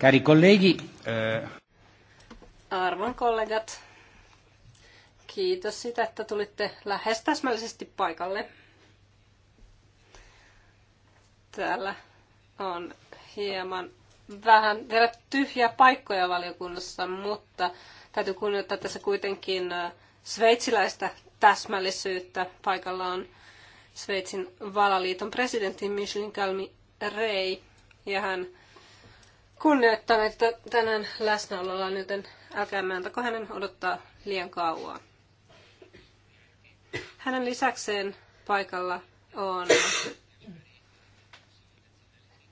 Cari colleghi, eh, Arvon kollegat, kiitos siitä, että tulitte lähes täsmällisesti paikalle. Täällä on hieman vähän vielä tyhjiä paikkoja valiokunnassa, mutta täytyy kunnioittaa tässä kuitenkin eh, sveitsiläistä täsmällisyyttä. Paikalla on Sveitsin valaliiton presidentti Michelin Kalmi Rei ja hän kunnioittaneet tänään läsnäolollaan, joten älkäämme antako hänen odottaa liian kauan. Hänen lisäkseen paikalla on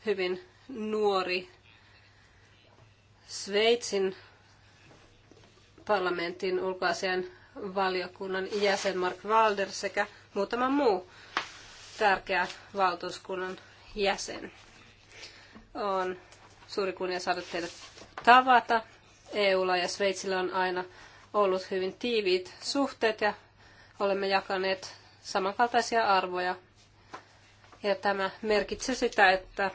hyvin nuori Sveitsin parlamentin ulkoasian valiokunnan jäsen Mark Walder sekä muutama muu tärkeä valtuuskunnan jäsen. On suuri kunnia saada teidät tavata. EUlla ja Sveitsillä on aina ollut hyvin tiiviit suhteet ja olemme jakaneet samankaltaisia arvoja. Ja tämä merkitsee sitä, että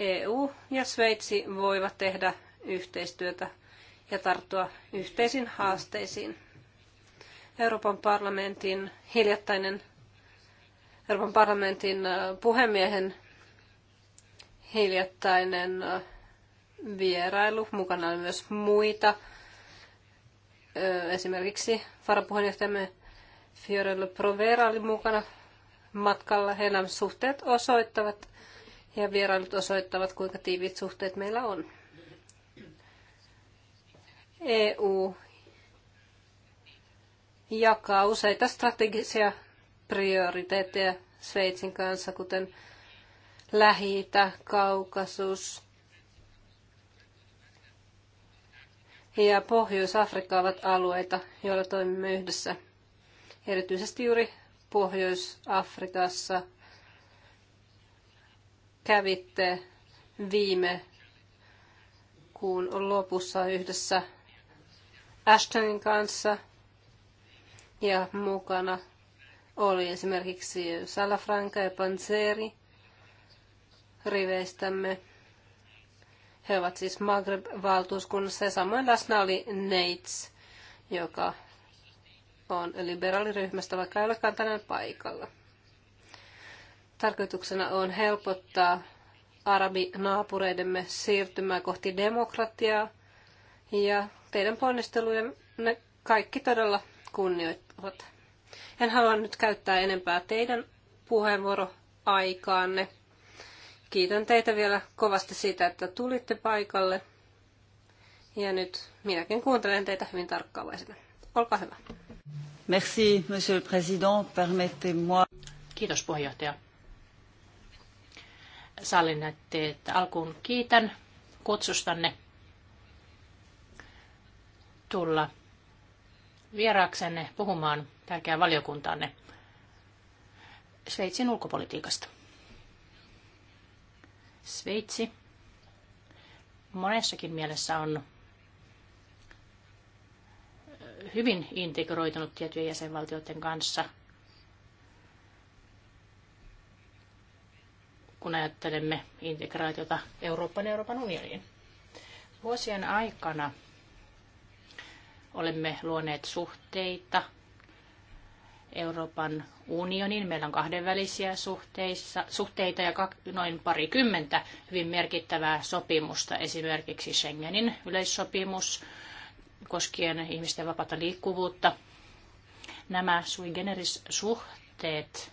EU ja Sveitsi voivat tehdä yhteistyötä ja tarttua yhteisiin haasteisiin. Euroopan parlamentin hiljattainen Euroopan parlamentin äh, puhemiehen hiljattainen äh, vierailu. Mukana oli myös muita, äh, esimerkiksi varapuheenjohtajamme Fiorello Provera oli mukana matkalla. Heidän suhteet osoittavat ja vierailut osoittavat, kuinka tiiviit suhteet meillä on. EU jakaa useita strategisia prioriteetteja Sveitsin kanssa, kuten lähi Kaukasus ja Pohjois-Afrikka ovat alueita, joilla toimimme yhdessä. Erityisesti juuri Pohjois-Afrikassa kävitte viime kuun lopussa yhdessä Ashtonin kanssa ja mukana oli esimerkiksi Salafranca ja Panzeri – riveistämme. He ovat siis Maghreb-valtuuskunnassa ja samoin läsnä oli Neits, joka on liberaaliryhmästä, vaikka ei olekaan tänään paikalla. Tarkoituksena on helpottaa arabinaapureidemme siirtymää kohti demokratiaa ja teidän ponnistelujen ne kaikki todella kunnioittavat. En halua nyt käyttää enempää teidän puheenvuoroaikaanne. Kiitän teitä vielä kovasti siitä, että tulitte paikalle. Ja nyt minäkin kuuntelen teitä hyvin tarkkaavaisena. Olkaa hyvä. Merci, monsieur le président. Permettez-moi. Kiitos puheenjohtaja. Sallin, että alkuun kiitän kutsustanne tulla vieraaksenne puhumaan tärkeään valiokuntaanne Sveitsin ulkopolitiikasta. Sveitsi monessakin mielessä on hyvin integroitunut tiettyjen jäsenvaltioiden kanssa. kun ajattelemme integraatiota Euroopan ja Euroopan unioniin. Vuosien aikana olemme luoneet suhteita Euroopan unionin. Meillä on kahdenvälisiä suhteissa, suhteita ja noin parikymmentä hyvin merkittävää sopimusta, esimerkiksi Schengenin yleissopimus koskien ihmisten vapaata liikkuvuutta. Nämä sui generis suhteet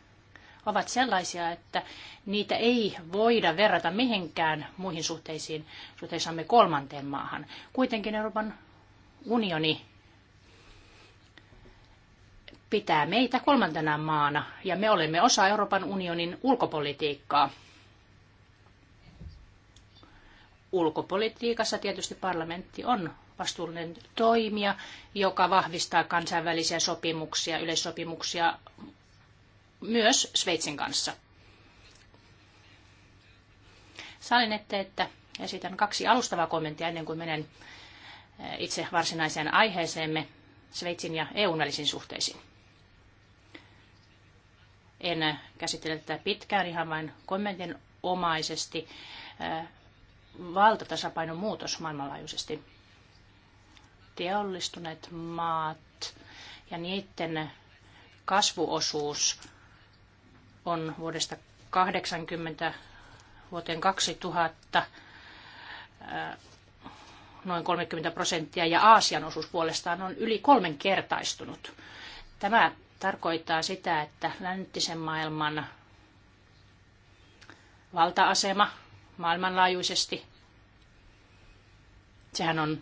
ovat sellaisia, että niitä ei voida verrata mihinkään muihin suhteisiin suhteissamme kolmanteen maahan. Kuitenkin Euroopan unioni pitää meitä kolmantena maana ja me olemme osa Euroopan unionin ulkopolitiikkaa. Ulkopolitiikassa tietysti parlamentti on vastuullinen toimija, joka vahvistaa kansainvälisiä sopimuksia, yleissopimuksia myös Sveitsin kanssa. Sallin ette, että esitän kaksi alustavaa kommenttia ennen kuin menen eh, itse varsinaiseen aiheeseemme, Sveitsin ja EUn välisiin suhteisiin. En käsittele tätä pitkään, ihan vain kommentin omaisesti. Äh, Valtatasapainon muutos maailmanlaajuisesti. Teollistuneet maat ja niiden kasvuosuus on vuodesta 80 vuoteen 2000 äh, noin 30 prosenttia ja Aasian osuus puolestaan on yli kolmenkertaistunut. Tämä tarkoittaa sitä, että läntisen maailman valta-asema maailmanlaajuisesti, sehän on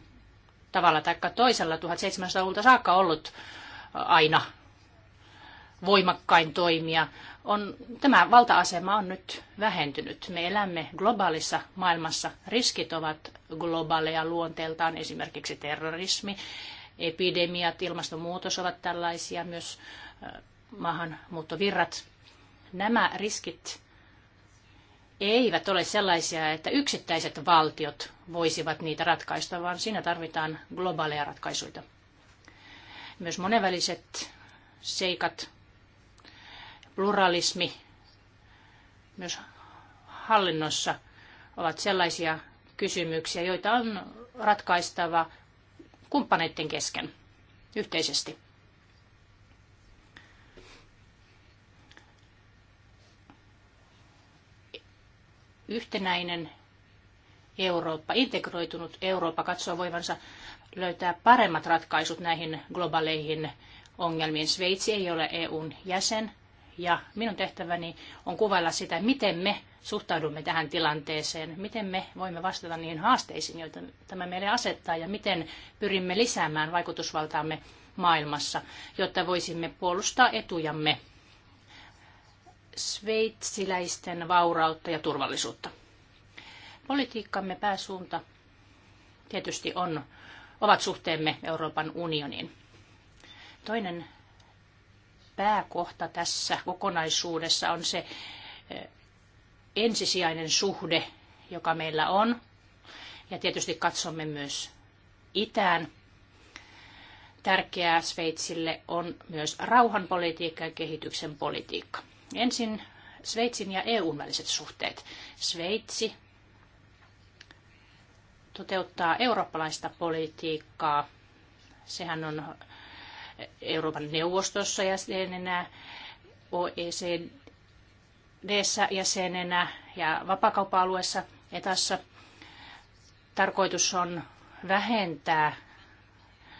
tavalla tai toisella 1700-luvulta saakka ollut aina voimakkain toimija. On, tämä valta-asema on nyt vähentynyt. Me elämme globaalissa maailmassa. Riskit ovat globaaleja luonteeltaan, esimerkiksi terrorismi, epidemiat, ilmastonmuutos ovat tällaisia, myös äh, maahanmuuttovirrat. Nämä riskit eivät ole sellaisia, että yksittäiset valtiot voisivat niitä ratkaista, vaan siinä tarvitaan globaaleja ratkaisuja. Myös monenväliset seikat, pluralismi, myös hallinnossa ovat sellaisia kysymyksiä, joita on ratkaistava kumppaneiden kesken yhteisesti. Yhtenäinen Eurooppa, integroitunut Eurooppa katsoo voivansa löytää paremmat ratkaisut näihin globaaleihin ongelmiin. Sveitsi ei ole EUn jäsen, ja minun tehtäväni on kuvailla sitä, miten me suhtaudumme tähän tilanteeseen, miten me voimme vastata niihin haasteisiin, joita tämä meille asettaa ja miten pyrimme lisäämään vaikutusvaltaamme maailmassa, jotta voisimme puolustaa etujamme sveitsiläisten vaurautta ja turvallisuutta. Politiikkamme pääsuunta tietysti on, ovat suhteemme Euroopan unioniin. Toinen pääkohta tässä kokonaisuudessa on se eh, ensisijainen suhde, joka meillä on. Ja tietysti katsomme myös itään. Tärkeää Sveitsille on myös rauhanpolitiikka ja kehityksen politiikka. Ensin Sveitsin ja EUn väliset suhteet. Sveitsi toteuttaa eurooppalaista politiikkaa. Sehän on Euroopan neuvostossa jäsenenä, OECDssä jäsenenä ja e vapakauppa-alueessa etassa. Tarkoitus on vähentää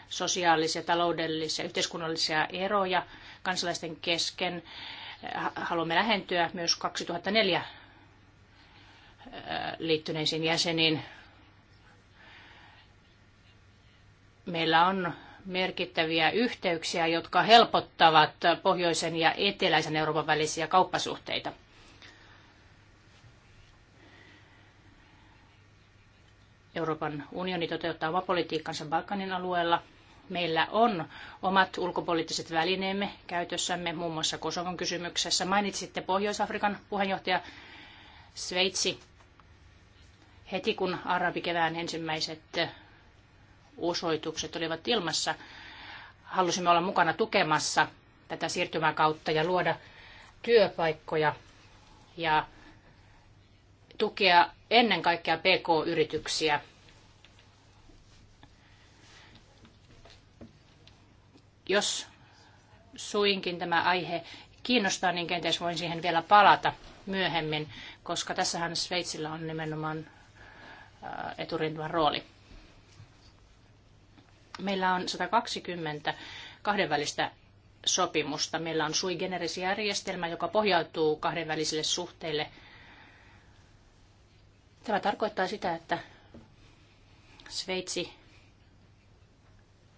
sosiaalisia, taloudellisia, yhteiskunnallisia eroja kansalaisten kesken. Haluamme lähentyä myös 2004 liittyneisiin jäseniin. Meillä on merkittäviä yhteyksiä, jotka helpottavat pohjoisen ja eteläisen Euroopan välisiä kauppasuhteita. Euroopan unioni toteuttaa oma politiikkansa Balkanin alueella. Meillä on omat ulkopoliittiset välineemme käytössämme, muun muassa Kosovon kysymyksessä. Mainitsitte Pohjois-Afrikan puheenjohtaja Sveitsi. Heti kun arabikevään ensimmäiset osoitukset olivat ilmassa. Halusimme olla mukana tukemassa tätä siirtymäkautta ja luoda työpaikkoja ja tukea ennen kaikkea PK-yrityksiä. Jos suinkin tämä aihe kiinnostaa, niin kenties voin siihen vielä palata myöhemmin, koska tässähän Sveitsillä on nimenomaan eturintuvan rooli. Meillä on 120 kahdenvälistä sopimusta. Meillä on sui generis järjestelmä, joka pohjautuu kahdenvälisille suhteille. Tämä tarkoittaa sitä, että Sveitsi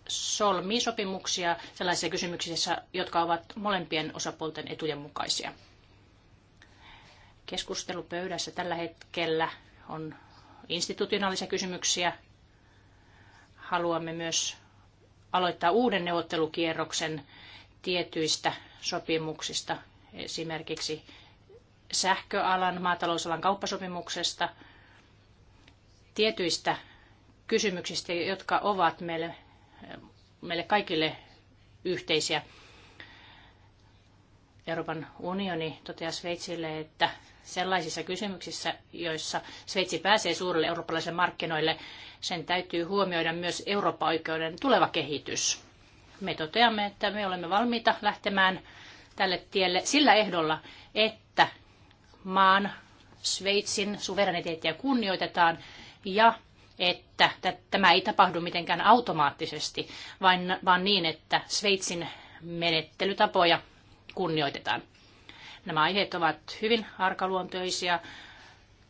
solmii sopimuksia sellaisissa kysymyksissä, jotka ovat molempien osapuolten etujen mukaisia. Keskustelupöydässä tällä hetkellä on institutionaalisia kysymyksiä, haluamme myös aloittaa uuden neuvottelukierroksen tietyistä sopimuksista, esimerkiksi sähköalan, maatalousalan kauppasopimuksesta, tietyistä kysymyksistä, jotka ovat meille, meille kaikille yhteisiä. Euroopan unioni toteaa Sveitsille, että sellaisissa kysymyksissä, joissa Sveitsi pääsee suurille eurooppalaisille markkinoille, sen täytyy huomioida myös Eurooppa-oikeuden tuleva kehitys. Me toteamme, että me olemme valmiita lähtemään tälle tielle sillä ehdolla, että maan, Sveitsin suvereniteettia kunnioitetaan ja että tämä ei tapahdu mitenkään automaattisesti, vaan niin, että Sveitsin menettelytapoja kunnioitetaan. Nämä aiheet ovat hyvin arkaluontoisia.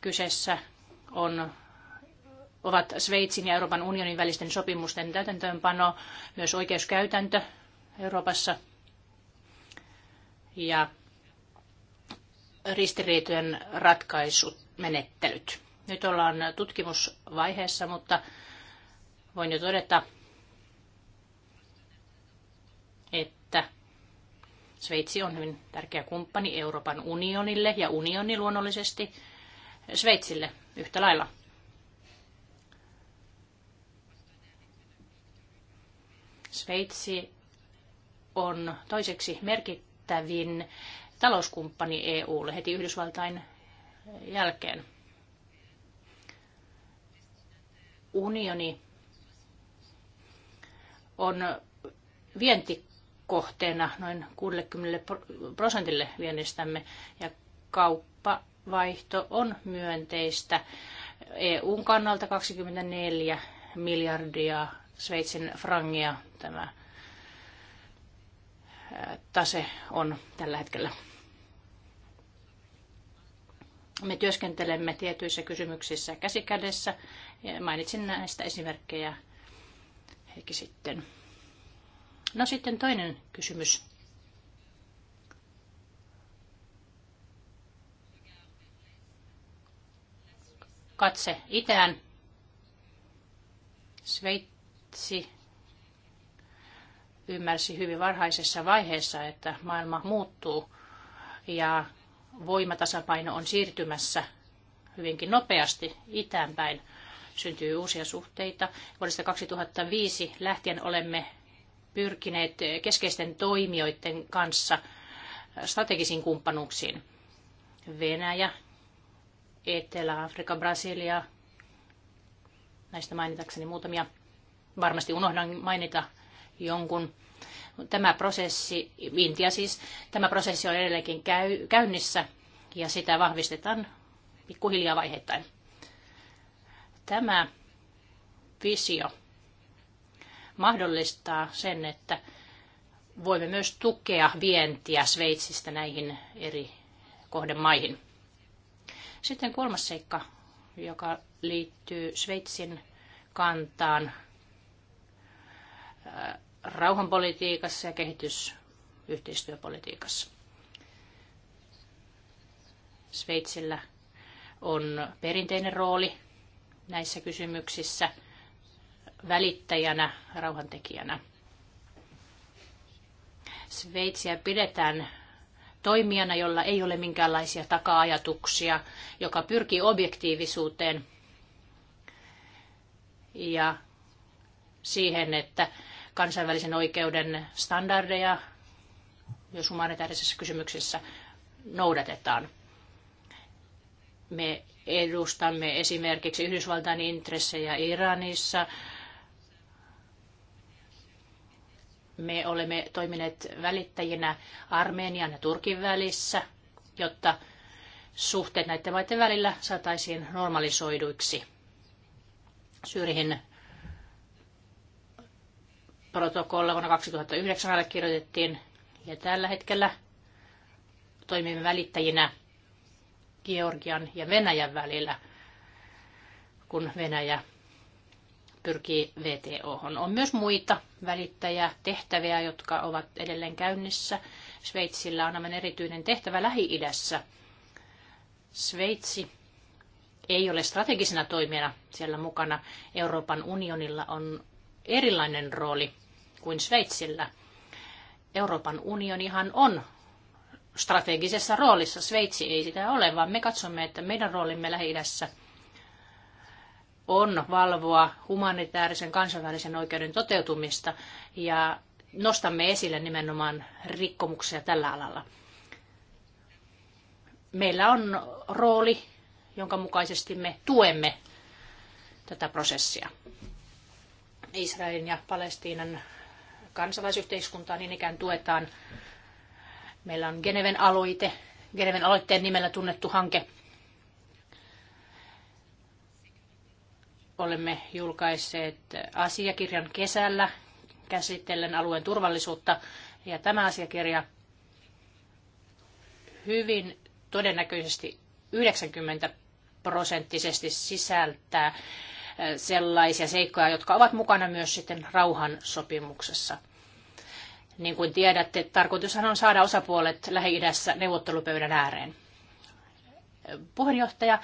Kyseessä on ovat Sveitsin ja Euroopan unionin välisten sopimusten täytäntöönpano, myös oikeuskäytäntö Euroopassa ja ristiriitojen ratkaisumenettelyt. Nyt ollaan tutkimusvaiheessa, mutta voin jo todeta, että Sveitsi on hyvin tärkeä kumppani Euroopan unionille ja unioni luonnollisesti Sveitsille yhtä lailla. Sveitsi on toiseksi merkittävin talouskumppani EUlle heti Yhdysvaltain jälkeen. Unioni on vientikohteena noin 60 prosentille viennistämme ja kauppavaihto on myönteistä EUn kannalta 24 miljardia Sveitsin frangia tämä tase on tällä hetkellä. Me työskentelemme tietyissä kysymyksissä käsikädessä. Mainitsin näistä esimerkkejä hetki sitten. No sitten toinen kysymys. Katse itään. Sveitsi Martsi ymmärsi hyvin varhaisessa vaiheessa, että maailma muuttuu ja voimatasapaino on siirtymässä hyvinkin nopeasti itään päin. Syntyy uusia suhteita. Vuodesta 2005 lähtien olemme pyrkineet keskeisten toimijoiden kanssa strategisiin kumppanuuksiin. Venäjä, etelä afrika Brasilia, näistä mainitakseni muutamia – varmasti unohdan mainita jonkun. Tämä prosessi, Intia siis, tämä prosessi on edelleenkin käy, käynnissä ja sitä vahvistetaan pikkuhiljaa vaiheittain. Tämä visio mahdollistaa sen, että voimme myös tukea vientiä Sveitsistä näihin eri kohdemaihin. Sitten kolmas seikka, joka liittyy Sveitsin kantaan Äh, rauhanpolitiikassa ja kehitysyhteistyöpolitiikassa. Sveitsillä on perinteinen rooli näissä kysymyksissä välittäjänä, rauhantekijänä. Sveitsiä pidetään toimijana, jolla ei ole minkäänlaisia taka-ajatuksia, joka pyrkii objektiivisuuteen ja siihen, että kansainvälisen oikeuden standardeja myös humanitaarisissa kysymyksissä noudatetaan. Me edustamme esimerkiksi Yhdysvaltain intressejä Iranissa. Me olemme toimineet välittäjinä Armenian ja Turkin välissä, jotta suhteet näiden maiden välillä saataisiin normalisoiduiksi. Syyrihin protokolla vuonna 2009 allekirjoitettiin ja tällä hetkellä toimimme välittäjinä Georgian ja Venäjän välillä, kun Venäjä pyrkii VTO. On myös muita tehtäviä jotka ovat edelleen käynnissä. Sveitsillä on aivan erityinen tehtävä Lähi-idässä. Sveitsi ei ole strategisena toimijana siellä mukana. Euroopan unionilla on erilainen rooli kuin Sveitsillä. Euroopan unionihan on strategisessa roolissa. Sveitsi ei sitä ole, vaan me katsomme, että meidän roolimme lähi on valvoa humanitaarisen kansainvälisen oikeuden toteutumista ja nostamme esille nimenomaan rikkomuksia tällä alalla. Meillä on rooli, jonka mukaisesti me tuemme tätä prosessia. Israelin ja Palestiinan kansalaisyhteiskuntaa niin ikään tuetaan. Meillä on Geneven aloite, Geneven aloitteen nimellä tunnettu hanke. Olemme julkaisseet asiakirjan kesällä käsitellen alueen turvallisuutta. Ja tämä asiakirja hyvin todennäköisesti 90 prosenttisesti sisältää sellaisia seikkoja, jotka ovat mukana myös sitten rauhan sopimuksessa. Niin kuin tiedätte, tarkoitushan on saada osapuolet Lähi-idässä neuvottelupöydän ääreen. Puheenjohtaja,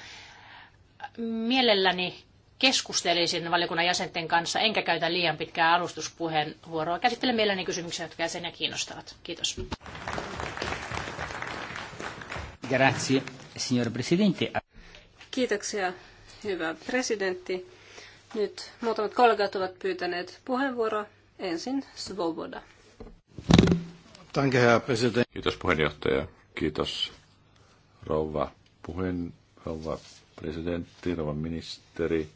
mielelläni keskustelisin valiokunnan jäsenten kanssa, enkä käytä liian pitkää alustuspuheenvuoroa. Käsittelen mielelläni kysymyksiä, jotka jäseniä kiinnostavat. Kiitos. Grazie, signor Presidente. Kiitoksia, hyvä presidentti. Nyt muutamat kollegat ovat pyytäneet puheenvuoroa. Ensin Svoboda. Kiitos puheenjohtaja. Kiitos rouva puheen, rouva presidentti, rouva ministeri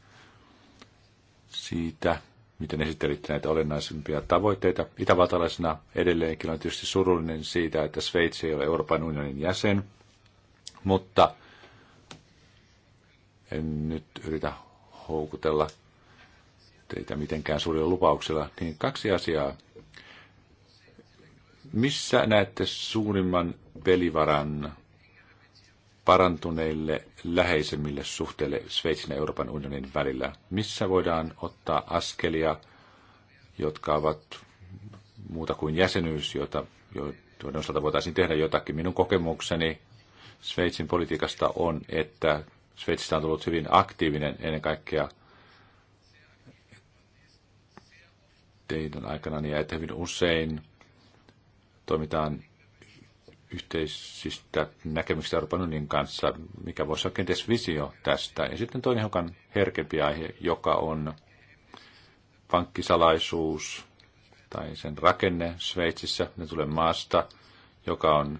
siitä, miten esittelitte näitä olennaisimpia tavoitteita. Itävaltalaisena edelleenkin on tietysti surullinen siitä, että Sveitsi ei ole Euroopan unionin jäsen, mutta en nyt yritä houkutella eikä mitenkään suurilla lupauksilla, niin kaksi asiaa. Missä näette suurimman pelivaran parantuneille läheisemmille suhteille Sveitsin ja Euroopan unionin välillä? Missä voidaan ottaa askelia, jotka ovat muuta kuin jäsenyys, jota, joiden osalta voitaisiin tehdä jotakin? Minun kokemukseni Sveitsin politiikasta on, että Sveitsistä on tullut hyvin aktiivinen ennen kaikkea – teidän aikana, ja että hyvin usein toimitaan yhteisistä näkemyksistä Euroopan unionin kanssa, mikä voisi olla kenties visio tästä. Ja sitten toinen hiukan herkempi aihe, joka on pankkisalaisuus tai sen rakenne Sveitsissä. Ne tulee maasta, joka on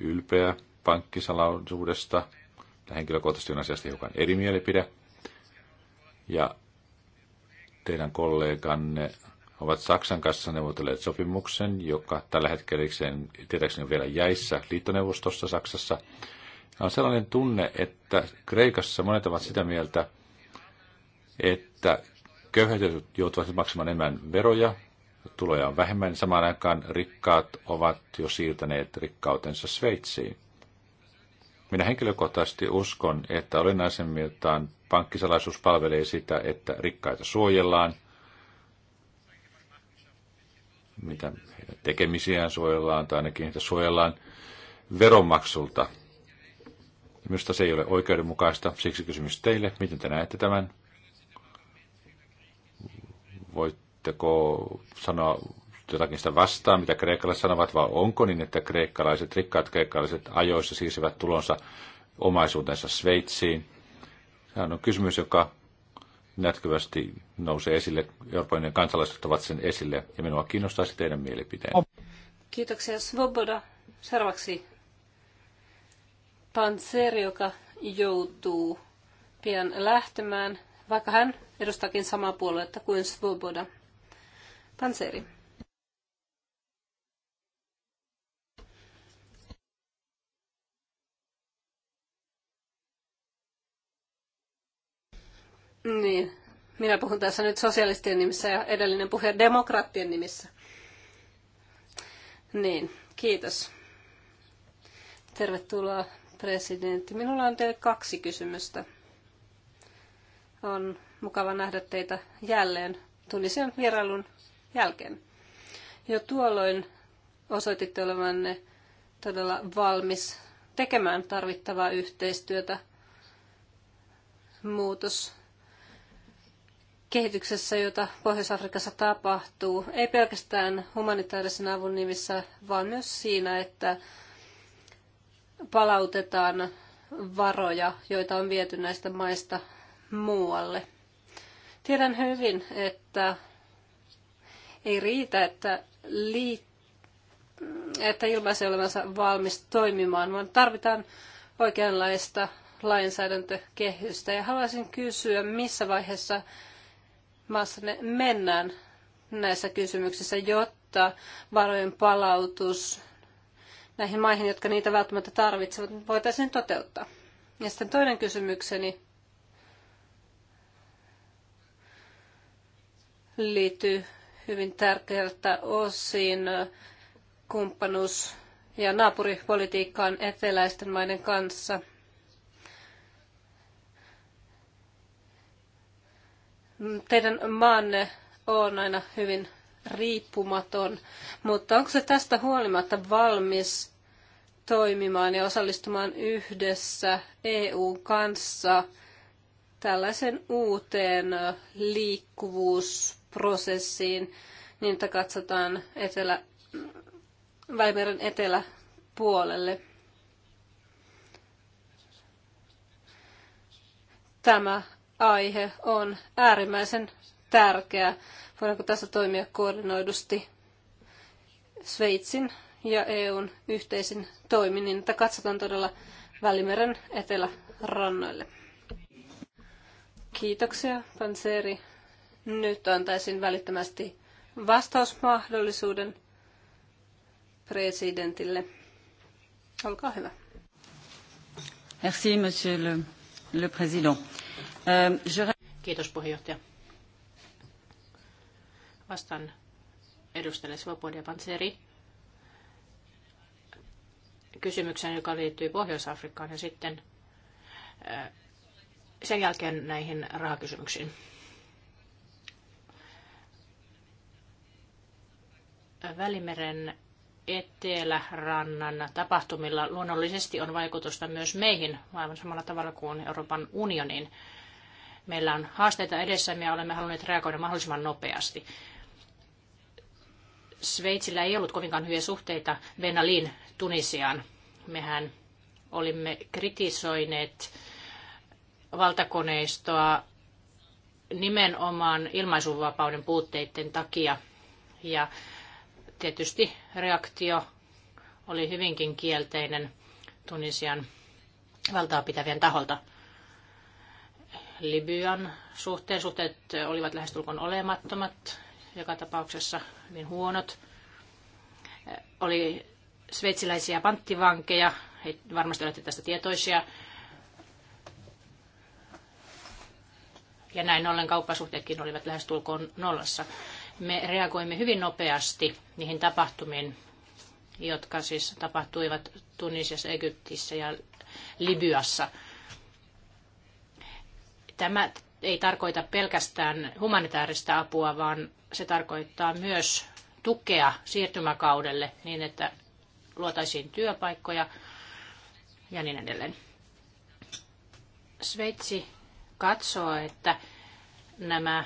ylpeä pankkisalaisuudesta. tämä henkilökohtaisesti on asiasta hiukan eri mielipide. Ja teidän kolleganne ovat Saksan kanssa neuvotelleet sopimuksen, joka tällä hetkellä erikseen tietääkseni vielä jäissä liittoneuvostossa Saksassa. On sellainen tunne, että Kreikassa monet ovat sitä mieltä, että köyhät joutuvat maksamaan enemmän veroja, tuloja on vähemmän, samaan aikaan rikkaat ovat jo siirtäneet rikkautensa Sveitsiin. Minä henkilökohtaisesti uskon, että olennaisemmiltaan pankkisalaisuus palvelee sitä, että rikkaita suojellaan – mitä heidän tekemisiään suojellaan, tai ainakin heitä suojellaan veronmaksulta. Minusta se ei ole oikeudenmukaista, siksi kysymys teille, miten te näette tämän? Voitteko sanoa jotakin sitä vastaan, mitä kreikkalaiset sanovat, vai onko niin, että kreikkalaiset, rikkaat kreikkalaiset ajoissa siirsivät tulonsa omaisuutensa Sveitsiin? Sehän on kysymys, joka näkyvästi nousee esille. Euroopan kansalaiset ovat sen esille ja minua kiinnostaisi teidän mielipiteen. Kiitoksia Svoboda. Seuraavaksi Panseri, joka joutuu pian lähtemään, vaikka hän edustakin samaa puoluetta kuin Svoboda. Panseri. Niin, minä puhun tässä nyt sosialistien nimissä ja edellinen puhuja demokraattien nimissä. Niin, kiitos. Tervetuloa presidentti. Minulla on teille kaksi kysymystä. On mukava nähdä teitä jälleen tunnisen vierailun jälkeen. Jo tuolloin osoititte olevanne todella valmis tekemään tarvittavaa yhteistyötä muutos kehityksessä, jota Pohjois-Afrikassa tapahtuu, ei pelkästään humanitaarisen avun nimissä, vaan myös siinä, että palautetaan varoja, joita on viety näistä maista muualle. Tiedän hyvin, että ei riitä, että, lii, että ilmaisee olevansa valmis toimimaan, vaan tarvitaan oikeanlaista lainsäädäntökehystä. Ja haluaisin kysyä, missä vaiheessa maassanne mennään näissä kysymyksissä, jotta varojen palautus näihin maihin, jotka niitä välttämättä tarvitsevat, voitaisiin toteuttaa. Ja sitten toinen kysymykseni liittyy hyvin tärkeältä osin kumppanuus- ja naapuripolitiikkaan eteläisten maiden kanssa. Teidän maanne on aina hyvin riippumaton, mutta onko se tästä huolimatta valmis toimimaan ja osallistumaan yhdessä EU kanssa tällaisen uuteen liikkuvuusprosessiin, niin että katsotaan etelä, Välimeren eteläpuolelle. Tämä aihe on äärimmäisen tärkeä. Voidaanko tässä toimia koordinoidusti Sveitsin ja EUn yhteisin toimin, niin että katsotaan todella Välimeren etelärannoille. Kiitoksia, Panseri. Nyt antaisin välittömästi vastausmahdollisuuden presidentille. Olkaa hyvä. Merci, monsieur le, le président. Kiitos puheenjohtaja. Vastaan edustajalle Svobodia Panseri kysymykseen, joka liittyy Pohjois-Afrikkaan ja sitten sen jälkeen näihin rahakysymyksiin. Välimeren etelärannan tapahtumilla luonnollisesti on vaikutusta myös meihin, aivan samalla tavalla kuin Euroopan unioniin. Meillä on haasteita edessämme ja olemme halunneet reagoida mahdollisimman nopeasti. Sveitsillä ei ollut kovinkaan hyviä suhteita Benalin Tunisiaan. Mehän olimme kritisoineet valtakoneistoa nimenomaan ilmaisuvapauden puutteiden takia. Ja tietysti reaktio oli hyvinkin kielteinen Tunisian valtaa pitävien taholta. Libyan suhteen. Suhteet olivat lähestulkoon olemattomat, joka tapauksessa niin huonot. Oli sveitsiläisiä panttivankeja, he varmasti olette tästä tietoisia. Ja näin ollen kauppasuhteetkin olivat lähestulkoon nollassa. Me reagoimme hyvin nopeasti niihin tapahtumiin, jotka siis tapahtuivat Tunisiassa, Egyptissä ja Libyassa – Tämä ei tarkoita pelkästään humanitaarista apua, vaan se tarkoittaa myös tukea siirtymäkaudelle niin, että luotaisiin työpaikkoja ja niin edelleen. Sveitsi katsoo, että nämä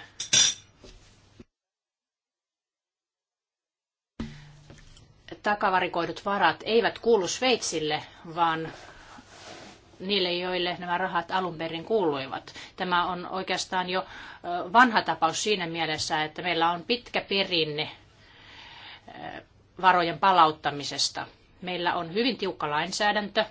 takavarikoidut varat eivät kuulu Sveitsille, vaan niille, joille nämä rahat alun perin kuuluivat. Tämä on oikeastaan jo vanha tapaus siinä mielessä, että meillä on pitkä perinne varojen palauttamisesta. Meillä on hyvin tiukka lainsäädäntö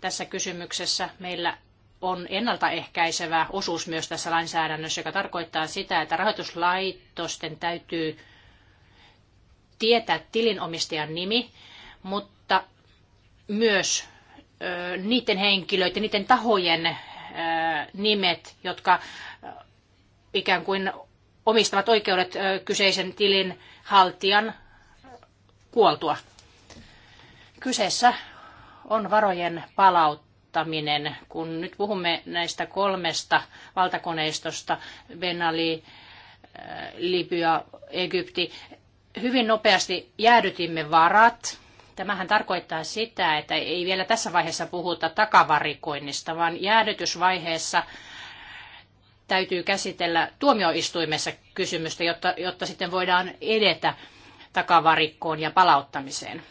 tässä kysymyksessä. Meillä on ennaltaehkäisevä osuus myös tässä lainsäädännössä, joka tarkoittaa sitä, että rahoituslaitosten täytyy tietää tilinomistajan nimi, mutta myös niiden henkilöiden, niiden tahojen nimet, jotka ikään kuin omistavat oikeudet kyseisen tilin haltijan kuoltua. Kyseessä on varojen palauttaminen. Kun nyt puhumme näistä kolmesta valtakoneistosta, Benali, Libya, Egypti, hyvin nopeasti jäädytimme varat Tämähän tarkoittaa sitä, että ei vielä tässä vaiheessa puhuta takavarikoinnista, vaan jäädytysvaiheessa täytyy käsitellä tuomioistuimessa kysymystä, jotta, jotta sitten voidaan edetä takavarikkoon ja palauttamiseen.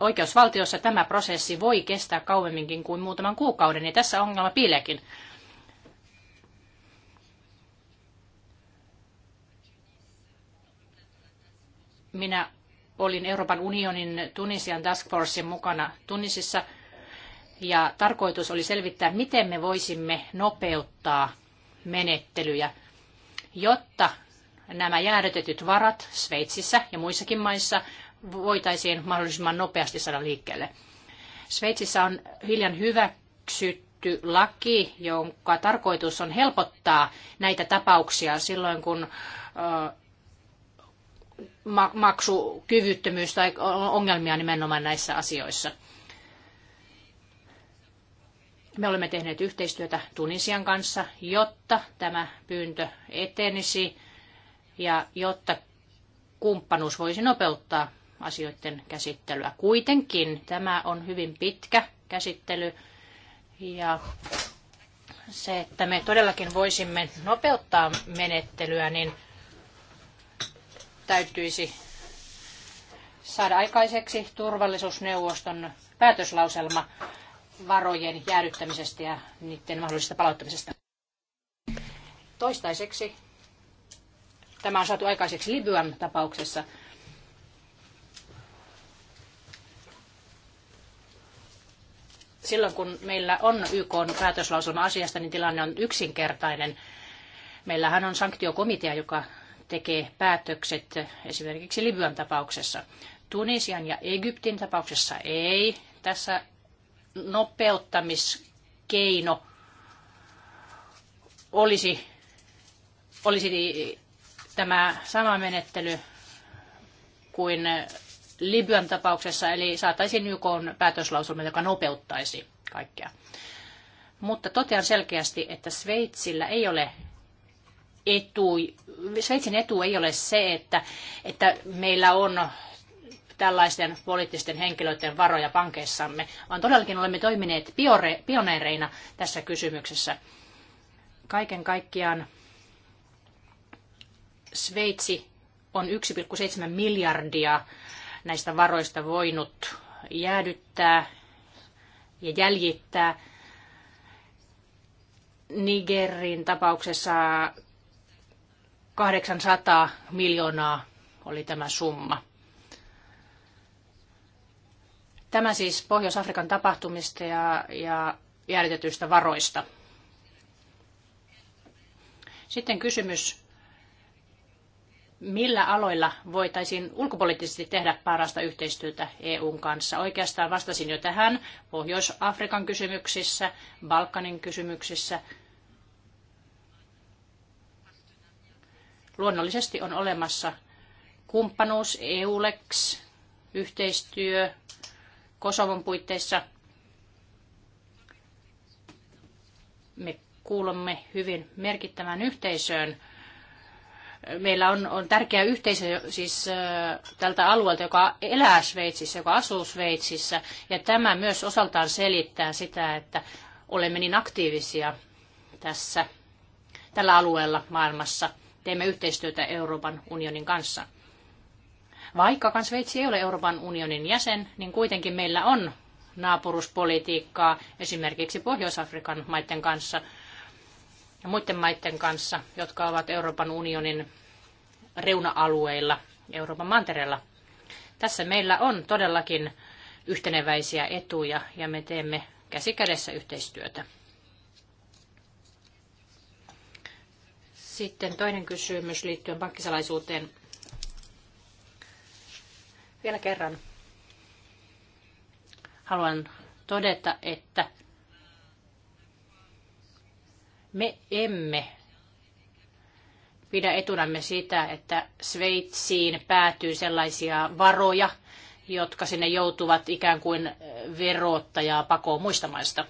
Oikeusvaltiossa tämä prosessi voi kestää kauemminkin kuin muutaman kuukauden, ja tässä ongelma piileekin. Minä Olin Euroopan unionin Tunisian Task Forcein mukana Tunisissa ja tarkoitus oli selvittää, miten me voisimme nopeuttaa menettelyjä, jotta nämä jäädytetyt varat Sveitsissä ja muissakin maissa voitaisiin mahdollisimman nopeasti saada liikkeelle. Sveitsissä on hiljan hyväksytty laki, jonka tarkoitus on helpottaa näitä tapauksia silloin, kun maksukyvyttömyys tai ongelmia nimenomaan näissä asioissa. Me olemme tehneet yhteistyötä Tunisian kanssa, jotta tämä pyyntö etenisi ja jotta kumppanuus voisi nopeuttaa asioiden käsittelyä. Kuitenkin tämä on hyvin pitkä käsittely ja se, että me todellakin voisimme nopeuttaa menettelyä, niin täytyisi saada aikaiseksi turvallisuusneuvoston päätöslauselma varojen jäädyttämisestä ja niiden mahdollisesta palauttamisesta. Toistaiseksi tämä on saatu aikaiseksi Libyan tapauksessa. Silloin kun meillä on YK päätöslauselma asiasta, niin tilanne on yksinkertainen. Meillähän on sanktiokomitea, joka tekee päätökset esimerkiksi Libyan tapauksessa. Tunisian ja Egyptin tapauksessa ei. Tässä nopeuttamiskeino olisi, olisi tämä sama menettely kuin Libyan tapauksessa, eli saataisiin YK päätöslauselma, joka nopeuttaisi kaikkea. Mutta totean selkeästi, että Sveitsillä ei ole etu, Sveitsin etu ei ole se, että, että meillä on tällaisten poliittisten henkilöiden varoja pankeissamme, vaan todellakin olemme toimineet biore, pioneereina tässä kysymyksessä. Kaiken kaikkiaan Sveitsi on 1,7 miljardia näistä varoista voinut jäädyttää ja jäljittää. Nigerin tapauksessa 800 miljoonaa oli tämä summa. Tämä siis Pohjois-Afrikan tapahtumista ja, ja jäädytetyistä varoista. Sitten kysymys, millä aloilla voitaisiin ulkopoliittisesti tehdä parasta yhteistyötä EUn kanssa? Oikeastaan vastasin jo tähän Pohjois-Afrikan kysymyksissä, Balkanin kysymyksissä – luonnollisesti on olemassa kumppanuus, EULEX, yhteistyö Kosovon puitteissa. Me kuulumme hyvin merkittävään yhteisöön. Meillä on, on tärkeä yhteisö siis tältä alueelta, joka elää Sveitsissä, joka asuu Sveitsissä. Ja tämä myös osaltaan selittää sitä, että olemme niin aktiivisia tässä, tällä alueella maailmassa – teemme yhteistyötä Euroopan unionin kanssa. Vaikkakaan Sveitsi ei ole Euroopan unionin jäsen, niin kuitenkin meillä on naapuruspolitiikkaa esimerkiksi Pohjois-Afrikan maiden kanssa ja muiden maiden kanssa, jotka ovat Euroopan unionin reuna-alueilla, Euroopan mantereella. Tässä meillä on todellakin yhteneväisiä etuja ja me teemme käsi kädessä yhteistyötä. Sitten toinen kysymys liittyen pankkisalaisuuteen. Vielä kerran haluan todeta, että me emme pidä etunamme sitä, että Sveitsiin päätyy sellaisia varoja, jotka sinne joutuvat ikään kuin verottajaa pakoon muista maista.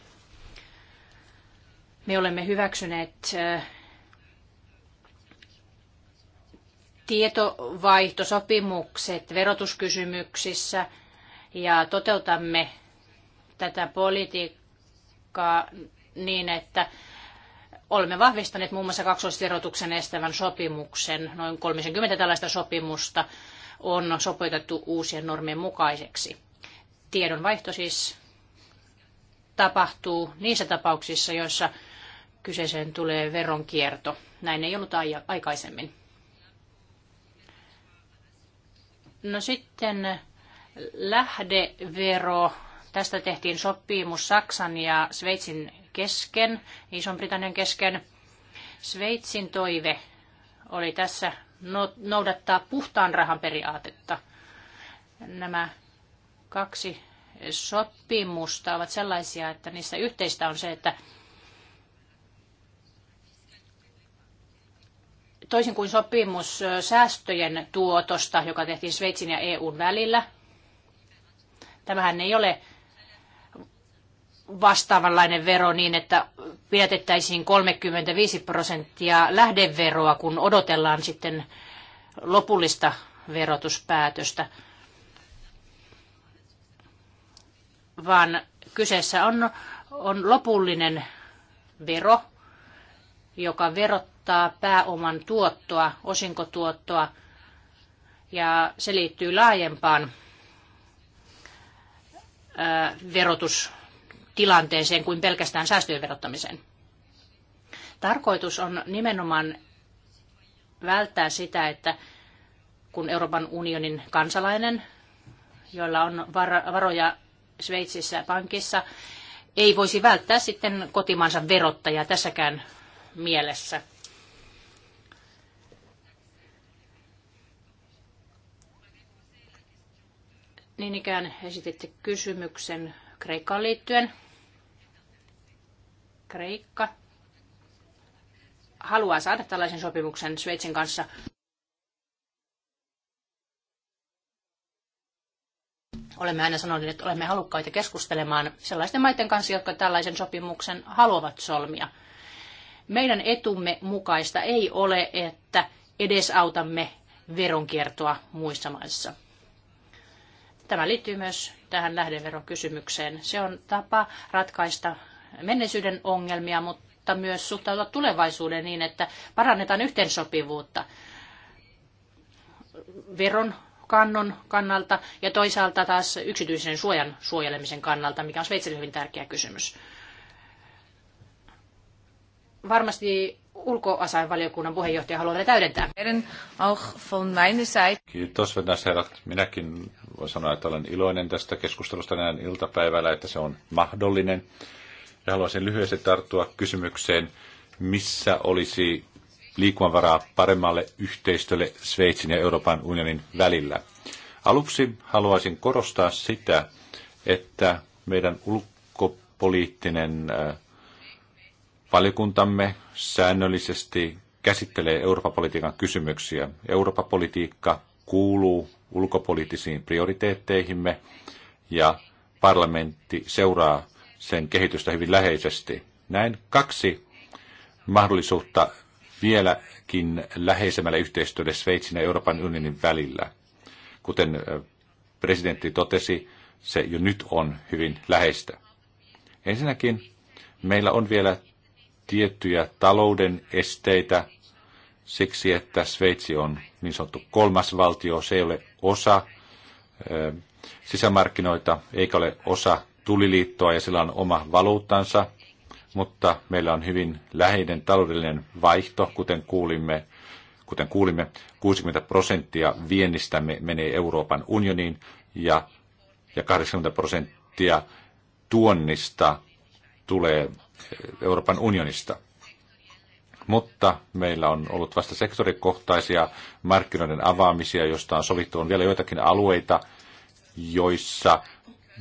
Me olemme hyväksyneet tietovaihtosopimukset verotuskysymyksissä ja toteutamme tätä politiikkaa niin, että olemme vahvistaneet muun muassa kaksoisverotuksen estävän sopimuksen. Noin 30 tällaista sopimusta on sopeutettu uusien normien mukaiseksi. Tiedonvaihto siis tapahtuu niissä tapauksissa, joissa kyseeseen tulee veronkierto. Näin ei ollut aikaisemmin. No sitten lähdevero. Tästä tehtiin sopimus Saksan ja Sveitsin kesken, iso britannian kesken. Sveitsin toive oli tässä no- noudattaa puhtaan rahan periaatetta. Nämä kaksi sopimusta ovat sellaisia, että niissä yhteistä on se, että toisin kuin sopimus säästöjen tuotosta, joka tehtiin Sveitsin ja EUn välillä, tämähän ei ole vastaavanlainen vero niin, että pidätettäisiin 35 prosenttia lähdeveroa, kun odotellaan sitten lopullista verotuspäätöstä. Vaan kyseessä on, on lopullinen vero, joka verot korottaa pääoman tuottoa, osinkotuottoa, ja se liittyy laajempaan verotustilanteeseen kuin pelkästään säästöjen verottamiseen. Tarkoitus on nimenomaan välttää sitä, että kun Euroopan unionin kansalainen, jolla on varoja Sveitsissä pankissa, ei voisi välttää sitten kotimaansa verottajaa tässäkään mielessä. Niin ikään esititte kysymyksen Kreikkaan liittyen. Kreikka haluaa saada tällaisen sopimuksen Sveitsin kanssa. Olemme aina sanoneet, että olemme halukkaita keskustelemaan sellaisten maiden kanssa, jotka tällaisen sopimuksen haluavat solmia. Meidän etumme mukaista ei ole, että edesautamme veronkiertoa muissa maissa. Tämä liittyy myös tähän lähdeverokysymykseen. Se on tapa ratkaista menneisyyden ongelmia, mutta myös suhtautua tulevaisuuden niin, että parannetaan yhteensopivuutta veron kannon kannalta ja toisaalta taas yksityisen suojan suojelemisen kannalta, mikä on Sveitsille hyvin tärkeä kysymys. Varmasti ulkoasainvaliokunnan puheenjohtaja haluaa vielä täydentää. Kiitos, herrat. Minäkin Voin sanoa, että olen iloinen tästä keskustelusta tänään iltapäivällä, että se on mahdollinen. Ja haluaisin lyhyesti tarttua kysymykseen, missä olisi liikkumavaraa paremmalle yhteistyölle Sveitsin ja Euroopan unionin välillä. Aluksi haluaisin korostaa sitä, että meidän ulkopoliittinen äh, valiokuntamme säännöllisesti käsittelee Euroopan politiikan kysymyksiä. Euroopan politiikka kuuluu ulkopoliittisiin prioriteetteihimme ja parlamentti seuraa sen kehitystä hyvin läheisesti. Näin kaksi mahdollisuutta vieläkin läheisemmälle yhteistyölle Sveitsin ja Euroopan unionin välillä. Kuten presidentti totesi, se jo nyt on hyvin läheistä. Ensinnäkin meillä on vielä tiettyjä talouden esteitä, siksi, että Sveitsi on niin sanottu kolmas valtio, se ei ole osa sisämarkkinoita eikä ole osa tuliliittoa ja sillä on oma valuuttansa, mutta meillä on hyvin läheinen taloudellinen vaihto, kuten kuulimme, kuten kuulimme 60 prosenttia viennistämme menee Euroopan unioniin ja, ja 80 prosenttia tuonnista tulee Euroopan unionista mutta meillä on ollut vasta sektorikohtaisia markkinoiden avaamisia, josta on sovittu on vielä joitakin alueita, joissa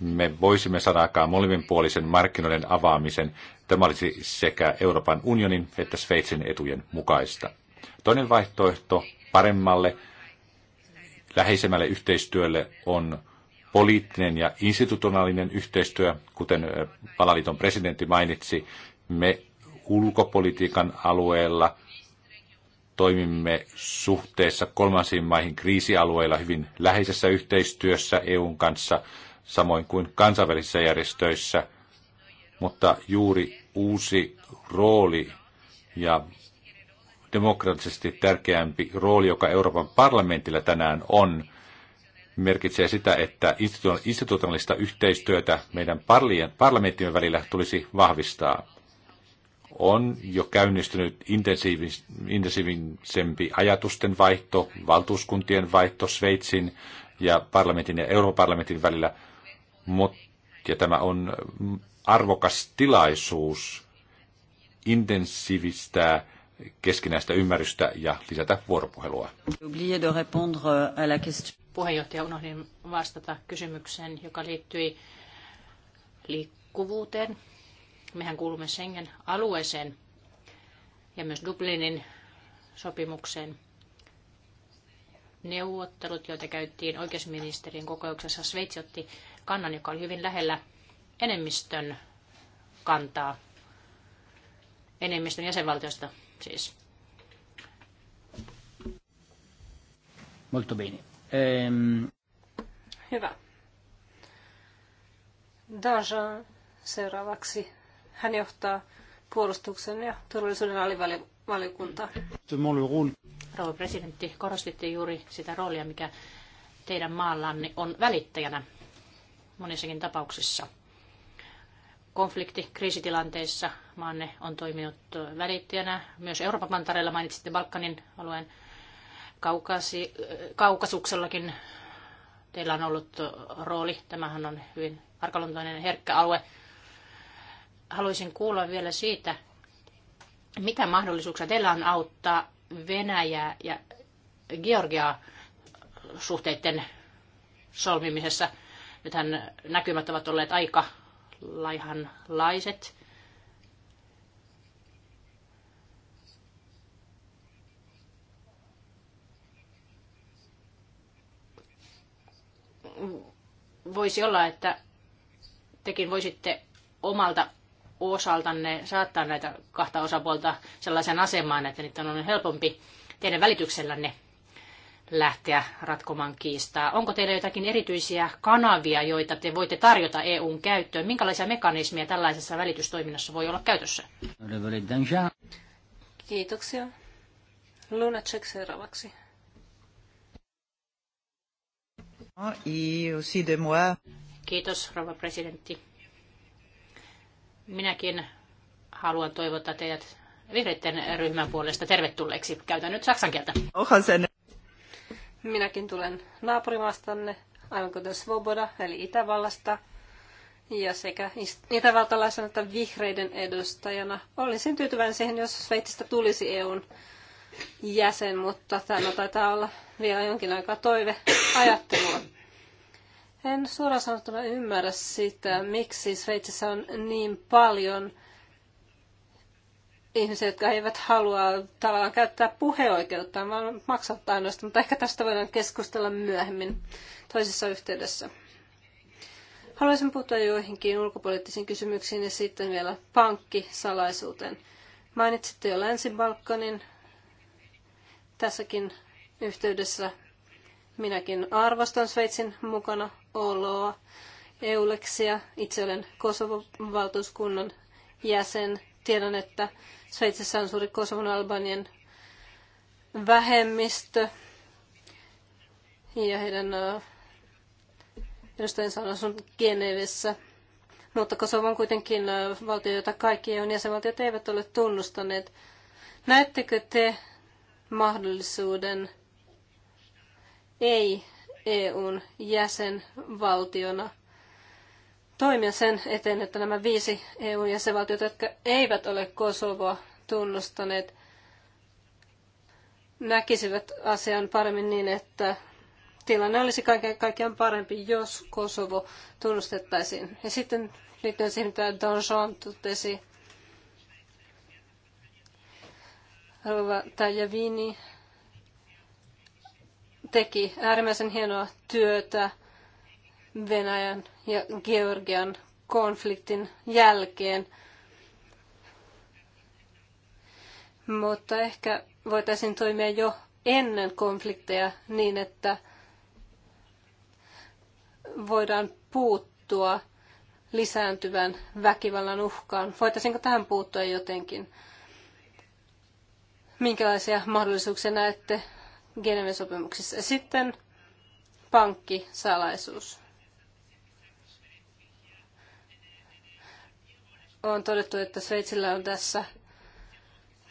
me voisimme saada aikaan molemminpuolisen markkinoiden avaamisen. Tämä olisi sekä Euroopan unionin että Sveitsin etujen mukaista. Toinen vaihtoehto paremmalle, läheisemmälle yhteistyölle on poliittinen ja institutionaalinen yhteistyö, kuten Palaliiton presidentti mainitsi. Me ulkopolitiikan alueella toimimme suhteessa kolmansiin maihin kriisialueilla hyvin läheisessä yhteistyössä EUn kanssa, samoin kuin kansainvälisissä järjestöissä, mutta juuri uusi rooli ja demokraattisesti tärkeämpi rooli, joka Euroopan parlamentilla tänään on, merkitsee sitä, että institutionaalista yhteistyötä meidän parlamenttimme välillä tulisi vahvistaa on jo käynnistynyt intensiivisempi ajatusten vaihto, valtuuskuntien vaihto Sveitsin ja parlamentin ja Euroopan parlamentin välillä, mutta ja tämä on arvokas tilaisuus intensiivistää keskinäistä ymmärrystä ja lisätä vuoropuhelua. Euh, Puheenjohtaja, unohdin vastata kysymykseen, joka liittyi liikkuvuuteen Mehän kuulumme Schengen-alueeseen ja myös Dublinin sopimukseen. Neuvottelut, joita käyttiin oikeusministerin kokouksessa, Sveitsi otti kannan, joka oli hyvin lähellä enemmistön kantaa, enemmistön jäsenvaltiosta siis. Molto bene. Ehm... Hyvä. Dajan seuraavaksi hän johtaa puolustuksen ja turvallisuuden alivaliokuntaa. Rouva presidentti, korostitte juuri sitä roolia, mikä teidän maallanne on välittäjänä monissakin tapauksissa. Konflikti, kriisitilanteissa maanne on toiminut välittäjänä. Myös Euroopan mantareella mainitsitte Balkanin alueen Kaukasi, kaukasuksellakin teillä on ollut rooli. Tämähän on hyvin arkaluontoinen herkkä alue haluaisin kuulla vielä siitä, mitä mahdollisuuksia teillä on auttaa Venäjää ja Georgiaa suhteiden solmimisessa. Nythän näkymät ovat olleet aika laihanlaiset. Voisi olla, että tekin voisitte omalta ne saattaa näitä kahta osapuolta sellaisen asemaan, että niitä on helpompi teidän välityksellänne lähteä ratkomaan kiistaa. Onko teillä jotakin erityisiä kanavia, joita te voitte tarjota EUn käyttöön? Minkälaisia mekanismeja tällaisessa välitystoiminnassa voi olla käytössä? Kiitoksia. Luna Lunacek seuraavaksi. Ah, Kiitos, rouva presidentti. Minäkin haluan toivottaa teidät vihreiden ryhmän puolesta tervetulleeksi. Käytän nyt saksan kieltä. Ohan sen. Minäkin tulen naapurimaastanne, aivan kuten Svoboda, eli Itävallasta. Ja sekä Itävaltalaisen että vihreiden edustajana olisin tyytyväinen siihen, jos Sveitsistä tulisi EUn jäsen, mutta tämä taitaa olla vielä jonkin aikaa toive ajattelua. En suoraan sanottuna ymmärrä sitä, miksi Sveitsissä on niin paljon ihmisiä, jotka eivät halua tavallaan käyttää puheoikeuttaan, vaan maksattaa ainoastaan. Mutta ehkä tästä voidaan keskustella myöhemmin toisessa yhteydessä. Haluaisin puuttua joihinkin ulkopoliittisiin kysymyksiin ja sitten vielä pankkisalaisuuteen. Mainitsitte jo Länsi-Balkanin. Tässäkin yhteydessä Minäkin arvostan Sveitsin mukana oloa EULEXia. Itse olen Kosovon valtuuskunnan jäsen. Tiedän, että Sveitsissä on suuri Kosovon albanian vähemmistö ja heidän edustajansa on asunut Genevessä. Mutta Kosovo on kuitenkin valtio, jota kaikki EUn jäsenvaltiot eivät ole tunnustaneet. Näettekö te mahdollisuuden – ei EUn jäsenvaltiona toimia sen eteen, että nämä viisi EUn jäsenvaltiota, jotka eivät ole Kosovoa tunnustaneet, näkisivät asian paremmin niin, että tilanne olisi kaiken kaikkiaan parempi, jos Kosovo tunnustettaisiin. Ja sitten liittyen siihen, mitä Donjon totesi, Rova Tajavini teki äärimmäisen hienoa työtä Venäjän ja Georgian konfliktin jälkeen. Mutta ehkä voitaisiin toimia jo ennen konflikteja niin, että voidaan puuttua lisääntyvän väkivallan uhkaan. Voitaisiinko tähän puuttua jotenkin? Minkälaisia mahdollisuuksia näette Geneven Ja Sitten pankkisalaisuus. On todettu, että Sveitsillä on tässä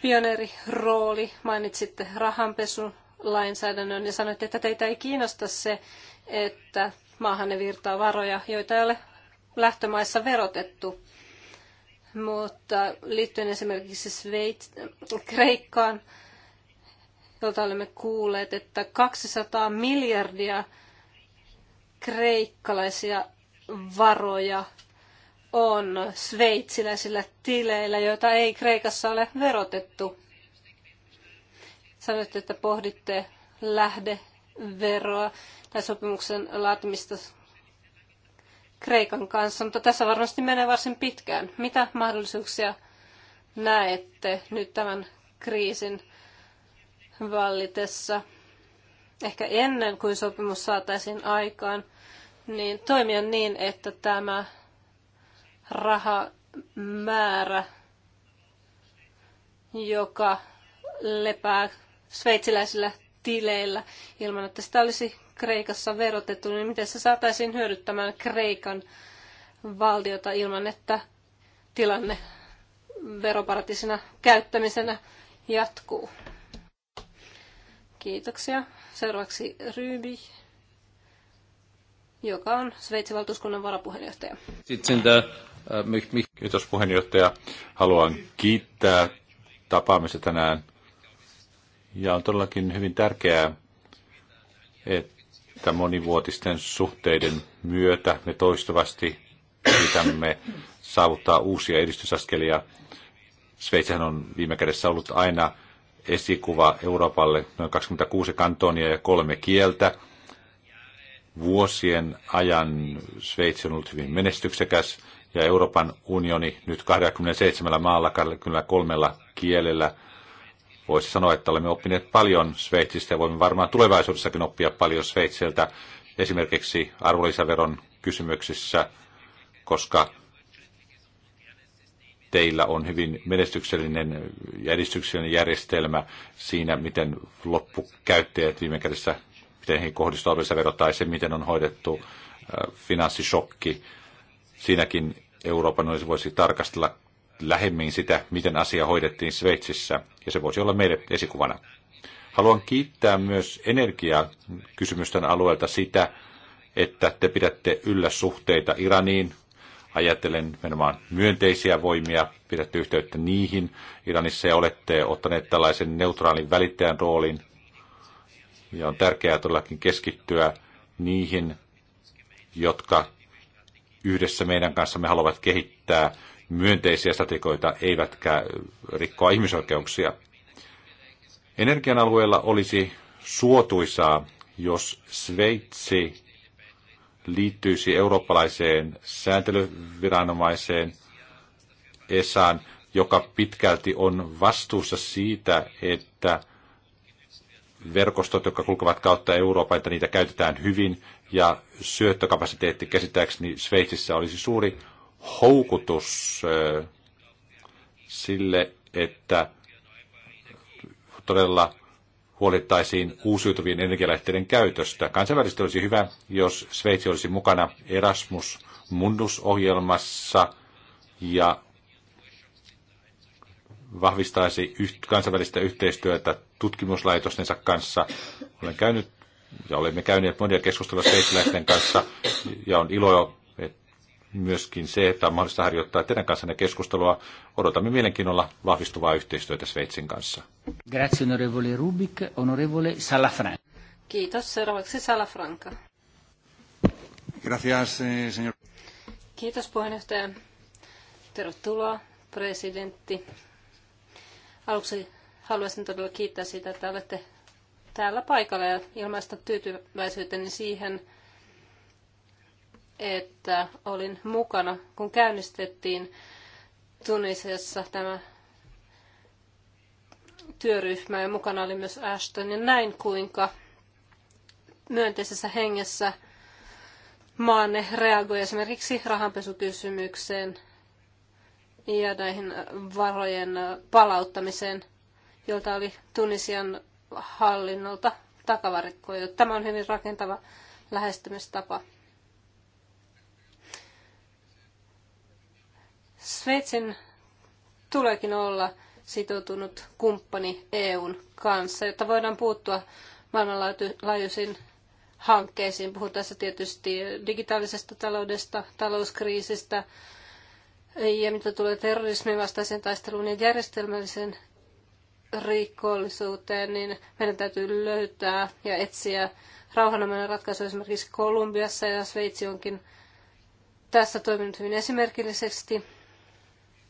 pioneerirooli. Mainitsitte rahanpesun lainsäädännön ja sanoitte, että teitä ei kiinnosta se, että maahan ne virtaa varoja, joita ei ole lähtömaissa verotettu. Mutta liittyen esimerkiksi Sveits- Kreikkaan, jolta olemme kuulleet, että 200 miljardia kreikkalaisia varoja on sveitsiläisillä tileillä, joita ei Kreikassa ole verotettu. Sanoitte, että pohditte lähdeveroa tai sopimuksen laatimista Kreikan kanssa, mutta tässä varmasti menee varsin pitkään. Mitä mahdollisuuksia näette nyt tämän kriisin vallitessa, ehkä ennen kuin sopimus saataisiin aikaan, niin toimia niin, että tämä rahamäärä, joka lepää sveitsiläisillä tileillä ilman, että sitä olisi Kreikassa verotettu, niin miten se saataisiin hyödyttämään Kreikan valtiota ilman, että tilanne veroparatiisina käyttämisenä jatkuu. Kiitoksia. Seuraavaksi Ryby, joka on Sveitsin valtuuskunnan varapuheenjohtaja. Äh, Kiitos puheenjohtaja. Haluan kiittää tapaamista tänään. Ja on todellakin hyvin tärkeää, että monivuotisten suhteiden myötä me toistuvasti yritämme saavuttaa uusia edistysaskelia. Sveitsihän on viime kädessä ollut aina esikuva Euroopalle, noin 26 kantonia ja kolme kieltä. Vuosien ajan Sveitsi on ollut hyvin menestyksekäs ja Euroopan unioni nyt 27 maalla 23 kielellä. Voisi sanoa, että olemme oppineet paljon Sveitsistä ja voimme varmaan tulevaisuudessakin oppia paljon Sveitsiltä esimerkiksi arvonlisäveron kysymyksissä, koska teillä on hyvin menestyksellinen ja edistyksellinen järjestelmä siinä, miten loppukäyttäjät viime kädessä, miten heihin kohdistuu arvonlisävero tai se, miten on hoidettu äh, finanssishokki. Siinäkin Euroopan olisi voisi tarkastella lähemmin sitä, miten asia hoidettiin Sveitsissä, ja se voisi olla meille esikuvana. Haluan kiittää myös energiakysymysten alueelta sitä, että te pidätte yllä suhteita Iraniin, ajatellen nimenomaan myönteisiä voimia, pidätte yhteyttä niihin. Iranissa ja olette ottaneet tällaisen neutraalin välittäjän roolin. Ja on tärkeää todellakin keskittyä niihin, jotka yhdessä meidän kanssa me haluavat kehittää myönteisiä strategioita, eivätkä rikkoa ihmisoikeuksia. Energian alueella olisi suotuisaa, jos Sveitsi liittyisi eurooppalaiseen sääntelyviranomaiseen ESAan, joka pitkälti on vastuussa siitä, että verkostot, jotka kulkevat kautta Eurooppa, että niitä käytetään hyvin, ja syöttökapasiteetti käsittääkseni Sveitsissä olisi suuri houkutus sille, että todella huolittaisiin uusiutuvien energialähteiden käytöstä. Kansainvälisesti olisi hyvä, jos Sveitsi olisi mukana Erasmus Mundus-ohjelmassa ja vahvistaisi kansainvälistä yhteistyötä tutkimuslaitostensa kanssa. Olen käynyt ja olemme käyneet monia keskusteluja sveitsiläisten kanssa ja on iloa myöskin se, että on mahdollista harjoittaa teidän kanssanne keskustelua. Odotamme mielenkiinnolla vahvistuvaa yhteistyötä Sveitsin kanssa. Grazie, onorevole Rubik, onorevole Salafranca. Kiitos. Seuraavaksi Salafranca. Gracias, eh, señor. Kiitos puheenjohtaja. Tervetuloa, presidentti. Aluksi haluaisin todella kiittää siitä, että olette täällä paikalla ja ilmaista tyytyväisyyteni siihen, että olin mukana, kun käynnistettiin Tunisiassa tämä työryhmä ja mukana oli myös Ashton ja näin kuinka myönteisessä hengessä maanne reagoi esimerkiksi rahanpesukysymykseen ja näihin varojen palauttamiseen, jolta oli Tunisian hallinnolta takavarikkoja. Tämä on hyvin rakentava lähestymistapa. Sveitsin tuleekin olla sitoutunut kumppani EUn kanssa, jotta voidaan puuttua maailmanlaajuisiin hankkeisiin. Puhun tässä tietysti digitaalisesta taloudesta, talouskriisistä ja mitä tulee terrorismin vastaiseen taisteluun ja järjestelmälliseen rikollisuuteen, niin meidän täytyy löytää ja etsiä rauhanomainen ratkaisu esimerkiksi Kolumbiassa ja Sveitsi onkin tässä toiminut hyvin esimerkillisesti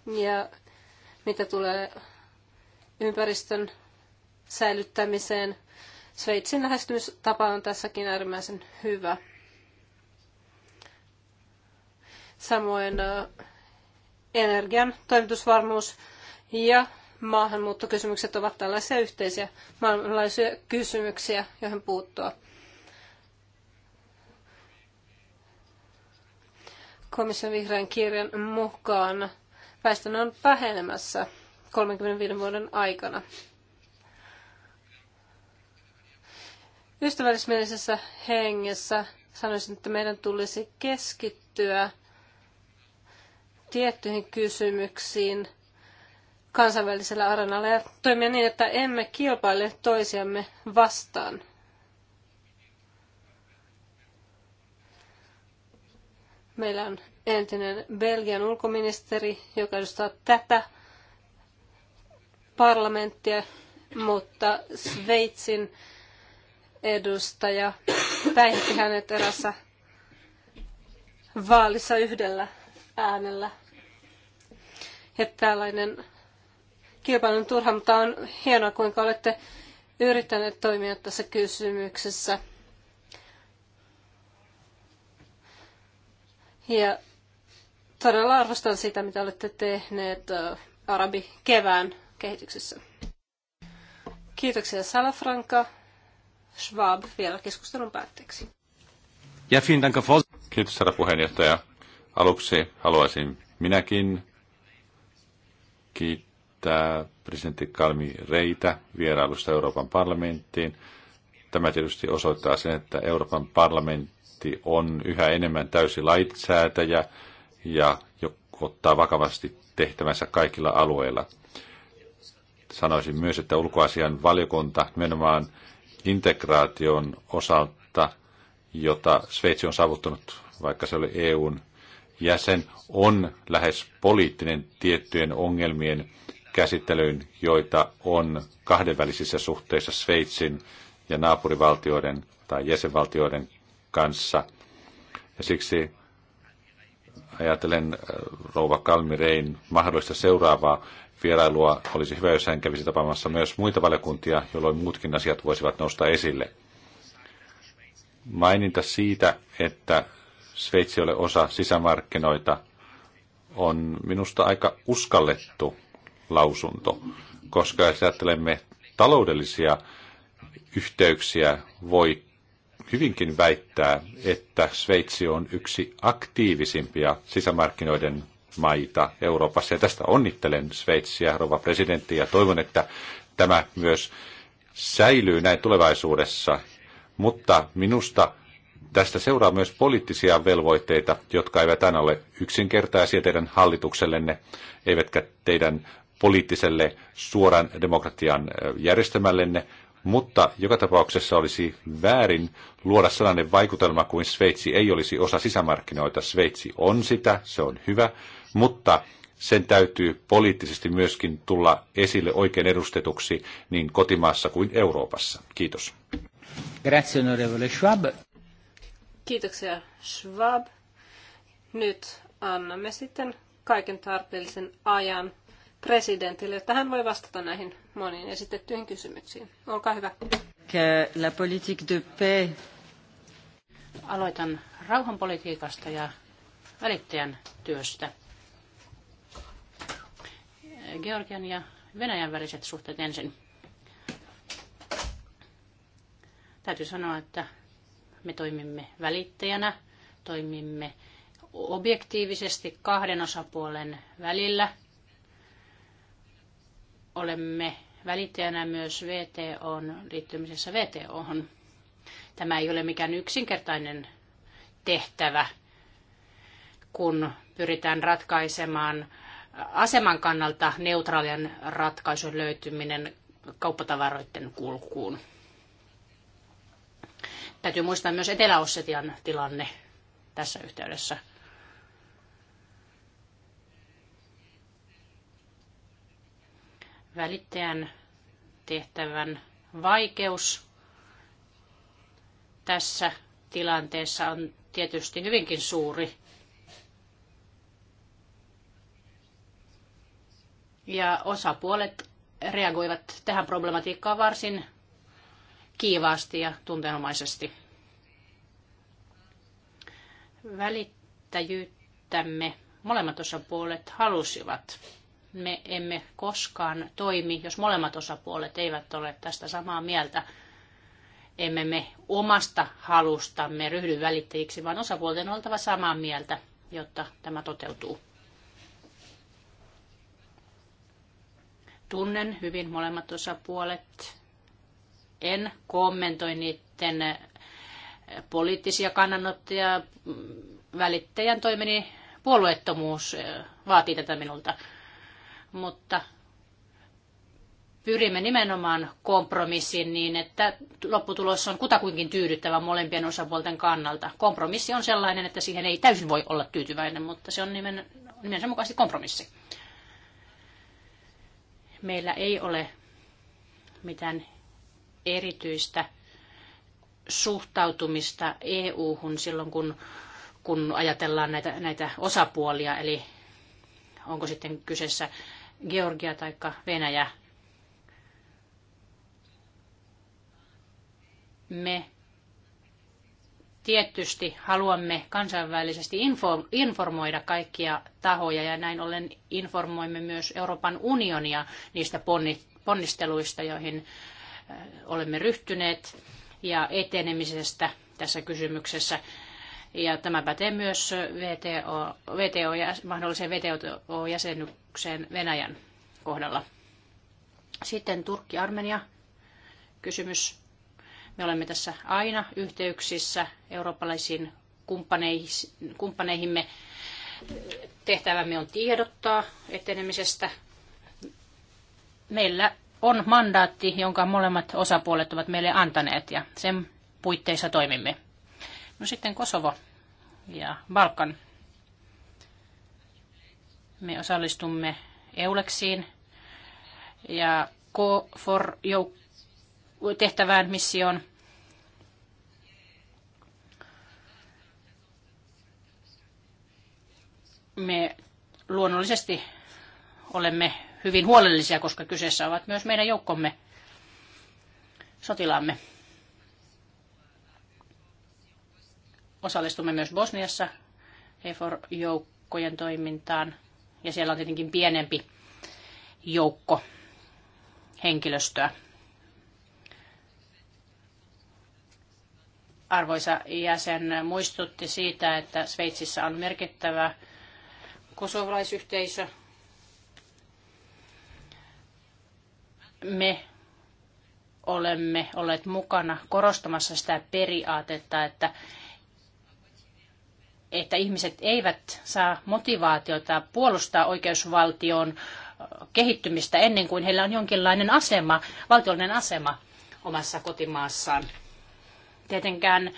ja mitä tulee ympäristön säilyttämiseen, Sveitsin lähestymistapa on tässäkin äärimmäisen hyvä. Samoin energian toimitusvarmuus ja maahanmuuttokysymykset ovat tällaisia yhteisiä maailmanlaisia kysymyksiä, joihin puuttua. Komission vihreän kirjan mukaan väestön on vähenemässä 35 vuoden aikana. Ystävällismielisessä hengessä sanoisin, että meidän tulisi keskittyä tiettyihin kysymyksiin kansainvälisellä arenalla ja toimia niin, että emme kilpaile toisiamme vastaan. Meillä on entinen Belgian ulkoministeri, joka edustaa tätä parlamenttia, mutta Sveitsin edustaja päihitti hänet erässä vaalissa yhdellä äänellä. Ja tällainen kilpailun turha, mutta on hienoa, kuinka olette yrittäneet toimia tässä kysymyksessä. Ja todella arvostan sitä, mitä olette tehneet arabi kevään kehityksessä. Kiitoksia Salafranka. Schwab vielä keskustelun päätteeksi. Ja Kiitos herra puheenjohtaja. Aluksi haluaisin minäkin kiittää presidentti Kalmi Reitä vierailusta Euroopan parlamenttiin. Tämä tietysti osoittaa sen, että Euroopan parlamentti on yhä enemmän täysi laitsäätäjä ja ottaa vakavasti tehtävänsä kaikilla alueilla. Sanoisin myös, että ulkoasian valiokunta nimenomaan integraation osalta, jota Sveitsi on saavuttanut, vaikka se oli EUn jäsen, on lähes poliittinen tiettyjen ongelmien käsittelyyn, joita on kahdenvälisissä suhteissa Sveitsin ja naapurivaltioiden tai jäsenvaltioiden kanssa. Ja siksi Ajatellen äh, rouva Kalmirein mahdollista seuraavaa vierailua olisi hyvä, jos hän kävisi tapaamassa myös muita valiokuntia, jolloin muutkin asiat voisivat nousta esille. Maininta siitä, että Sveitsi ole osa sisämarkkinoita, on minusta aika uskallettu lausunto, koska jos ajattelemme taloudellisia yhteyksiä, voi hyvinkin väittää, että Sveitsi on yksi aktiivisimpia sisämarkkinoiden maita Euroopassa. Ja tästä onnittelen Sveitsiä, rouva presidentti, ja toivon, että tämä myös säilyy näin tulevaisuudessa. Mutta minusta tästä seuraa myös poliittisia velvoitteita, jotka eivät aina ole yksinkertaisia teidän hallituksellenne, eivätkä teidän poliittiselle suoran demokratian järjestämällenne, mutta joka tapauksessa olisi väärin luoda sellainen vaikutelma kuin Sveitsi ei olisi osa sisämarkkinoita. Sveitsi on sitä, se on hyvä, mutta sen täytyy poliittisesti myöskin tulla esille oikein edustetuksi niin kotimaassa kuin Euroopassa. Kiitos. Grazie, onorevole Schwab. Kiitoksia, Schwab. Nyt annamme sitten kaiken tarpeellisen ajan presidentille, että hän voi vastata näihin moniin esitettyihin kysymyksiin. Olkaa hyvä. La politique de paix. Aloitan rauhanpolitiikasta ja välittäjän työstä. Georgian ja Venäjän väliset suhteet ensin. Täytyy sanoa, että me toimimme välittäjänä, toimimme objektiivisesti kahden osapuolen välillä – olemme välittäjänä myös VTOn liittymisessä VTOhon. Tämä ei ole mikään yksinkertainen tehtävä, kun pyritään ratkaisemaan aseman kannalta neutraalien ratkaisun löytyminen kauppatavaroiden kulkuun. Täytyy muistaa myös Etelä-Ossetian tilanne tässä yhteydessä. välittäjän tehtävän vaikeus tässä tilanteessa on tietysti hyvinkin suuri. Ja osapuolet reagoivat tähän problematiikkaan varsin kiivaasti ja tunteenomaisesti. Välittäjyyttämme molemmat osapuolet halusivat me emme koskaan toimi, jos molemmat osapuolet eivät ole tästä samaa mieltä. Emme me omasta halustamme ryhdy välittäjiksi, vaan osapuolten on oltava samaa mieltä, jotta tämä toteutuu. Tunnen hyvin molemmat osapuolet. En kommentoi niiden äh, poliittisia kannanottoja. Välittäjän toimeni puolueettomuus äh, vaatii tätä minulta mutta pyrimme nimenomaan kompromissiin niin, että lopputulos on kutakuinkin tyydyttävä molempien osapuolten kannalta. Kompromissi on sellainen, että siihen ei täysin voi olla tyytyväinen, mutta se on nimen, nimensä mukaisesti kompromissi. Meillä ei ole mitään erityistä suhtautumista EU-hun silloin, kun, kun ajatellaan näitä, näitä osapuolia, eli onko sitten kyseessä Georgia tai Venäjä. Me tietysti haluamme kansainvälisesti informoida kaikkia tahoja ja näin ollen informoimme myös Euroopan unionia niistä ponnisteluista, joihin olemme ryhtyneet ja etenemisestä tässä kysymyksessä. Ja tämä pätee myös VTO, VTO, mahdolliseen VTO-jäsenykseen Venäjän kohdalla. Sitten Turkki-Armenia kysymys. Me olemme tässä aina yhteyksissä eurooppalaisiin kumppaneihimme. Tehtävämme on tiedottaa etenemisestä. Meillä on mandaatti, jonka molemmat osapuolet ovat meille antaneet ja sen puitteissa toimimme. No sitten Kosovo ja Balkan. Me osallistumme Euleksiin ja KFOR tehtävään missioon. Me luonnollisesti olemme hyvin huolellisia, koska kyseessä ovat myös meidän joukkomme sotilaamme. Osallistumme myös Bosniassa EFOR-joukkojen toimintaan ja siellä on tietenkin pienempi joukko henkilöstöä. Arvoisa jäsen muistutti siitä, että Sveitsissä on merkittävä kosovalaisyhteisö. Me olemme olleet mukana korostamassa sitä periaatetta, että että ihmiset eivät saa motivaatiota puolustaa oikeusvaltion kehittymistä ennen kuin heillä on jonkinlainen asema, valtiollinen asema omassa kotimaassaan. Tietenkään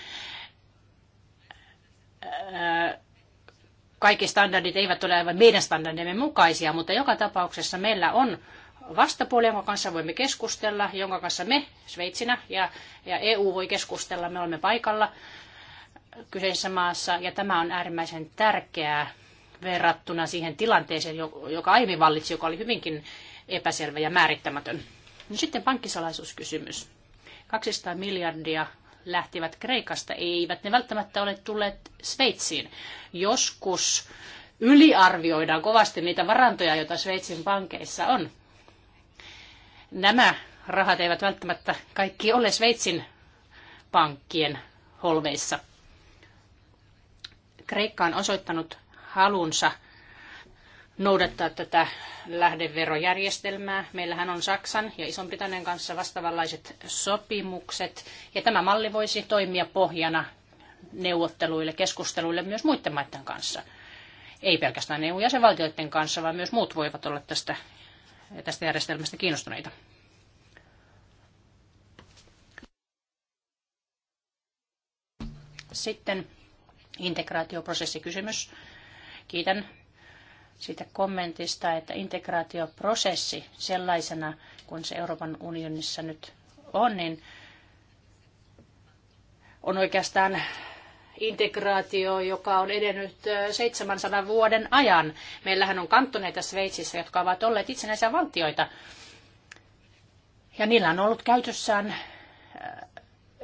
kaikki standardit eivät ole aivan meidän standardimme mukaisia, mutta joka tapauksessa meillä on vastapuoli, jonka kanssa voimme keskustella, jonka kanssa me Sveitsinä ja, ja EU voi keskustella, me olemme paikalla kyseisessä maassa, ja tämä on äärimmäisen tärkeää verrattuna siihen tilanteeseen, joka aiemmin vallitsi, joka oli hyvinkin epäselvä ja määrittämätön. No sitten pankkisalaisuuskysymys. 200 miljardia lähtivät Kreikasta, eivät ne välttämättä ole tulleet Sveitsiin. Joskus yliarvioidaan kovasti niitä varantoja, joita Sveitsin pankeissa on. Nämä rahat eivät välttämättä kaikki ole Sveitsin pankkien holveissa. Kreikka on osoittanut halunsa noudattaa tätä lähdeverojärjestelmää. Meillähän on Saksan ja iso britannian kanssa vastaavanlaiset sopimukset, ja tämä malli voisi toimia pohjana neuvotteluille, keskusteluille myös muiden maiden kanssa. Ei pelkästään EU-jäsenvaltioiden kanssa, vaan myös muut voivat olla tästä, tästä järjestelmästä kiinnostuneita. Sitten integraatioprosessikysymys. Kiitän siitä kommentista, että integraatioprosessi sellaisena, kun se Euroopan unionissa nyt on, niin on oikeastaan integraatio, joka on edennyt 700 vuoden ajan. Meillähän on kantoneita Sveitsissä, jotka ovat olleet itsenäisiä valtioita. Ja niillä on ollut käytössään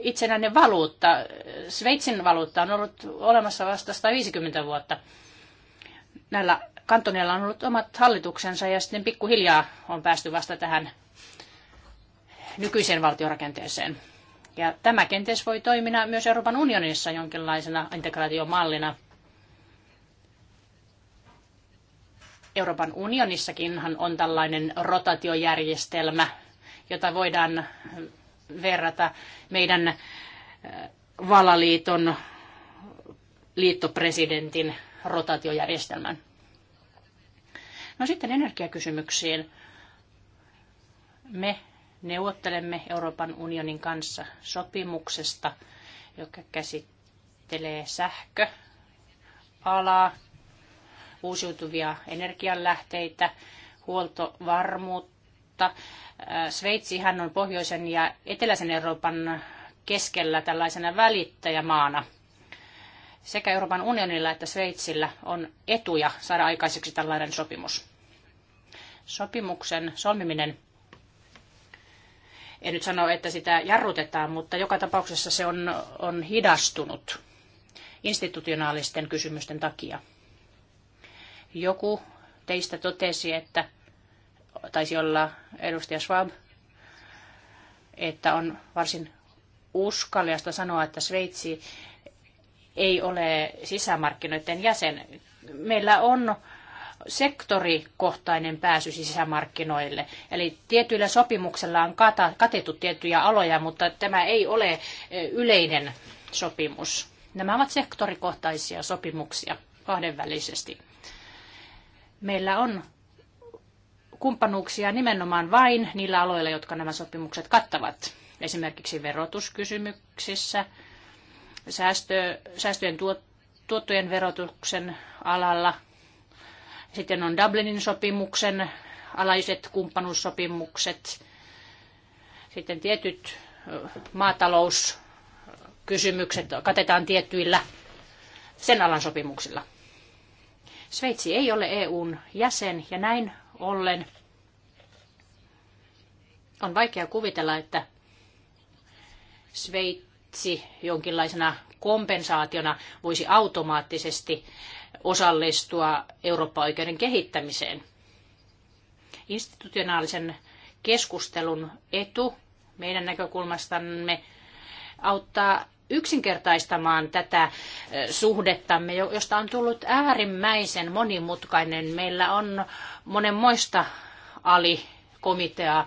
itsenäinen valuutta. Sveitsin valuutta on ollut olemassa vasta 150 vuotta. Näillä kantoneilla on ollut omat hallituksensa ja sitten pikkuhiljaa on päästy vasta tähän nykyiseen valtiorakenteeseen. Ja tämä kenties voi toimia myös Euroopan unionissa jonkinlaisena integraatiomallina. Euroopan unionissakinhan on tällainen rotaatiojärjestelmä, jota voidaan verrata meidän äh, valaliiton liittopresidentin rotaatiojärjestelmän. No sitten energiakysymyksiin. Me neuvottelemme Euroopan unionin kanssa sopimuksesta, joka käsittelee sähköalaa, uusiutuvia energianlähteitä, huoltovarmuutta, mutta äh, Sveitsihän on pohjoisen ja eteläisen Euroopan keskellä tällaisena välittäjämaana. Sekä Euroopan unionilla että Sveitsillä on etuja saada aikaiseksi tällainen sopimus. Sopimuksen solmiminen, en nyt sano, että sitä jarrutetaan, mutta joka tapauksessa se on, on hidastunut institutionaalisten kysymysten takia. Joku teistä totesi, että taisi olla edustaja Schwab, että on varsin uskallista sanoa, että Sveitsi ei ole sisämarkkinoiden jäsen. Meillä on sektorikohtainen pääsy sisämarkkinoille. Eli tietyillä sopimuksella on katettu tiettyjä aloja, mutta tämä ei ole e, yleinen sopimus. Nämä ovat sektorikohtaisia sopimuksia kahdenvälisesti. Meillä on kumppanuuksia nimenomaan vain niillä aloilla, jotka nämä sopimukset kattavat. Esimerkiksi verotuskysymyksissä, säästö, säästöjen tuot, tuottojen verotuksen alalla. Sitten on Dublinin sopimuksen alaiset kumppanuussopimukset. Sitten tietyt maatalouskysymykset katetaan tiettyillä sen alan sopimuksilla. Sveitsi ei ole EUn jäsen ja näin ollen on vaikea kuvitella, että Sveitsi jonkinlaisena kompensaationa voisi automaattisesti osallistua Eurooppa-oikeuden kehittämiseen. Institutionaalisen keskustelun etu meidän näkökulmastamme auttaa yksinkertaistamaan tätä suhdettamme, josta on tullut äärimmäisen monimutkainen. Meillä on monenmoista alikomiteaa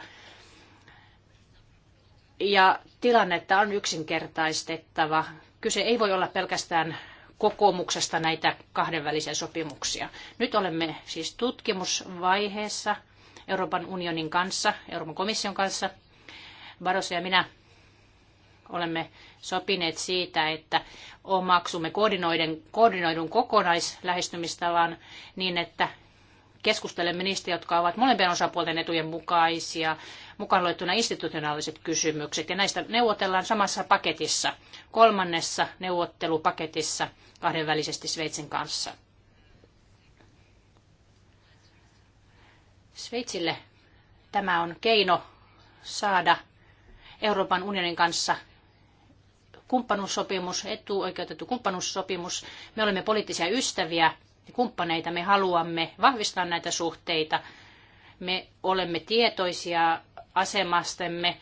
ja tilannetta on yksinkertaistettava. Kyse ei voi olla pelkästään kokoomuksesta näitä kahdenvälisiä sopimuksia. Nyt olemme siis tutkimusvaiheessa Euroopan unionin kanssa, Euroopan komission kanssa. Barossa ja minä olemme sopineet siitä, että omaksumme koordinoiden, koordinoidun kokonaislähestymistavan niin, että keskustelemme niistä, jotka ovat molempien osapuolten etujen mukaisia, mukaan luettuna institutionaaliset kysymykset. Ja näistä neuvotellaan samassa paketissa, kolmannessa neuvottelupaketissa kahdenvälisesti Sveitsin kanssa. Sveitsille tämä on keino saada Euroopan unionin kanssa kumppanuussopimus, etuoikeutettu kumppanuussopimus. Me olemme poliittisia ystäviä ja kumppaneita. Me haluamme vahvistaa näitä suhteita. Me olemme tietoisia asemastamme.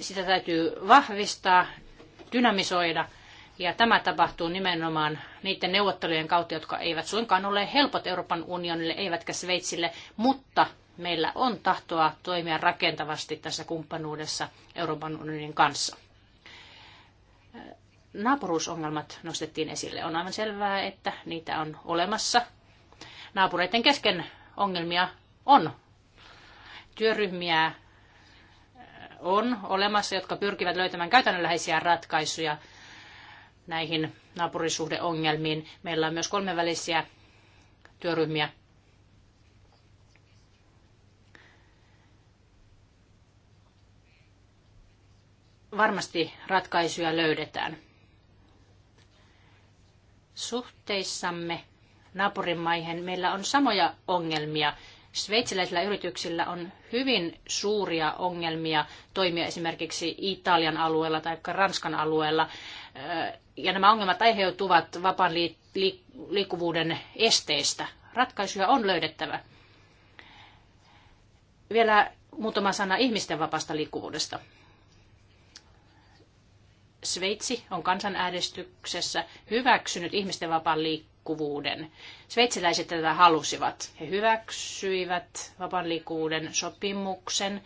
Sitä täytyy vahvistaa, dynamisoida. Ja tämä tapahtuu nimenomaan niiden neuvottelujen kautta, jotka eivät suinkaan ole helpot Euroopan unionille eivätkä Sveitsille, mutta meillä on tahtoa toimia rakentavasti tässä kumppanuudessa Euroopan unionin kanssa naapuruusongelmat nostettiin esille. On aivan selvää, että niitä on olemassa. Naapureiden kesken ongelmia on. Työryhmiä äh, on olemassa, jotka pyrkivät löytämään käytännönläheisiä ratkaisuja näihin naapurisuhdeongelmiin. Meillä on myös kolmenvälisiä työryhmiä varmasti ratkaisuja löydetään. Suhteissamme naapurimaihin meillä on samoja ongelmia. Sveitsiläisillä yrityksillä on hyvin suuria ongelmia toimia esimerkiksi Italian alueella tai Ranskan alueella. Ja nämä ongelmat aiheutuvat vapaan liikkuvuuden esteistä. Ratkaisuja on löydettävä. Vielä muutama sana ihmisten vapaasta liikkuvuudesta. Sveitsi on kansanäänestyksessä hyväksynyt ihmisten vapaan liikkuvuuden. Sveitsiläiset tätä halusivat. He hyväksyivät vapaan liikkuvuuden sopimuksen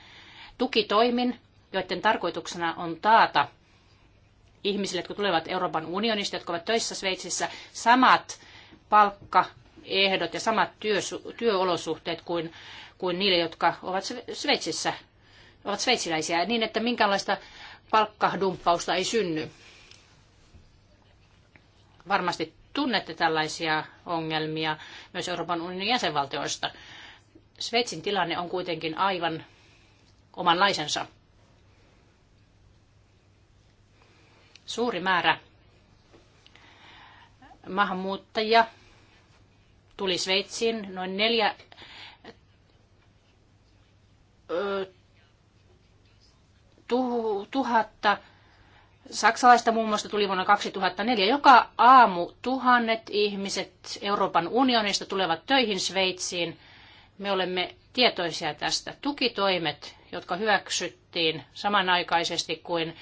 tukitoimin, joiden tarkoituksena on taata ihmisille, jotka tulevat Euroopan unionista, jotka ovat töissä Sveitsissä, samat palkkaehdot ja samat työ, työolosuhteet kuin, kuin niille, jotka ovat Sveitsissä, ovat sveitsiläisiä, niin että minkälaista palkkadumppausta ei synny. Varmasti tunnette tällaisia ongelmia myös Euroopan unionin jäsenvaltioista. Sveitsin tilanne on kuitenkin aivan omanlaisensa. Suuri määrä maahanmuuttajia tuli Sveitsiin, noin neljä tuhatta. Saksalaista muun muassa tuli vuonna 2004. Joka aamu tuhannet ihmiset Euroopan unionista tulevat töihin Sveitsiin. Me olemme tietoisia tästä. Tukitoimet, jotka hyväksyttiin samanaikaisesti kuin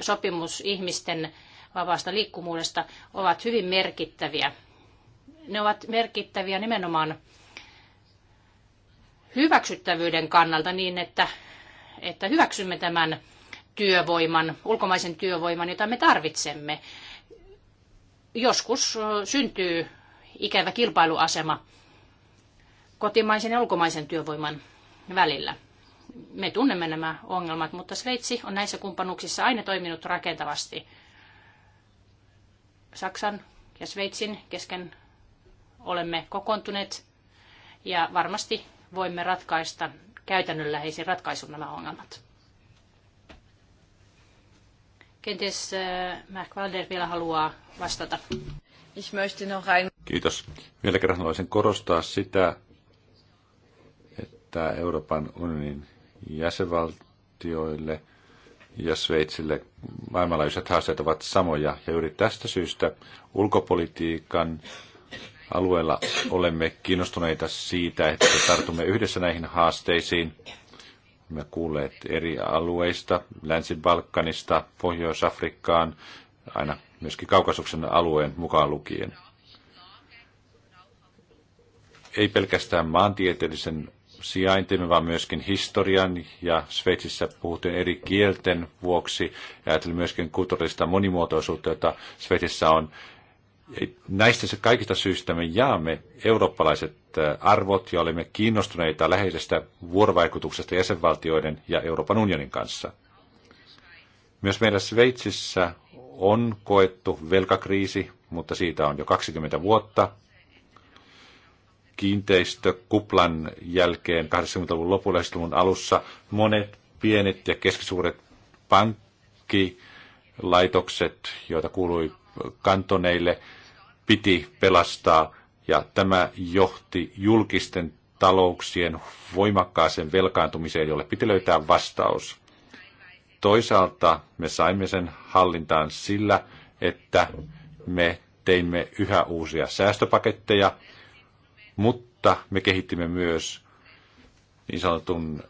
sopimus ihmisten vapaasta liikkumuudesta, ovat hyvin merkittäviä. Ne ovat merkittäviä nimenomaan hyväksyttävyyden kannalta niin, että että hyväksymme tämän työvoiman, ulkomaisen työvoiman, jota me tarvitsemme. Joskus syntyy ikävä kilpailuasema kotimaisen ja ulkomaisen työvoiman välillä. Me tunnemme nämä ongelmat, mutta Sveitsi on näissä kumppanuuksissa aina toiminut rakentavasti. Saksan ja Sveitsin kesken olemme kokoontuneet ja varmasti voimme ratkaista käytännönläheisen ratkaisun nämä ongelmat. Kenties äh, Mark Valder vielä haluaa vastata. Ich möchte noch ein... Kiitos. Vielä kerran haluaisin korostaa sitä, että Euroopan unionin jäsenvaltioille ja Sveitsille maailmanlaajuiset haasteet ovat samoja. Ja juuri tästä syystä ulkopolitiikan alueella olemme kiinnostuneita siitä, että tartumme yhdessä näihin haasteisiin. Me kuulleet eri alueista, Länsi-Balkanista, Pohjois-Afrikkaan, aina myöskin Kaukasuksen alueen mukaan lukien. Ei pelkästään maantieteellisen sijaintimme, vaan myöskin historian ja Sveitsissä puhuttiin eri kielten vuoksi. Ja ajattelin myöskin kulttuurista monimuotoisuutta, jota Sveitsissä on Näistä se kaikista syistä me jaamme eurooppalaiset äh, arvot ja olemme kiinnostuneita läheisestä vuorovaikutuksesta jäsenvaltioiden ja Euroopan unionin kanssa. Myös meillä Sveitsissä on koettu velkakriisi, mutta siitä on jo 20 vuotta. Kiinteistökuplan jälkeen 80-luvun lopulla luvun alussa monet pienet ja keskisuuret pankkilaitokset, joita kuului kantoneille, piti pelastaa, ja tämä johti julkisten talouksien voimakkaaseen velkaantumiseen, jolle piti löytää vastaus. Toisaalta me saimme sen hallintaan sillä, että me teimme yhä uusia säästöpaketteja, mutta me kehittimme myös niin sanotun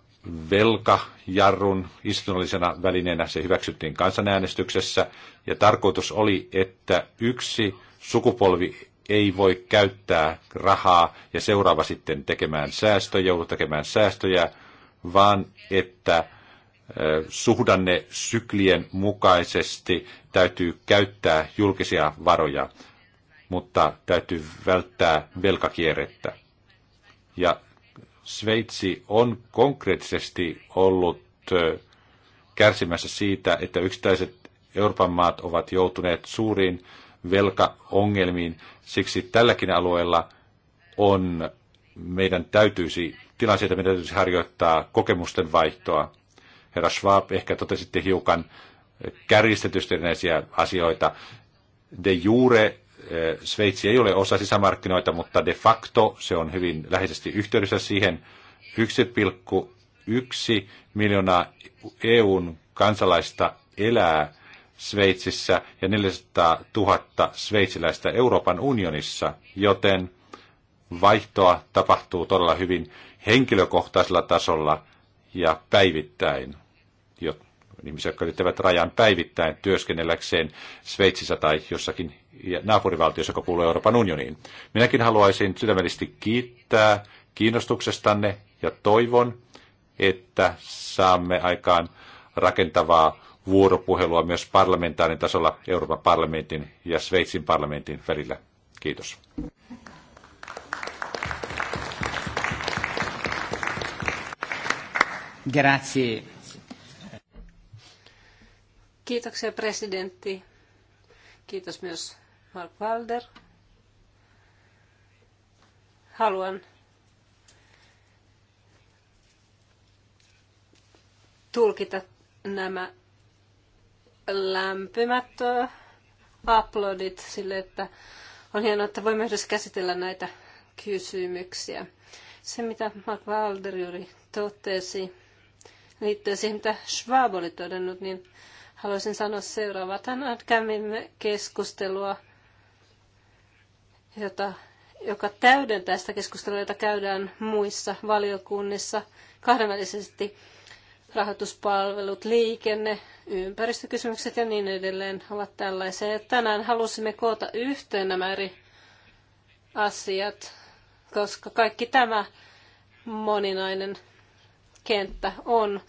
velkajarrun istunnollisena välineenä. Se hyväksyttiin kansanäänestyksessä ja tarkoitus oli, että yksi sukupolvi ei voi käyttää rahaa ja seuraava sitten tekemään säästöjä, joudut tekemään säästöjä, vaan että suhdanne syklien mukaisesti täytyy käyttää julkisia varoja, mutta täytyy välttää velkakierrettä. Ja Sveitsi on konkreettisesti ollut kärsimässä siitä, että yksittäiset Euroopan maat ovat joutuneet suuriin velkaongelmiin. Siksi tälläkin alueella on, meidän täytyisi, tilanteita meidän täytyisi harjoittaa kokemusten vaihtoa. Herra Schwab, ehkä totesitte hiukan kärjistetysti näisiä asioita. De jure Sveitsi ei ole osa sisämarkkinoita, mutta de facto se on hyvin läheisesti yhteydessä siihen. 1,1 miljoonaa EUn kansalaista elää Sveitsissä ja 400 000 sveitsiläistä Euroopan unionissa, joten vaihtoa tapahtuu todella hyvin henkilökohtaisella tasolla ja päivittäin. Jo, ihmisiä, jotka ylittävät rajan päivittäin työskennelläkseen Sveitsissä tai jossakin naapurivaltiossa, joka kuuluu Euroopan unioniin. Minäkin haluaisin sydämellisesti kiittää kiinnostuksestanne ja toivon, että saamme aikaan rakentavaa vuoropuhelua myös parlamentaarin tasolla Euroopan parlamentin ja Sveitsin parlamentin välillä. Kiitos. Grazie. Kiitoksia presidentti Kiitos myös Mark Walder. Haluan tulkita nämä lämpimät uploadit sille, että on hienoa, että voimme yhdessä käsitellä näitä kysymyksiä. Se, mitä Mark Walder juuri totesi, liittyen siihen, mitä Schwab oli todennut, niin haluaisin sanoa seuraavaa. Tänään kävimme keskustelua, jota, joka täydentää sitä keskustelua, jota käydään muissa valiokunnissa kahdenvälisesti rahoituspalvelut, liikenne, ympäristökysymykset ja niin edelleen ovat tällaisia. Tänään halusimme koota yhteen nämä eri asiat, koska kaikki tämä moninainen kenttä on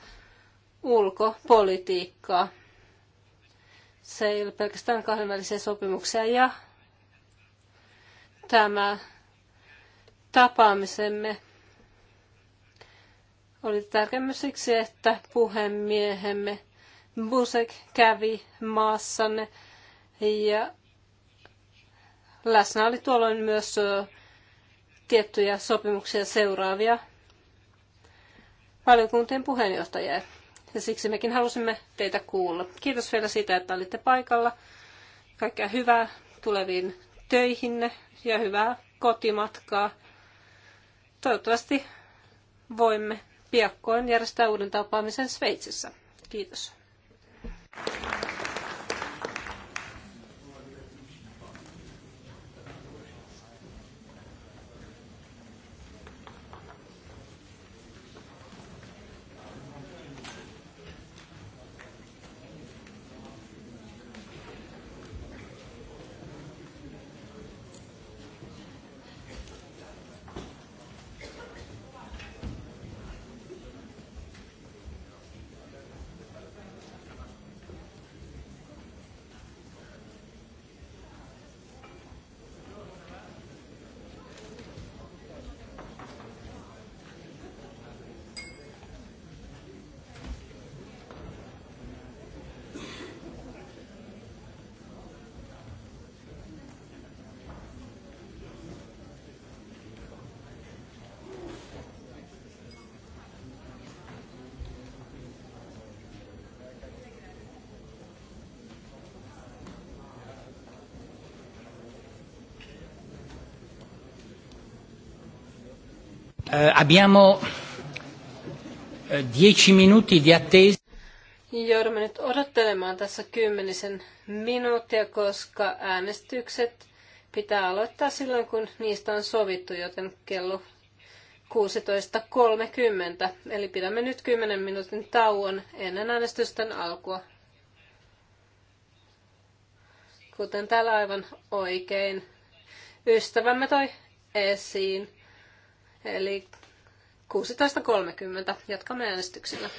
ulkopolitiikkaa. Se ei ole pelkästään kahdenvälisiä sopimuksia ja tämä tapaamisemme oli tärkeä myös siksi, että puhemiehemme Busek kävi maassanne ja läsnä oli tuolloin myös tiettyjä sopimuksia seuraavia valiokuntien puheenjohtajia. Ja siksi mekin halusimme teitä kuulla. Kiitos vielä siitä, että olitte paikalla. Kaikkea hyvää tuleviin töihinne ja hyvää kotimatkaa. Toivottavasti voimme piakkoin järjestää uuden tapaamisen Sveitsissä. Kiitos. Eh, abbiamo eh, dieci minuti di attesa. Niin joudumme nyt odottelemaan tässä kymmenisen minuuttia, koska äänestykset pitää aloittaa silloin, kun niistä on sovittu, joten kello 16.30. Eli pidämme nyt 10 minuutin tauon ennen äänestysten alkua. Kuten täällä aivan oikein ystävämme toi esiin. Eli 16.30 jatkamme äänestyksellä.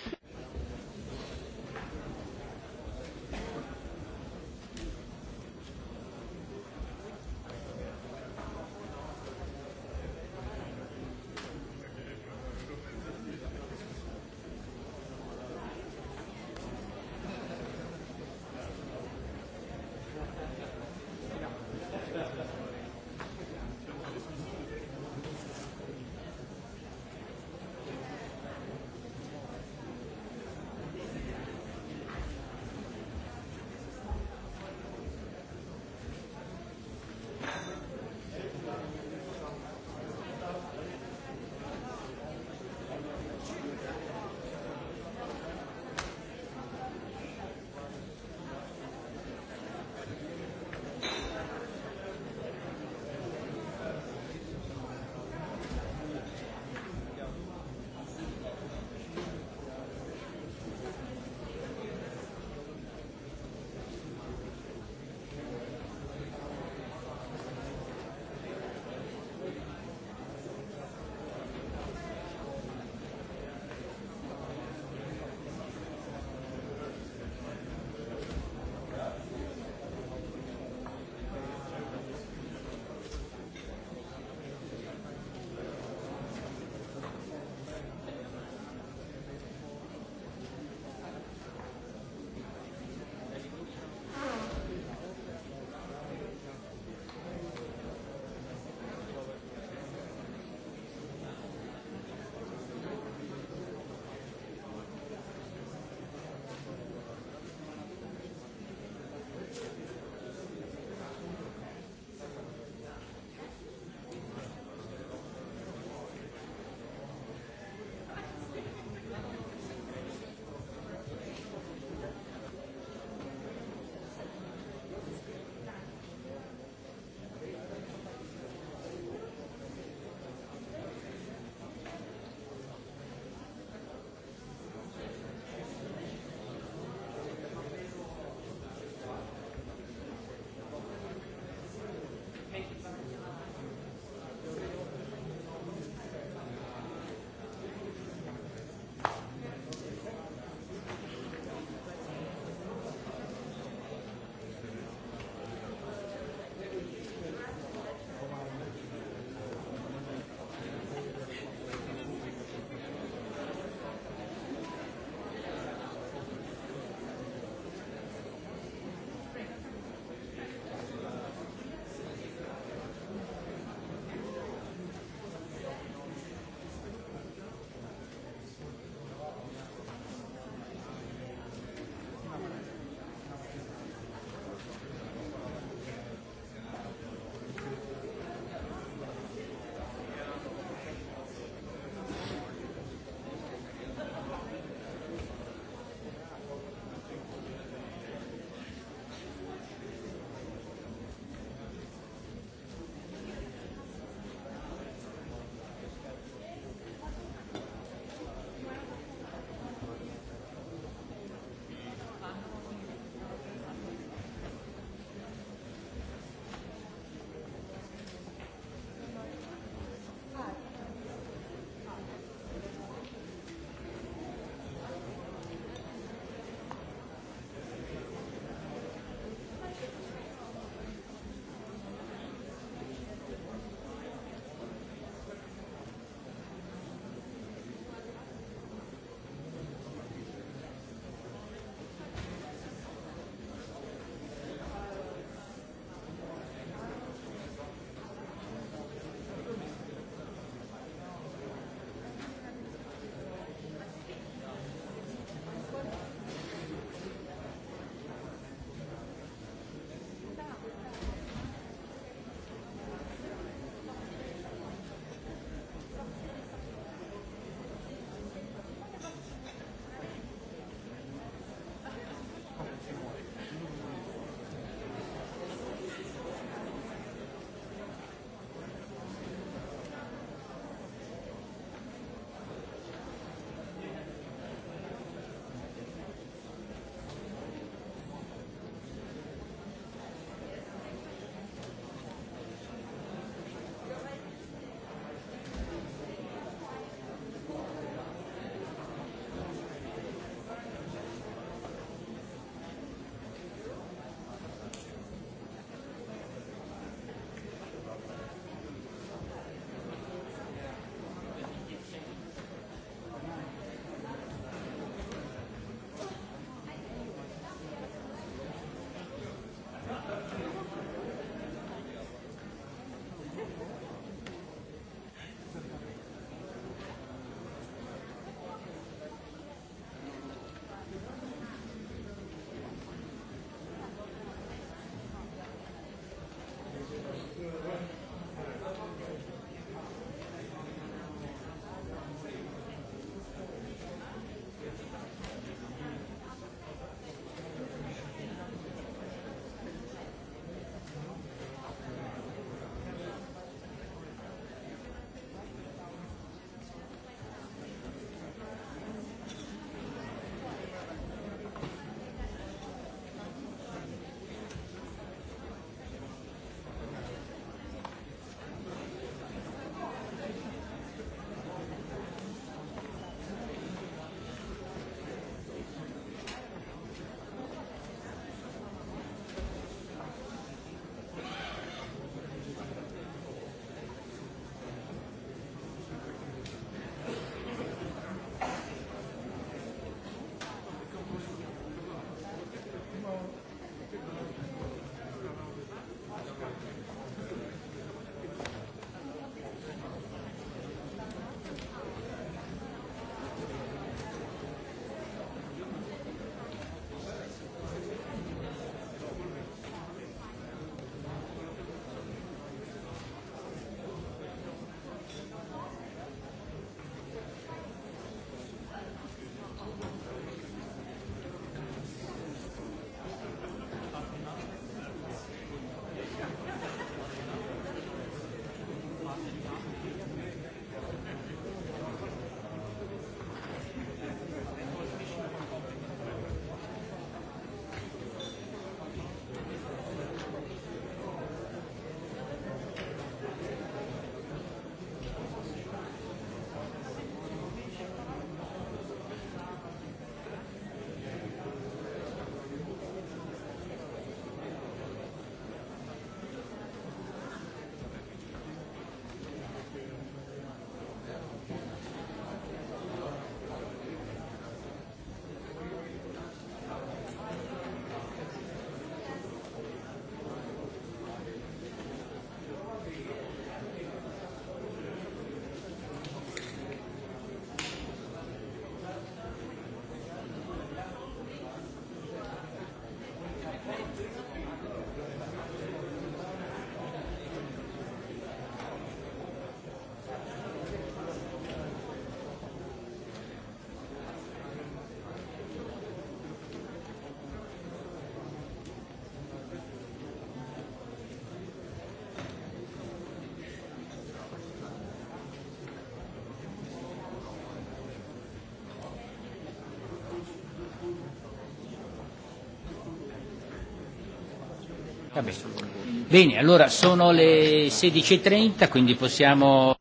Va bene. bene, allora sono le 16.30, e quindi possiamo...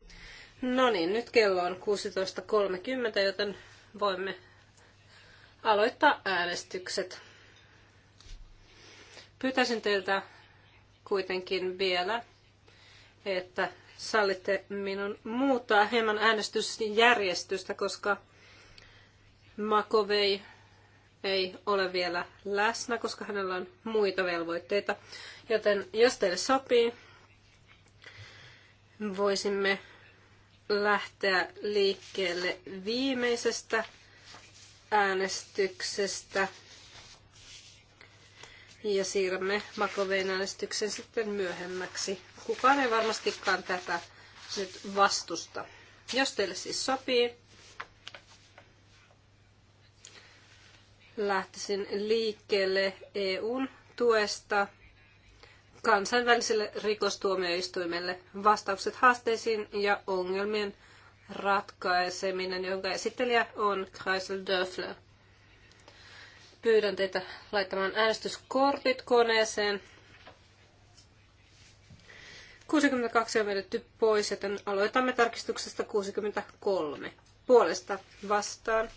No niin, nyt kello on 16.30, joten voimme aloittaa äänestykset. Pyytäisin teiltä kuitenkin vielä, että sallitte minun muuttaa hieman äänestysjärjestystä, koska Makovei ei ole vielä läsnä, koska hänellä on muita velvoitteita. Joten jos teille sopii, voisimme lähteä liikkeelle viimeisestä äänestyksestä. Ja siirrämme Makoveen äänestyksen sitten myöhemmäksi. Kukaan ei varmastikaan tätä nyt vastusta. Jos teille siis sopii, lähtisin liikkeelle EUn tuesta kansainväliselle rikostuomioistuimelle vastaukset haasteisiin ja ongelmien ratkaiseminen, jonka esittelijä on Kreisel Döfler. Pyydän teitä laittamaan äänestyskortit koneeseen. 62 on vedetty pois, joten aloitamme tarkistuksesta 63. Puolesta vastaan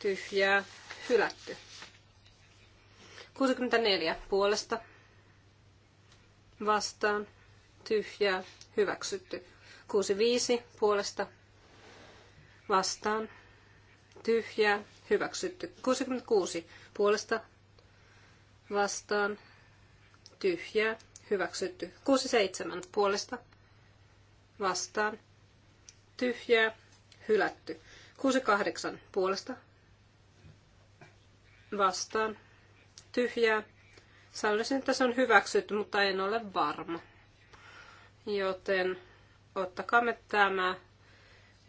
tyhjää hylätty. 64 puolesta vastaan tyhjää hyväksytty. 65 puolesta vastaan tyhjää hyväksytty. 66 puolesta vastaan tyhjää hyväksytty. 67 puolesta vastaan tyhjää hylätty. 68 puolesta vastaan tyhjää. Sanoisin, että se on hyväksytty, mutta en ole varma. Joten ottakaamme tämä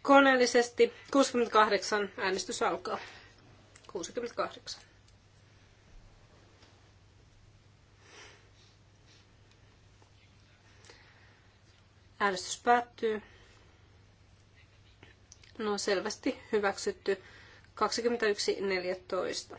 koneellisesti. 68 äänestys alkaa. 68. Äänestys päättyy. No selvästi hyväksytty 21.14.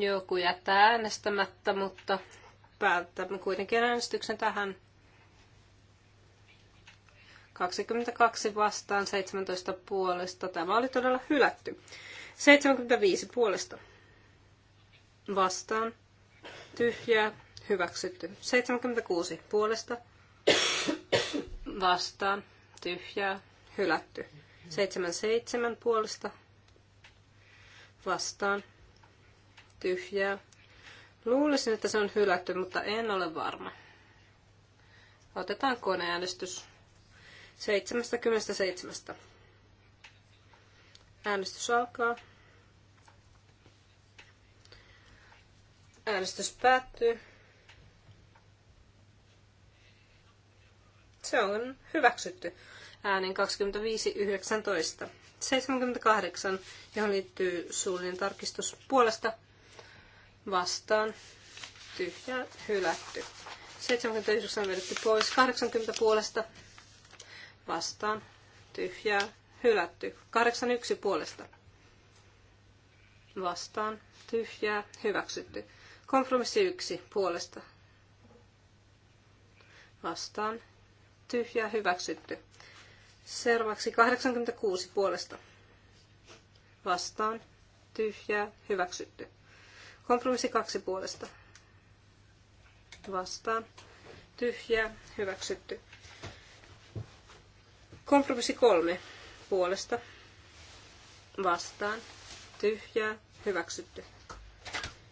joku jättää äänestämättä, mutta päättämme kuitenkin äänestyksen tähän. 22 vastaan, 17 puolesta. Tämä oli todella hylätty. 75 puolesta vastaan, tyhjää, hyväksytty. 76 puolesta vastaan, tyhjää, hylätty. 77 puolesta vastaan, tyhjää. Luulisin, että se on hylätty, mutta en ole varma. Otetaan koneäänestys 77. Äänestys alkaa. Äänestys päättyy. Se on hyväksytty. Äänin 25.19. 78, johon liittyy suullinen tarkistus puolesta vastaan Tyhjä, hylätty. 79 on vedetty pois. 80 puolesta vastaan tyhjä hylätty. 81 puolesta vastaan tyhjä hyväksytty. Kompromissi 1 puolesta vastaan Tyhjä, hyväksytty. Seuraavaksi 86 puolesta vastaan tyhjä hyväksytty. Kompromissi kaksi puolesta. Vastaan. Tyhjää. Hyväksytty. Kompromissi kolme puolesta. Vastaan. Tyhjää. Hyväksytty.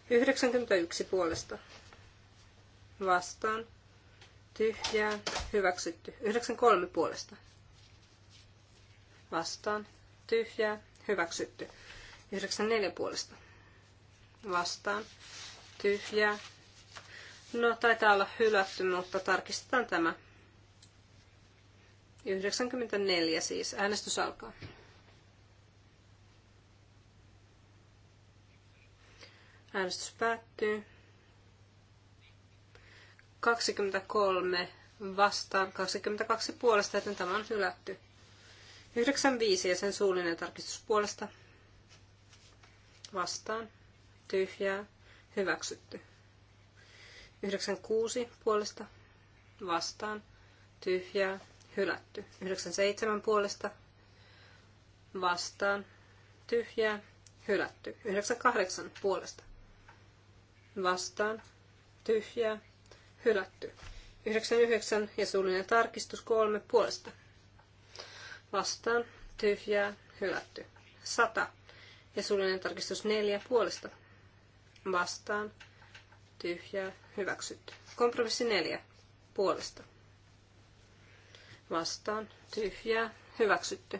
91 puolesta. Vastaan. Tyhjää. Hyväksytty. 93 puolesta. Vastaan. Tyhjää. Hyväksytty. 94 puolesta vastaan tyhjää. No, taitaa olla hylätty, mutta tarkistetaan tämä. 94 siis. Äänestys alkaa. Äänestys päättyy. 23 vastaan, 22 puolesta, joten tämä on hylätty. 95 ja sen suullinen tarkistus puolesta vastaan tyhjää, hyväksytty. 96 puolesta vastaan, tyhjää, hylätty. 97 puolesta vastaan, tyhjää, hylätty. 98 puolesta vastaan, tyhjää, hylätty. 99 ja suullinen tarkistus 3 puolesta vastaan, tyhjää, hylätty. 100 ja suullinen tarkistus 4 puolesta vastaan, tyhjää, hyväksytty. Kompromissi neljä, puolesta, vastaan, tyhjää, hyväksytty.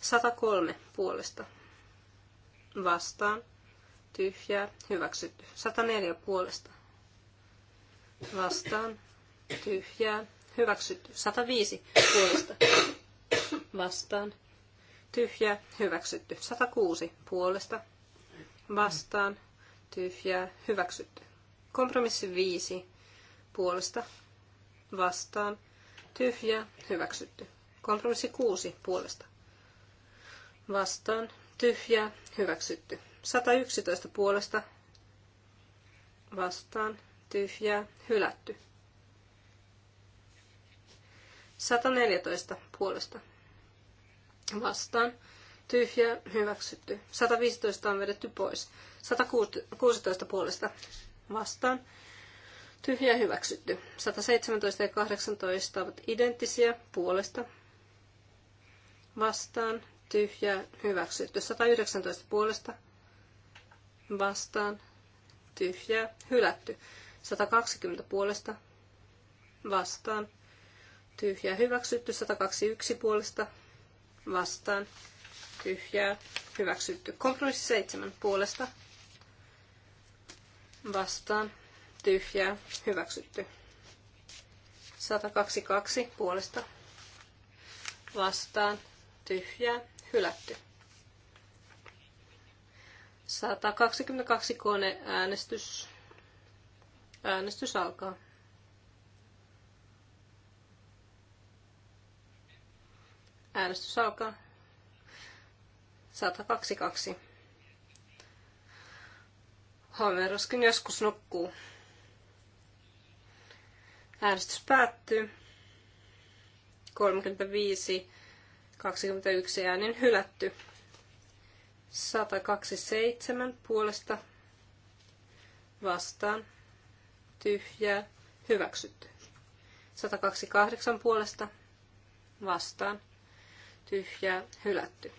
103 puolesta, vastaan, tyhjää, hyväksytty. 104 puolesta, vastaan, tyhjää, hyväksytty. 105 puolesta, vastaan, tyhjää, hyväksytty. 106 puolesta, vastaan, tyhjää hyväksytty. Kompromissi 5 puolesta vastaan tyhjää hyväksytty. Kompromissi 6 puolesta vastaan tyhjää hyväksytty. 111 puolesta vastaan tyhjää hylätty. 114 puolesta vastaan tyhjä, hyväksytty. 115 on vedetty pois. 116 puolesta vastaan, tyhjä, hyväksytty. 117 ja 18 ovat identtisiä puolesta vastaan, tyhjä, hyväksytty. 119 puolesta vastaan, tyhjä, hylätty. 120 puolesta vastaan, tyhjä, hyväksytty. 121 puolesta vastaan, tyhjää, hyväksytty. Kompromissi 7 puolesta vastaan, tyhjää, hyväksytty. 122 puolesta vastaan, tyhjää, hylätty. 122 kone äänestys. Äänestys alkaa. Äänestys alkaa. 122. Homeroskin joskus nukkuu. Äänestys päättyy. 35, 21 äänin hylätty. 127 puolesta vastaan tyhjää hyväksytty. 128 puolesta vastaan tyhjää, hylätty.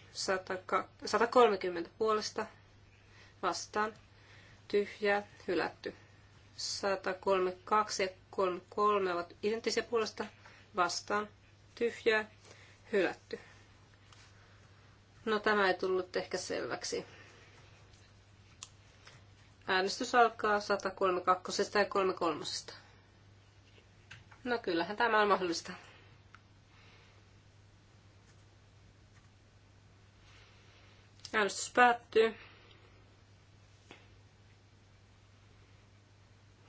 130 puolesta vastaan, tyhjää, hylätty. 132 ja 33 ovat identtisiä puolesta vastaan, tyhjää, hylätty. No tämä ei tullut ehkä selväksi. Äänestys alkaa 132 ja 33. No kyllähän tämä on mahdollista. Äänestys päättyy.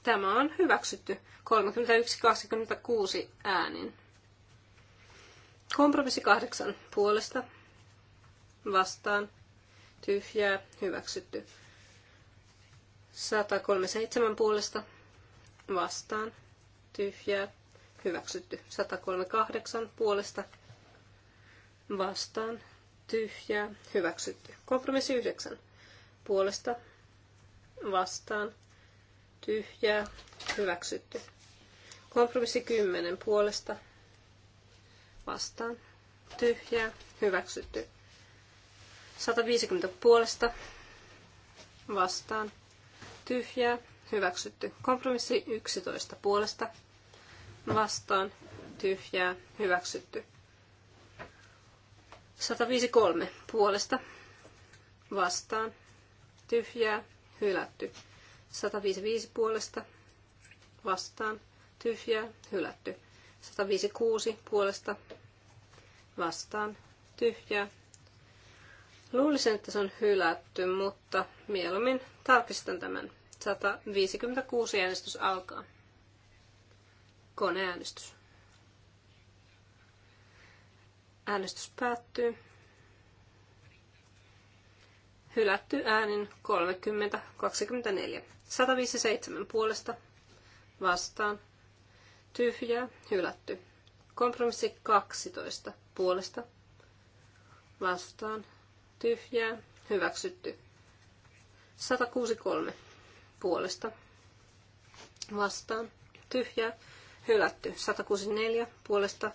Tämä on hyväksytty 31-26 äänin. Kompromissi kahdeksan puolesta vastaan tyhjää hyväksytty. 137 puolesta vastaan tyhjää hyväksytty. 138 puolesta vastaan tyhjää, hyväksytty. Kompromissi 9. Puolesta, vastaan, tyhjää, hyväksytty. Kompromissi 10. Puolesta, vastaan, tyhjää, hyväksytty. 150 puolesta, vastaan, tyhjää, hyväksytty. Kompromissi 11 puolesta, vastaan, tyhjää, hyväksytty. 153 puolesta vastaan tyhjää hylätty. 155 puolesta vastaan tyhjää hylätty. 156 puolesta vastaan tyhjää. Luulisin, että se on hylätty, mutta mieluummin tarkistan tämän. 156 äänestys alkaa. Koneäänestys. Äänestys päättyy. Hylätty äänin 30-24. 157 puolesta vastaan. Tyhjää, hylätty. Kompromissi 12 puolesta vastaan. Tyhjää, hyväksytty. 163 puolesta vastaan. Tyhjää, hylätty. 164 puolesta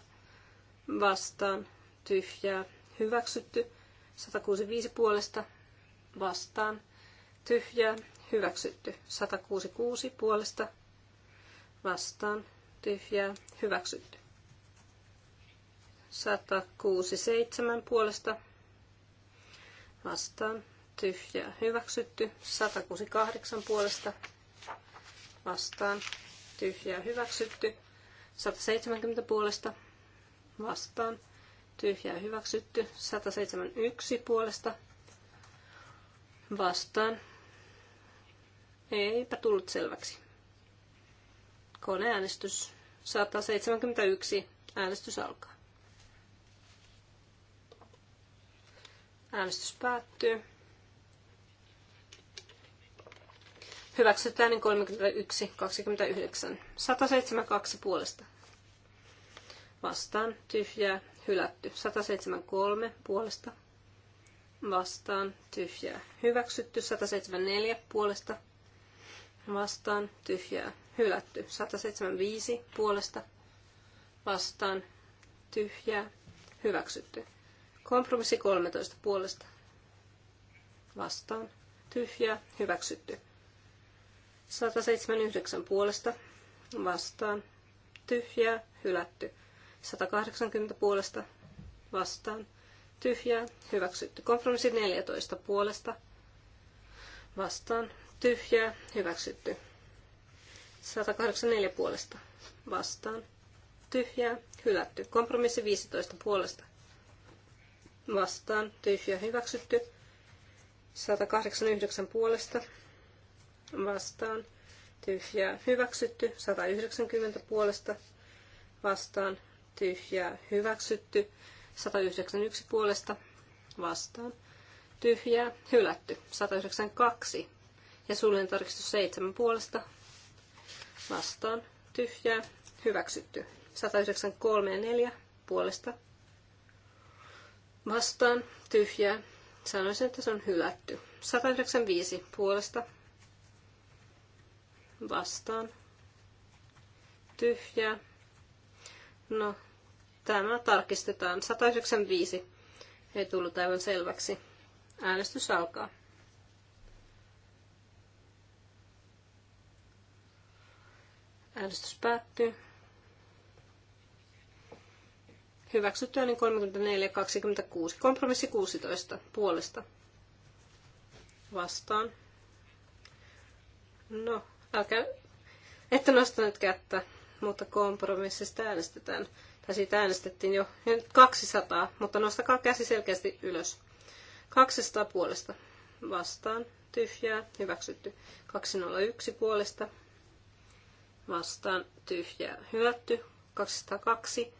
vastaan tyhjää, hyväksytty. 165 puolesta vastaan, tyhjää, hyväksytty. 166 puolesta vastaan, tyhjää, hyväksytty. 167 puolesta vastaan, tyhjää, hyväksytty. 168 puolesta vastaan, tyhjää, hyväksytty. 170 puolesta vastaan, tyhjää hyväksytty. 171 puolesta vastaan. Eipä tullut selväksi. Koneäänestys 171. Äänestys alkaa. Äänestys päättyy. Hyväksytään niin 31, 29. 172 puolesta. Vastaan tyhjää, hylätty. 173 puolesta vastaan tyhjää hyväksytty. 174 puolesta vastaan tyhjää hylätty. 175 puolesta vastaan tyhjää hyväksytty. Kompromissi 13 puolesta vastaan tyhjää hyväksytty. 179 puolesta vastaan tyhjää hylätty. 180 puolesta vastaan tyhjää, hyväksytty. Kompromissi 14 puolesta vastaan tyhjää, hyväksytty. 184 puolesta vastaan tyhjää, hylätty. Kompromissi 15 puolesta vastaan tyhjää, hyväksytty. 189 puolesta vastaan tyhjää, hyväksytty. 190 puolesta vastaan tyhjää hyväksytty. 191 puolesta vastaan tyhjää hylätty. 192 ja suullinen tarkistus 7 puolesta vastaan tyhjää hyväksytty. 193 ja 4 puolesta vastaan tyhjää. Sanoisin, että se on hylätty. 195 puolesta vastaan tyhjää. No, Tämä tarkistetaan. 195. Ei tullut aivan selväksi. Äänestys alkaa. Äänestys päättyy. Hyväksytty niin 34 26. Kompromissi 16 puolesta. Vastaan. No, älkää, ette nostaneet kättä, mutta kompromissista äänestetään ja siitä äänestettiin jo ja nyt 200, mutta nostakaa käsi selkeästi ylös. 200 puolesta vastaan, tyhjää, hyväksytty. 201 puolesta vastaan, tyhjää, hylätty. 202.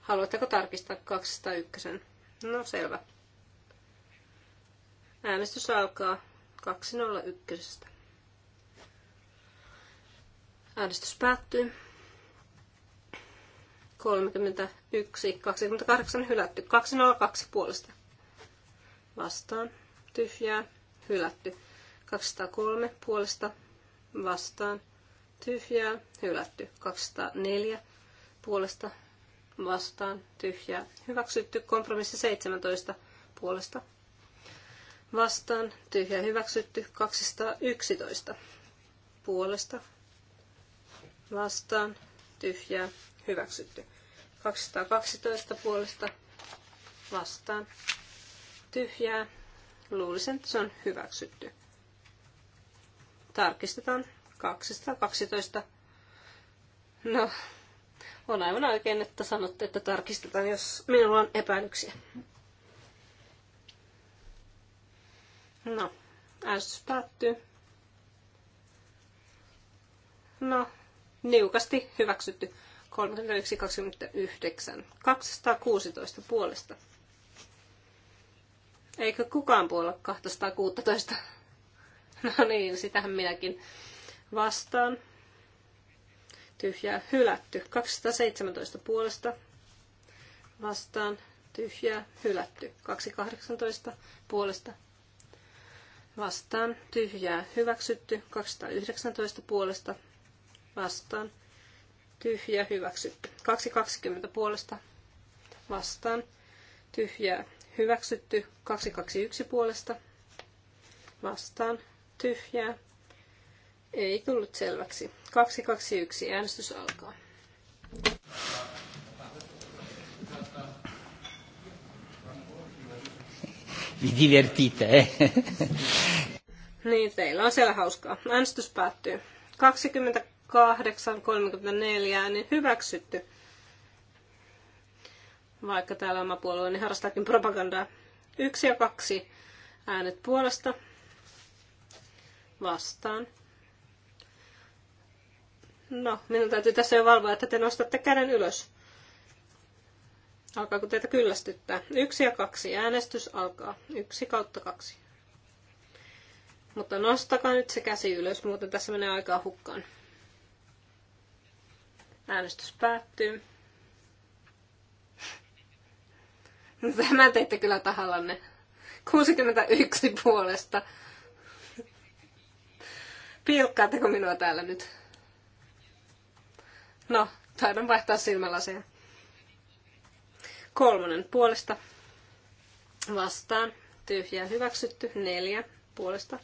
Haluatteko tarkistaa 201? No selvä. Äänestys alkaa 201. Äänestys päättyy. 31, 28 hylätty, 202 puolesta. Vastaan, tyhjää, hylätty. 203 puolesta, vastaan, tyhjää, hylätty. 204 puolesta, vastaan, tyhjää, hyväksytty. Kompromissi 17 puolesta, vastaan, tyhjää, hyväksytty. 211 puolesta, vastaan, tyhjää, hyväksytty. 212 puolesta vastaan tyhjää. Luulisin, että se on hyväksytty. Tarkistetaan 212. No, on aivan oikein, että sanotte, että tarkistetaan, jos minulla on epäilyksiä. No, äänestys päättyy. No, niukasti hyväksytty. 31.29. 216 puolesta. Eikö kukaan puolla 216? No niin, sitähän minäkin vastaan. Tyhjää hylätty. 217 puolesta vastaan. Tyhjää hylätty. 218 puolesta vastaan. Tyhjää hyväksytty. 219 puolesta vastaan tyhjä, hyväksytty. 2.20 puolesta vastaan, tyhjää, hyväksytty. 2.21 puolesta vastaan, tyhjää. Ei tullut selväksi. 2.21 äänestys alkaa. Vi divertite, eh? Niin, teillä on siellä hauskaa. Äänestys päättyy. 20 8.34, niin hyväksytty. Vaikka täällä oma puolueeni niin harrastaakin propagandaa. Yksi ja kaksi äänet puolesta vastaan. No, minun täytyy tässä jo valvoa, että te nostatte käden ylös. Alkaako teitä kyllästyttää? Yksi ja kaksi. Äänestys alkaa. Yksi kautta kaksi. Mutta nostakaa nyt se käsi ylös, muuten tässä menee aikaa hukkaan. Äänestys päättyy. No, tämä teitte kyllä tahallanne. 61 puolesta. Pilkkaatteko minua täällä nyt? No, taidan vaihtaa silmälaseja. Kolmonen puolesta. Vastaan. Tyhjää hyväksytty. Neljä puolesta.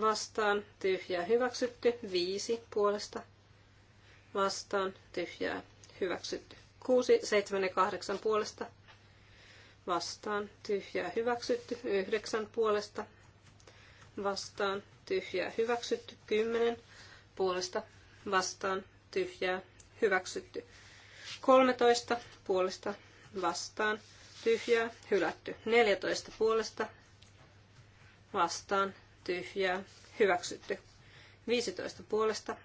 Vastaan. Tyhjää hyväksytty. Viisi puolesta vastaan tyhjää hyväksytty. 6, 7 ja 8 puolesta vastaan tyhjää hyväksytty. 9 puolesta vastaan tyhjää hyväksytty. 10 puolesta vastaan tyhjää hyväksytty. 13 puolesta vastaan tyhjää hylätty. 14 puolesta vastaan tyhjää hyväksytty. 15 puolesta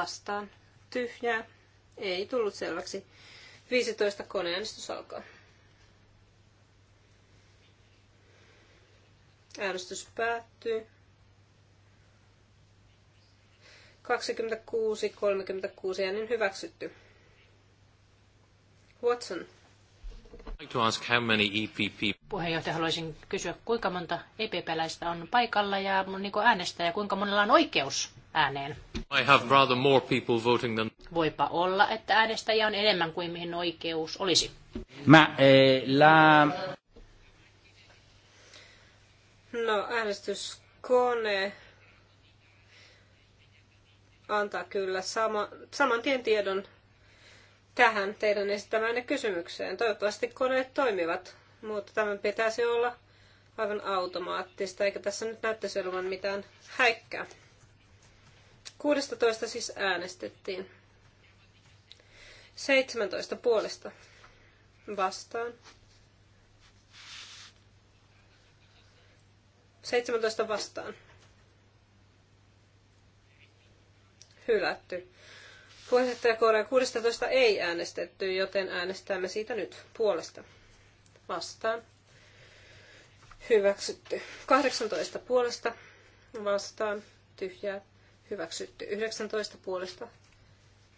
vastaan tyhjää. Ei tullut selväksi. 15 koneäänestys alkaa. Äänestys päättyy. 26, 36 äänin hyväksytty. Watson. I'd like to ask how many EPP puheenjohtaja, haluaisin kysyä, kuinka monta EPP-läistä on paikalla ja niin kuin äänestää ja kuinka monella on oikeus ääneen? I have rather more people voting than... Voipa olla, että äänestäjä on enemmän kuin mihin oikeus olisi. Mä, eh, la... No, äänestyskone antaa kyllä sama, saman tien tiedon tähän teidän esittämään kysymykseen. Toivottavasti koneet toimivat mutta tämän pitäisi olla aivan automaattista, eikä tässä nyt näyttäisi olevan mitään häikkää. 16 siis äänestettiin. 17 puolesta vastaan. 17 vastaan. Hylätty. Puheenjohtaja Korea 16 ei äänestetty, joten äänestämme siitä nyt puolesta vastaan. Hyväksytty. 18 puolesta vastaan. Tyhjää. Hyväksytty. 19 puolesta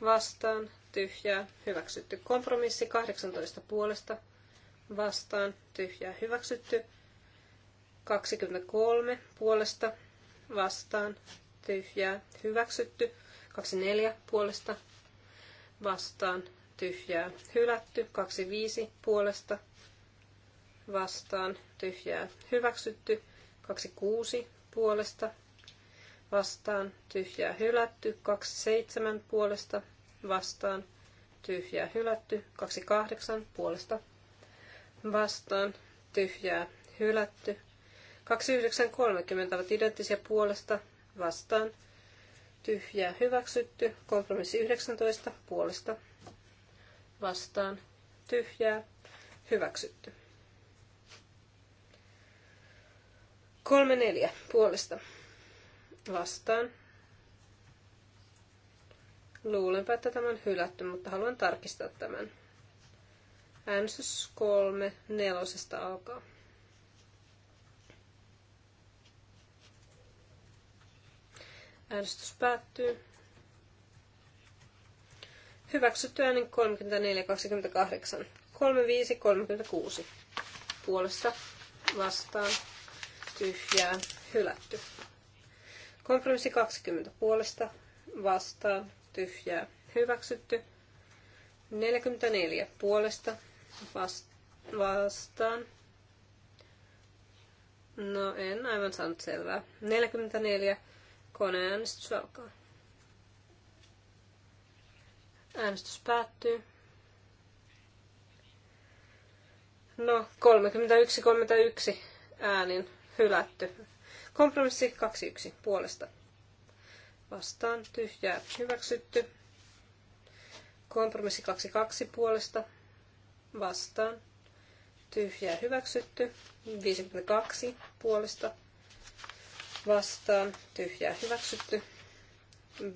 vastaan. Tyhjää. Hyväksytty. Kompromissi 18 puolesta vastaan. Tyhjää. Hyväksytty. 23 puolesta vastaan. Tyhjää. Hyväksytty. 24 puolesta vastaan tyhjää hylätty, 25 puolesta vastaan tyhjää hyväksytty. 26 puolesta vastaan tyhjää hylätty. 27 puolesta vastaan tyhjää hylätty. 28 puolesta vastaan tyhjää hylätty. 29.30 ovat identtisiä puolesta vastaan tyhjää hyväksytty. Kompromissi 19 puolesta vastaan tyhjää hyväksytty. Kolme neljä puolesta vastaan. Luulenpa, että tämä on hylätty, mutta haluan tarkistaa tämän. Äänestys kolme nelosesta alkaa. Äänestys päättyy. Hyväksytty äänen 35-36. Puolesta vastaan tyhjää, hylätty. Kompromissi 20 puolesta vastaan, tyhjää, hyväksytty. 44 puolesta vastaan. No en aivan saanut selvää. 44 koneäänestys alkaa. Äänestys päättyy. No, 31-31 äänin hylätty. Kompromissi 2.1 puolesta. Vastaan tyhjää hyväksytty. Kompromissi 2.2 puolesta. Vastaan tyhjää hyväksytty. 52 puolesta. Vastaan tyhjää hyväksytty.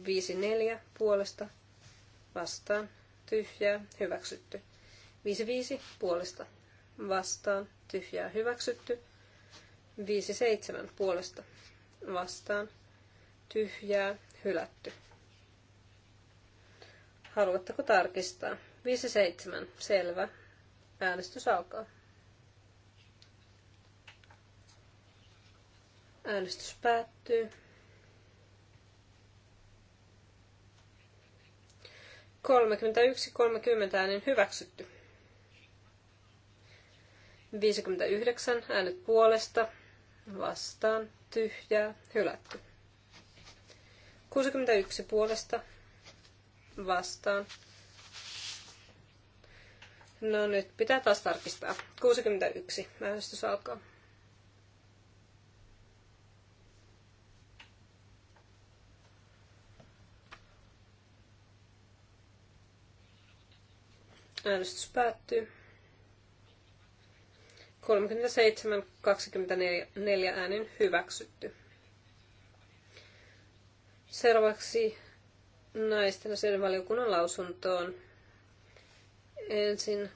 54 puolesta. Vastaan tyhjää hyväksytty. 55 puolesta. Vastaan tyhjää hyväksytty. 5-7 puolesta vastaan. Tyhjää, hylätty. Haluatteko tarkistaa? 5-7, selvä. Äänestys alkaa. Äänestys päättyy. Kolmekymmentäyksi, kolmekymmentä äänen hyväksytty. 59 äänet puolesta, vastaan tyhjää hylätty. 61 puolesta vastaan. No nyt pitää taas tarkistaa. 61. Äänestys alkaa. Äänestys päättyy. 37-24 äänin hyväksytty. Seuraavaksi naisten asioiden valiokunnan lausuntoon. Ensin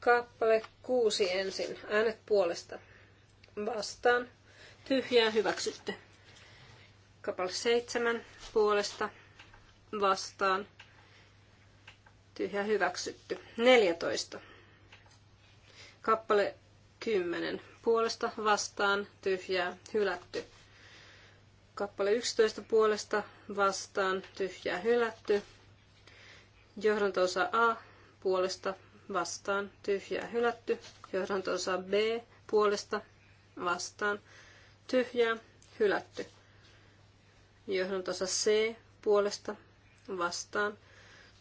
kappale kuusi ensin. Äänet puolesta. Vastaan. Tyhjää hyväksytty. Kappale seitsemän puolesta. Vastaan ja hyväksytty. 14. Kappale 10. Puolesta vastaan tyhjää hylätty. Kappale 11 puolesta vastaan tyhjää hylätty. Johdantoosa A puolesta vastaan tyhjää hylätty. Johdantoosa B puolesta vastaan tyhjää hylätty. Johdantoosa C puolesta vastaan tyhjää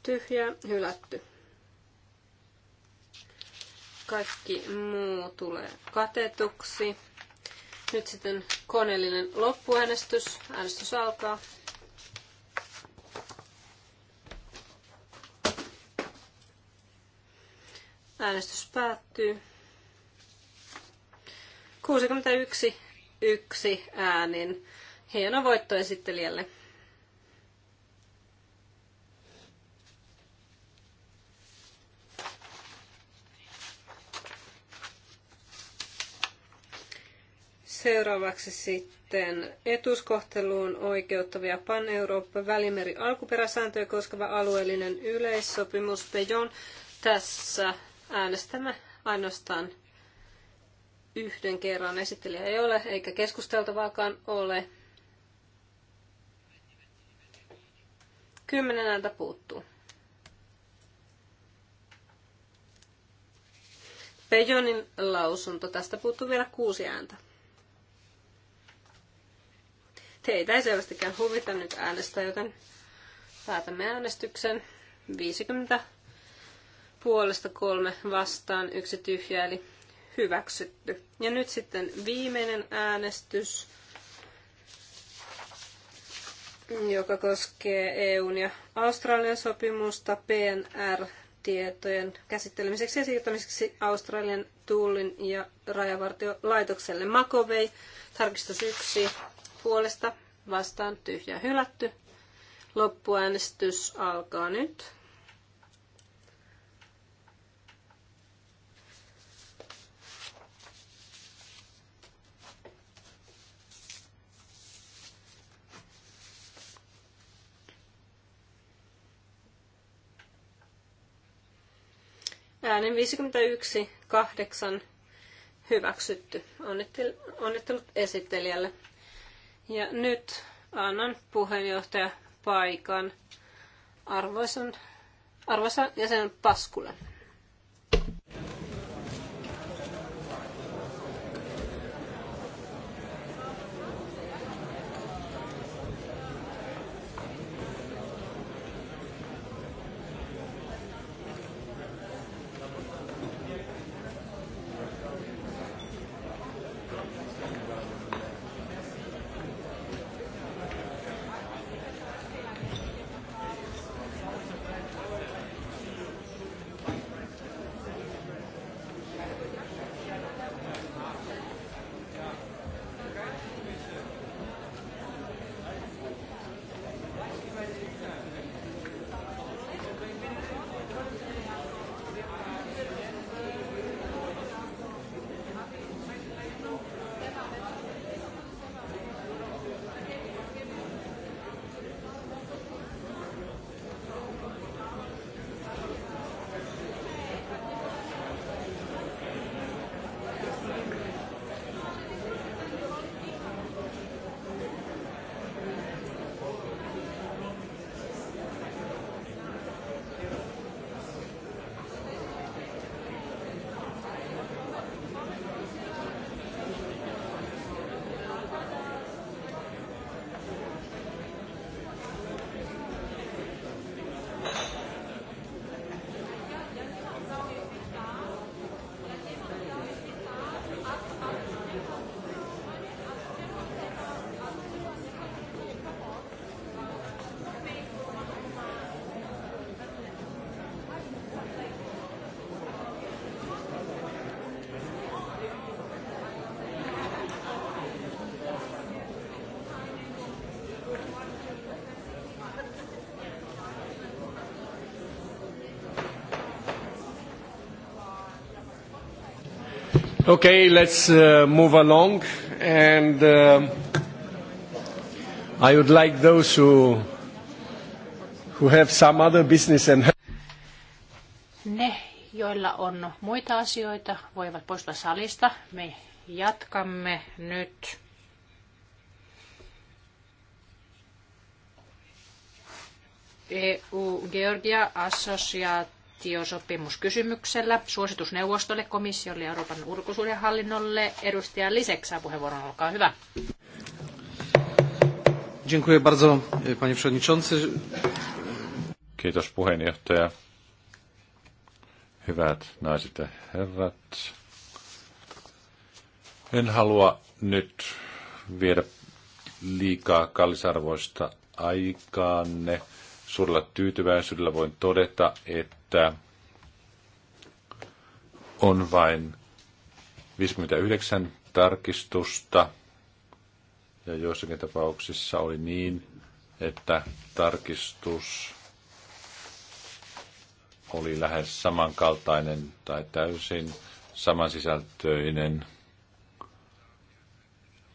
tyhjää, hylätty. Kaikki muu tulee katetuksi. Nyt sitten koneellinen loppuäänestys. Äänestys alkaa. Äänestys päättyy. 61 yksi äänin. Hieno voitto esittelijälle. Seuraavaksi sitten etuskohteluun oikeuttavia Pan-Eurooppa välimeri alkuperäsääntöjä koskeva alueellinen yleissopimus Pejon. Tässä äänestämme ainoastaan yhden kerran. Esittelijä ei ole, eikä keskusteltavaakaan ole. Kymmenen ääntä puuttuu. Pejonin lausunto. Tästä puuttuu vielä kuusi ääntä. Teitä ei selvästikään huvita nyt äänestää, joten päätämme äänestyksen. 50 puolesta kolme vastaan, yksi tyhjä, eli hyväksytty. Ja nyt sitten viimeinen äänestys, joka koskee EUn ja Australian sopimusta PNR-tietojen käsittelemiseksi ja siirtämiseksi Australian tullin ja rajavartiolaitokselle Makovei. Tarkistus 1 puolesta vastaan tyhjä hylätty. Loppuäänestys alkaa nyt. äänen 51, 8 hyväksytty. Onnittelut esittelijälle. Ja nyt annan puheenjohtaja paikan arvoisan arvoisen jäsenen Paskulle. Okay, let's uh, move along. And uh, I would like those who, who have some other business and... Ne, joilla on muita asioita, voivat poistua salista. Me jatkamme nyt. eu georgia Associate valtiosopimuskysymyksellä. suositusneuvostolle, komissiolle ja Euroopan ulkosuhdehallinnolle. Edustaja Lisek saa puheenvuoron, olkaa hyvä. Kiitos puheenjohtaja. Hyvät naiset ja herrat. En halua nyt viedä liikaa kallisarvoista aikaanne Suurella tyytyväisyydellä voin todeta, että on vain 59 tarkistusta, ja joissakin tapauksissa oli niin, että tarkistus oli lähes samankaltainen tai täysin samansisältöinen.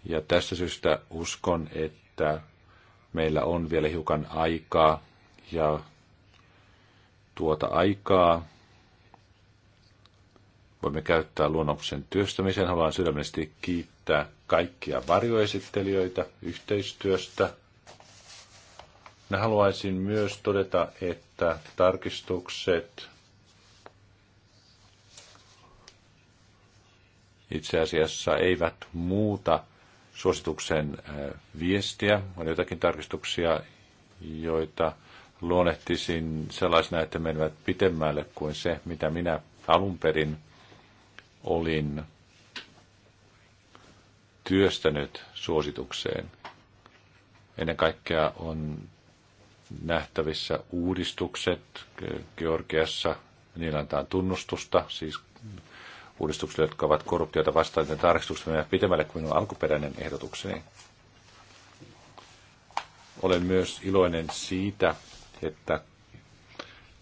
Ja tästä syystä uskon, että meillä on vielä hiukan aikaa ja tuota aikaa voimme käyttää luonnoksen työstämiseen. Haluan sydämellisesti kiittää kaikkia varjoesittelijöitä yhteistyöstä. Mä haluaisin myös todeta, että tarkistukset itse asiassa eivät muuta suosituksen äh, viestiä. On jotakin tarkistuksia, joita luonnehtisin sellaisena, että menevät pitemmälle kuin se, mitä minä alun perin olin työstänyt suositukseen. Ennen kaikkea on nähtävissä uudistukset Georgiassa. Niillä antaa tunnustusta, siis uudistuksille, jotka ovat korruptiota vastaan, ja tarkistukset menevät pitemmälle kuin minun alkuperäinen ehdotukseni. Olen myös iloinen siitä, että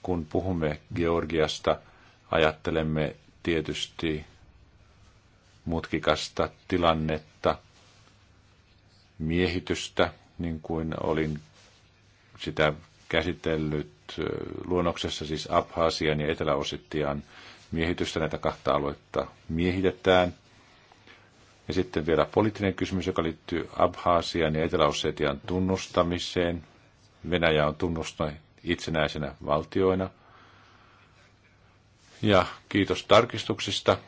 kun puhumme Georgiasta, ajattelemme tietysti mutkikasta tilannetta, miehitystä, niin kuin olin sitä käsitellyt luonnoksessa, siis Abhaasian ja etelä miehitystä, näitä kahta aluetta miehitetään. Ja sitten vielä poliittinen kysymys, joka liittyy Abhaasian ja Etelä-Ossetian tunnustamiseen, Venäjä on tunnustanut itsenäisenä valtioina. Ja kiitos tarkistuksista.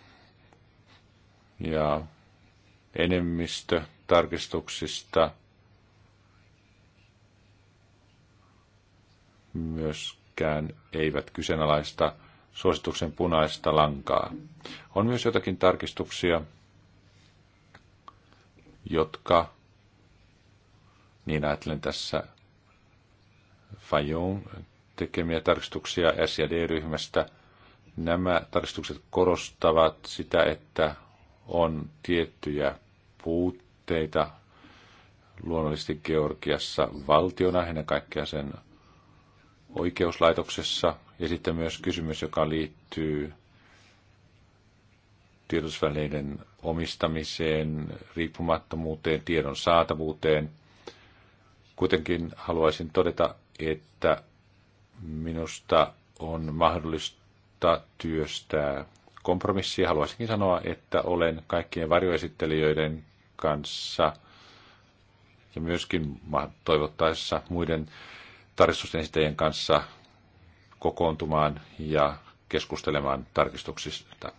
Ja enemmistö tarkistuksista myöskään eivät kyseenalaista suosituksen punaista lankaa. On myös jotakin tarkistuksia, jotka, niin ajattelen tässä Fajon tekemiä tarkistuksia SJD-ryhmästä. Nämä tarkistukset korostavat sitä, että on tiettyjä puutteita luonnollisesti Georgiassa valtiona, ennen kaikkea sen oikeuslaitoksessa. Ja sitten myös kysymys, joka liittyy tiedotusvälineiden omistamiseen, riippumattomuuteen, tiedon saatavuuteen. Kuitenkin haluaisin todeta, että minusta on mahdollista työstää kompromissia. Haluaisinkin sanoa, että olen kaikkien varjoesittelijöiden kanssa ja myöskin toivottaessa muiden tarkistusten esittäjien kanssa kokoontumaan ja keskustelemaan tarkistuksista.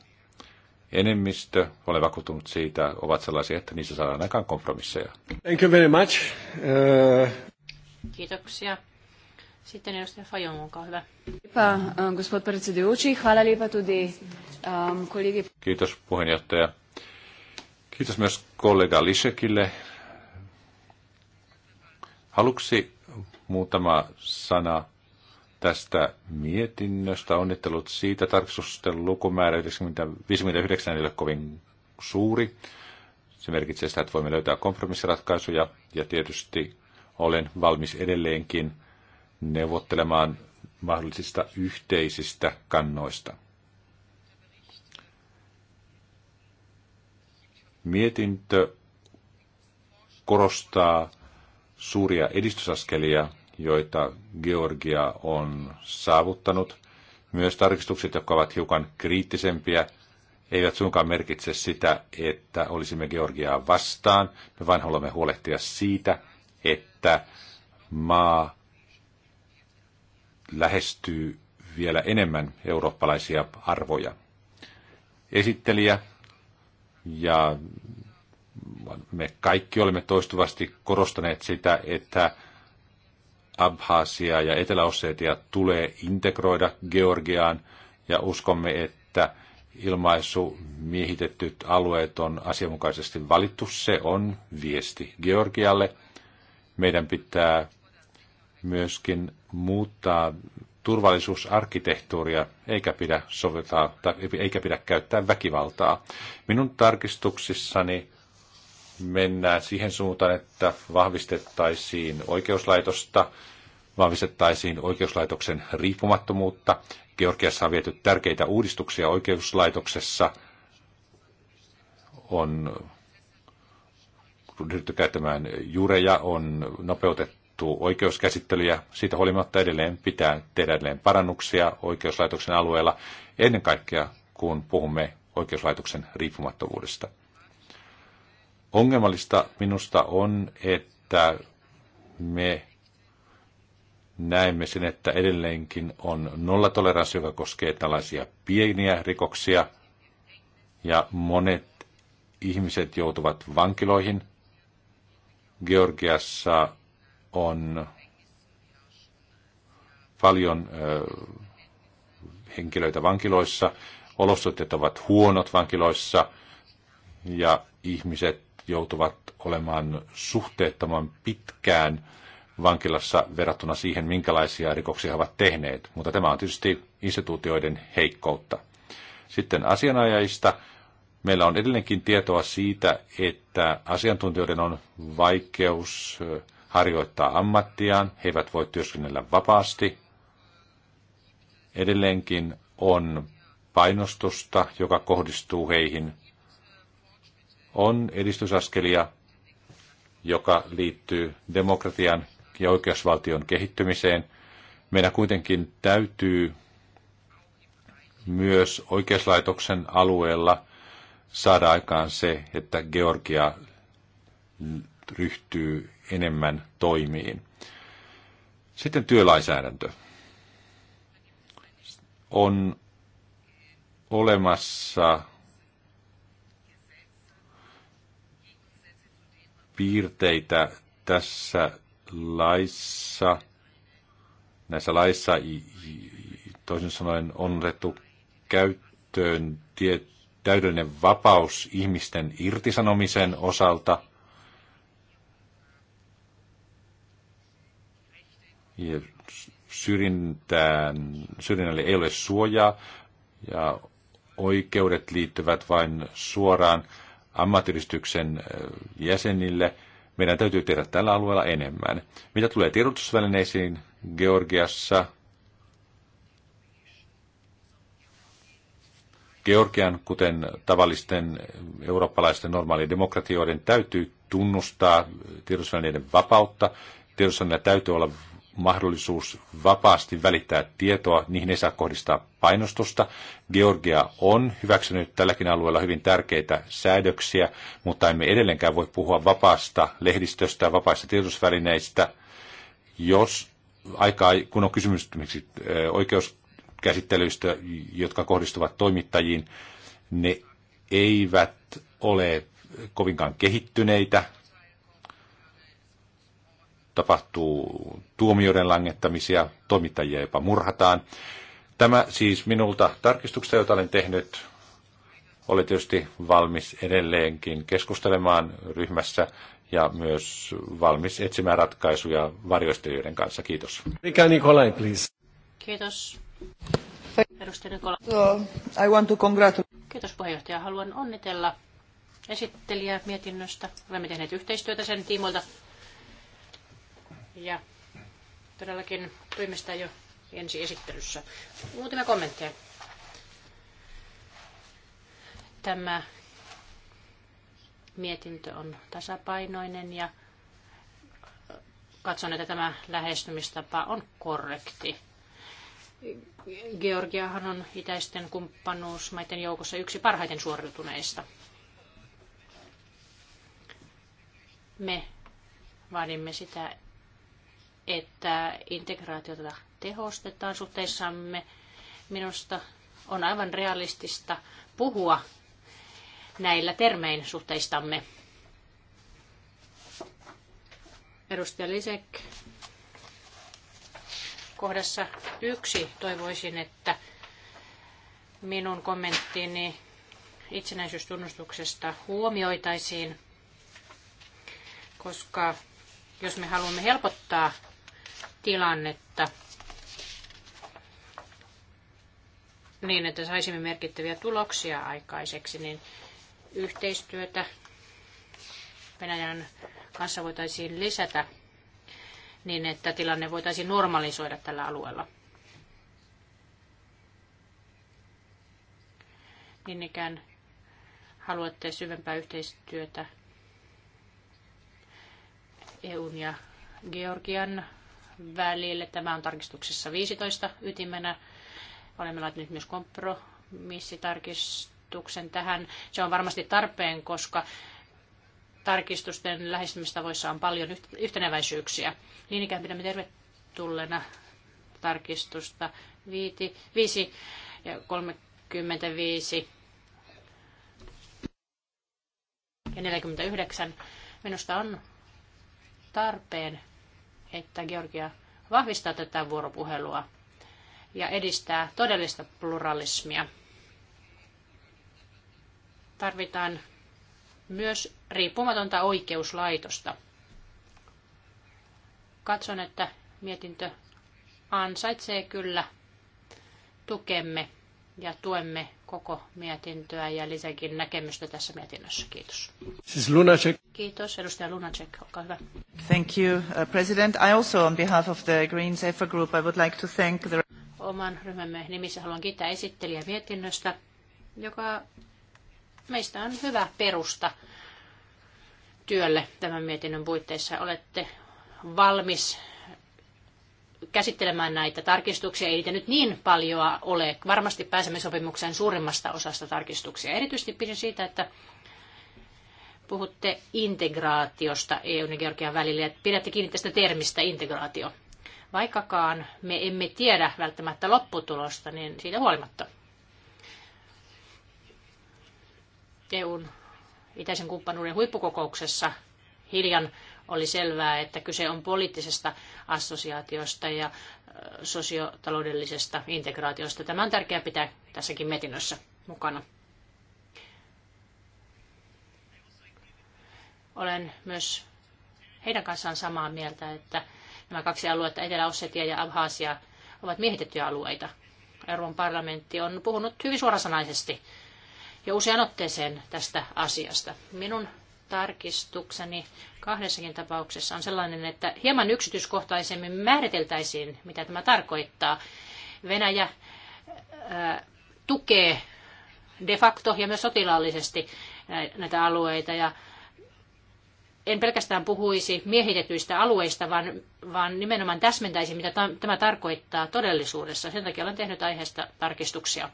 Enemmistö, olen vakuuttunut siitä, ovat sellaisia, että niissä saadaan aikaan kompromisseja. Thank you very much. Uh... Kiitoksia. Sitten edustaja Fajon, olkaa hyvä. Eh, eh, Kiitos puheenjohtaja. Kiitos myös kollega Lisekille. Haluksi muutama sana tästä mietinnöstä. Onnittelut siitä. Tarkistusten lukumäärä 59 ei ole kovin suuri. Se merkitsee sitä, että voimme löytää kompromissiratkaisuja ja tietysti olen valmis edelleenkin – neuvottelemaan mahdollisista yhteisistä kannoista. Mietintö korostaa suuria edistysaskelia, joita Georgia on saavuttanut. Myös tarkistukset, jotka ovat hiukan kriittisempiä, eivät suinkaan merkitse sitä, että olisimme Georgiaa vastaan. Me vain haluamme huolehtia siitä, että maa lähestyy vielä enemmän eurooppalaisia arvoja. Esittelijä ja me kaikki olemme toistuvasti korostaneet sitä, että Abhaasia ja Etelä-Ossetia tulee integroida Georgiaan ja uskomme, että ilmaisu miehitettyt alueet on asianmukaisesti valittu. Se on viesti Georgialle. Meidän pitää myöskin muuttaa turvallisuusarkkitehtuuria eikä pidä, sovitaa, tai eikä pidä käyttää väkivaltaa. Minun tarkistuksissani mennään siihen suuntaan, että vahvistettaisiin oikeuslaitosta, vahvistettaisiin oikeuslaitoksen riippumattomuutta. Georgiassa on viety tärkeitä uudistuksia oikeuslaitoksessa. On ryhdytty käyttämään juureja, on nopeutettu helpotettu oikeuskäsittelyjä. Siitä huolimatta edelleen pitää tehdä edelleen parannuksia oikeuslaitoksen alueella, ennen kaikkea kun puhumme oikeuslaitoksen riippumattomuudesta. Ongelmallista minusta on, että me näemme sen, että edelleenkin on nollatoleranssi, joka koskee tällaisia pieniä rikoksia, ja monet ihmiset joutuvat vankiloihin. Georgiassa on paljon henkilöitä vankiloissa, olosuhteet ovat huonot vankiloissa ja ihmiset joutuvat olemaan suhteettoman pitkään vankilassa verrattuna siihen, minkälaisia rikoksia he ovat tehneet. Mutta tämä on tietysti instituutioiden heikkoutta. Sitten asianajajista. Meillä on edelleenkin tietoa siitä, että asiantuntijoiden on vaikeus harjoittaa ammattiaan, he eivät voi työskennellä vapaasti. Edelleenkin on painostusta, joka kohdistuu heihin. On edistysaskelia, joka liittyy demokratian ja oikeusvaltion kehittymiseen. Meidän kuitenkin täytyy myös oikeuslaitoksen alueella saada aikaan se, että Georgia ryhtyy enemmän toimiin. Sitten työlainsäädäntö. On olemassa piirteitä tässä laissa, näissä laissa toisin sanoen on otettu käyttöön tie, täydellinen vapaus ihmisten irtisanomisen osalta – syrjintään, syrjinnälle ei ole suojaa ja oikeudet liittyvät vain suoraan ammattiristyksen äh, jäsenille. Meidän täytyy tehdä tällä alueella enemmän. Mitä tulee tiedotusvälineisiin Georgiassa, Georgian, kuten tavallisten eurooppalaisten normaalien demokratioiden, täytyy tunnustaa tiedotusvälineiden vapautta. Tiedotusvälineillä täytyy olla mahdollisuus vapaasti välittää tietoa, niihin ei saa kohdistaa painostusta. Georgia on hyväksynyt tälläkin alueella hyvin tärkeitä säädöksiä, mutta emme edelleenkään voi puhua vapaasta lehdistöstä, vapaista tiedotusvälineistä, jos aikaa, kun on kysymys oikeuskäsittelyistä, jotka kohdistuvat toimittajiin, ne eivät ole kovinkaan kehittyneitä tapahtuu tuomioiden langettamisia, toimittajia jopa murhataan. Tämä siis minulta tarkistuksesta, jota olen tehnyt, oli tietysti valmis edelleenkin keskustelemaan ryhmässä ja myös valmis etsimään ratkaisuja varjoistelijoiden kanssa. Kiitos. Mikä Nikolai, please. Kiitos. Edustaja Nikola. I want to congratulate. Kiitos puheenjohtaja. Haluan onnitella esittelijä mietinnöstä. Olemme tehneet yhteistyötä sen tiimoilta ja todellakin tuimme jo ensi esittelyssä. Muutamia kommentteja. Tämä mietintö on tasapainoinen ja katson, että tämä lähestymistapa on korrekti. Georgiahan on itäisten kumppanuusmaiden joukossa yksi parhaiten suoriutuneista. Me vaadimme sitä, että integraatiota tehostetaan suhteissamme. Minusta on aivan realistista puhua näillä termein suhteistamme. Edustaja Lisek, kohdassa yksi toivoisin, että minun kommenttini itsenäisyystunnustuksesta huomioitaisiin, koska jos me haluamme helpottaa tilannetta niin, että saisimme merkittäviä tuloksia aikaiseksi, niin yhteistyötä Venäjän kanssa voitaisiin lisätä niin, että tilanne voitaisiin normalisoida tällä alueella. Niin ikään haluatte syvempää yhteistyötä EUn ja Georgian välille. Tämä on tarkistuksessa 15 ytimenä. Olemme laittaneet myös kompromissitarkistuksen tähän. Se on varmasti tarpeen, koska tarkistusten lähestymistavoissa on paljon yhteneväisyyksiä. Niin ikään pidämme tervetulleena tarkistusta 5 ja 35 ja 49. Minusta on tarpeen että Georgia vahvistaa tätä vuoropuhelua ja edistää todellista pluralismia. Tarvitaan myös riippumatonta oikeuslaitosta. Katson, että mietintö ansaitsee kyllä tukemme ja tuemme koko mietintöä ja lisäkin näkemystä tässä mietinnössä. Kiitos. Siis Lunacek. Kiitos. Edustaja Lunacek, olkaa hyvä. Thank you, uh, President. I also on behalf of the Greens EFA Group, I would like to thank the... Oman ryhmämme nimissä haluan kiittää esittelijä mietinnöstä, joka meistä on hyvä perusta työlle tämän mietinnön puitteissa. Olette valmis käsittelemään näitä tarkistuksia. Ei niitä nyt niin paljoa ole. Varmasti pääsemme sopimukseen suurimmasta osasta tarkistuksia. Erityisesti pidin siitä, että puhutte integraatiosta EUn ja Georgian välillä ja pidätte kiinni tästä termistä integraatio. Vaikkakaan me emme tiedä välttämättä lopputulosta, niin siitä huolimatta. EUn itäisen kumppanuuden huippukokouksessa hiljan oli selvää, että kyse on poliittisesta assosiaatiosta ja sosiotaloudellisesta integraatiosta. Tämä on tärkeää pitää tässäkin metinössä mukana. Olen myös heidän kanssaan samaa mieltä, että nämä kaksi aluetta, Etelä-Ossetia ja Abhaasia, ovat miehitettyjä alueita. Euroopan parlamentti on puhunut hyvin suorasanaisesti jo usean otteeseen tästä asiasta. Minun tarkistukseni kahdessakin tapauksessa on sellainen, että hieman yksityiskohtaisemmin määriteltäisiin, mitä tämä tarkoittaa. Venäjä äh, tukee de facto ja myös sotilaallisesti näitä alueita. Ja en pelkästään puhuisi miehitetyistä alueista, vaan, vaan nimenomaan täsmentäisi, mitä tämä tarkoittaa todellisuudessa. Sen takia olen tehnyt aiheesta tarkistuksia.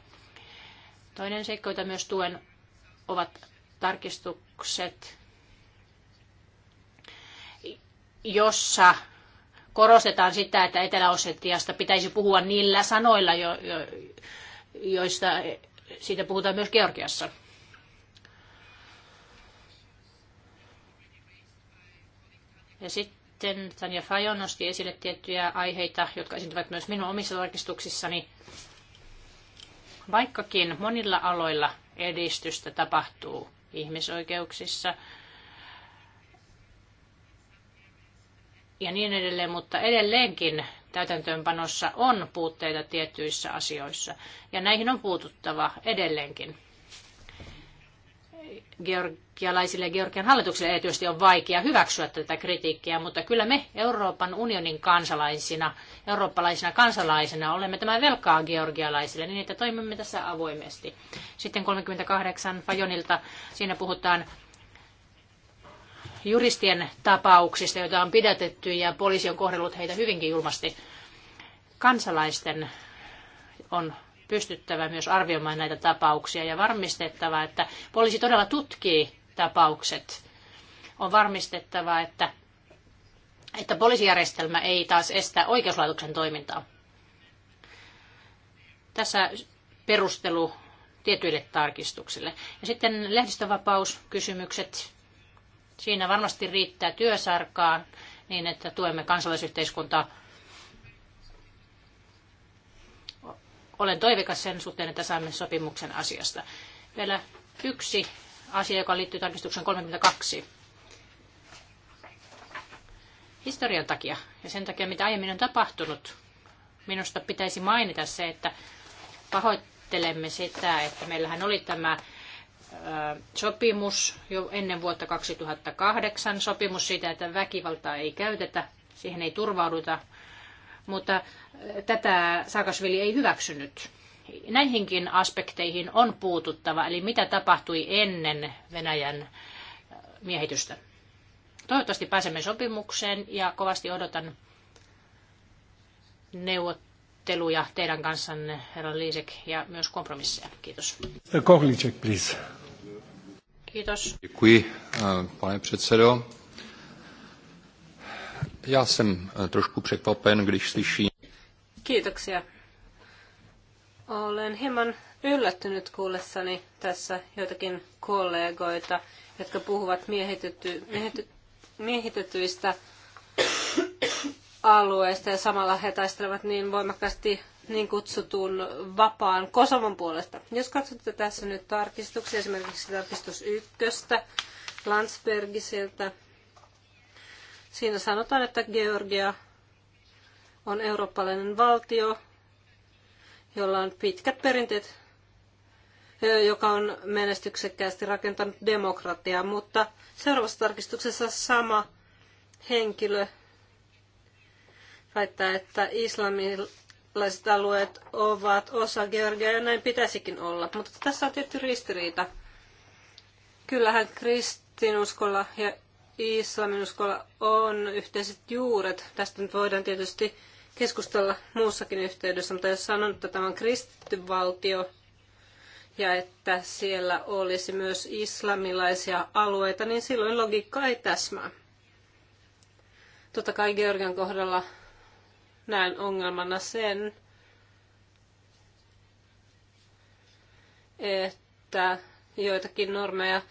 Toinen seikka, jota myös tuen, ovat tarkistukset jossa korostetaan sitä, että Etelä-Ossetiasta pitäisi puhua niillä sanoilla, jo, jo, joista siitä puhutaan myös Georgiassa. Ja sitten Tanja Fajon nosti esille tiettyjä aiheita, jotka esiintyvät myös minun omissa tarkistuksissani. Vaikkakin monilla aloilla edistystä tapahtuu ihmisoikeuksissa, ja niin edelleen, mutta edelleenkin täytäntöönpanossa on puutteita tietyissä asioissa ja näihin on puututtava edelleenkin. Georgialaisille ja Georgian hallitukselle erityisesti on vaikea hyväksyä tätä kritiikkiä, mutta kyllä me Euroopan unionin kansalaisina, eurooppalaisina kansalaisina olemme tämä velkaa georgialaisille, niin että toimimme tässä avoimesti. Sitten 38 Fajonilta, siinä puhutaan juristien tapauksista, joita on pidätetty ja poliisi on kohdellut heitä hyvinkin julmasti. Kansalaisten on pystyttävä myös arvioimaan näitä tapauksia ja varmistettava, että poliisi todella tutkii tapaukset. On varmistettava, että, että poliisijärjestelmä ei taas estä oikeuslaitoksen toimintaa. Tässä perustelu tietyille tarkistuksille. Ja sitten lehdistövapauskysymykset. Siinä varmasti riittää työsarkaa niin, että tuemme kansalaisyhteiskuntaa. Olen toivikas sen suhteen, että saamme sopimuksen asiasta. Vielä yksi asia, joka liittyy tarkistuksen 32. Historian takia ja sen takia, mitä aiemmin on tapahtunut, minusta pitäisi mainita se, että pahoittelemme sitä, että meillähän oli tämä sopimus jo ennen vuotta 2008, sopimus siitä, että väkivaltaa ei käytetä, siihen ei turvauduta, mutta tätä Saakasvili ei hyväksynyt. Näihinkin aspekteihin on puututtava, eli mitä tapahtui ennen Venäjän miehitystä. Toivottavasti pääsemme sopimukseen ja kovasti odotan neuvotteluja teidän kanssanne, herra Liisek, ja myös kompromisseja. Kiitos. Kohlicek, please. Kiitos. Děkuji, eh, pane předsedo. Já jsem eh, trošku překvapen, když slyším. Kiitoksia. Olen hieman yllättynyt kuullessani tässä joitakin kollegoita, jotka puhuvat miehitetty, miehitetyistä alueista ja samalla he taistelevat niin voimakkaasti niin kutsutun vapaan Kosovon puolesta. Jos katsotte tässä nyt tarkistuksia, esimerkiksi tarkistus ykköstä Landsbergisiltä, siinä sanotaan, että Georgia on eurooppalainen valtio, jolla on pitkät perinteet, joka on menestyksekkäästi rakentanut demokratiaa, mutta seuraavassa tarkistuksessa sama henkilö väittää, että islami, laiset alueet ovat osa Georgiaa ja näin pitäisikin olla. Mutta tässä on tietty ristiriita. Kyllähän kristinuskolla ja islaminuskolla on yhteiset juuret. Tästä nyt voidaan tietysti keskustella muussakin yhteydessä, mutta jos sanon, että tämä on valtio ja että siellä olisi myös islamilaisia alueita, niin silloin logiikka ei täsmää. Totta kai Georgian kohdalla näen ongelmana sen, että joitakin normeja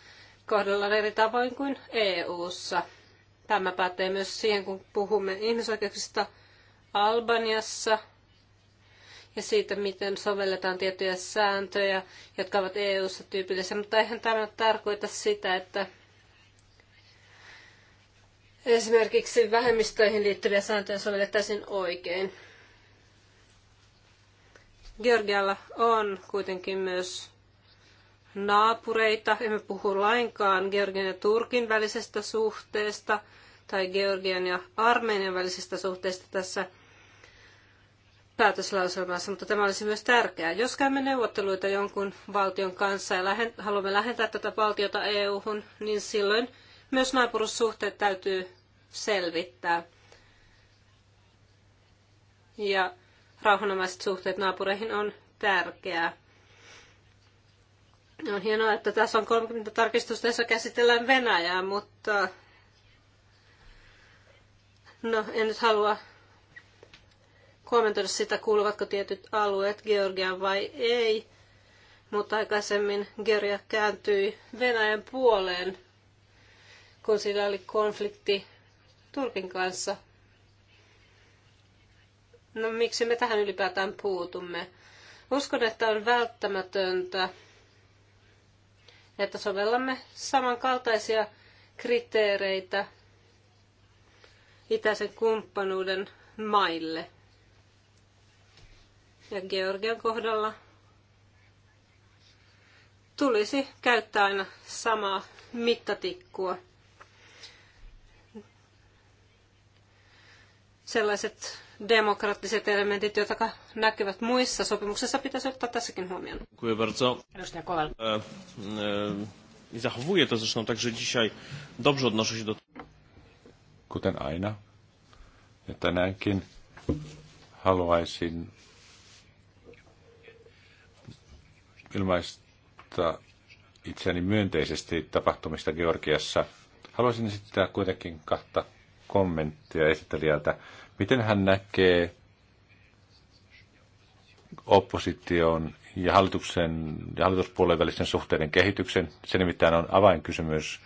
kohdellaan eri tavoin kuin EU:ssa. Tämä pätee myös siihen, kun puhumme ihmisoikeuksista Albaniassa ja siitä, miten sovelletaan tiettyjä sääntöjä, jotka ovat EU:ssa tyypillisiä, mutta eihän tämä tarkoita sitä, että Esimerkiksi vähemmistöihin liittyviä sääntöjä sovellettaisiin oikein. Georgialla on kuitenkin myös naapureita. Emme puhu lainkaan Georgian ja Turkin välisestä suhteesta tai Georgian ja Armenian välisestä suhteesta tässä päätöslauselmassa, mutta tämä olisi myös tärkeää. Jos käymme neuvotteluita jonkun valtion kanssa ja lähen, haluamme lähentää tätä valtiota EU-hun, niin silloin myös naapurussuhteet täytyy selvittää. Ja rauhanomaiset suhteet naapureihin on tärkeää. On hienoa, että tässä on 30 tarkistusta, jossa käsitellään Venäjää, mutta no, en nyt halua kommentoida sitä, kuuluvatko tietyt alueet Georgian vai ei, mutta aikaisemmin Georgia kääntyi Venäjän puoleen kun sillä oli konflikti Turkin kanssa. No miksi me tähän ylipäätään puutumme? Uskon, että on välttämätöntä, että sovellamme samankaltaisia kriteereitä itäisen kumppanuuden maille. Ja Georgian kohdalla tulisi käyttää aina samaa mittatikkua. sellaiset demokraattiset elementit, joita näkyvät muissa sopimuksissa, pitäisi ottaa tässäkin huomioon. Dziękuję bardzo. Edustaja Kowal. E, e, I zachowuję to zresztą także dzisiaj. Dobrze odnoszę się do... Kuten aina ja tänäänkin haluaisin ilmaista itseäni myönteisesti tapahtumista Georgiassa. Haluaisin esittää kuitenkin kahta kommenttia esittelijältä Miten hän näkee opposition ja hallituksen ja hallituspuolueen välisten suhteiden kehityksen? Se nimittäin on avainkysymys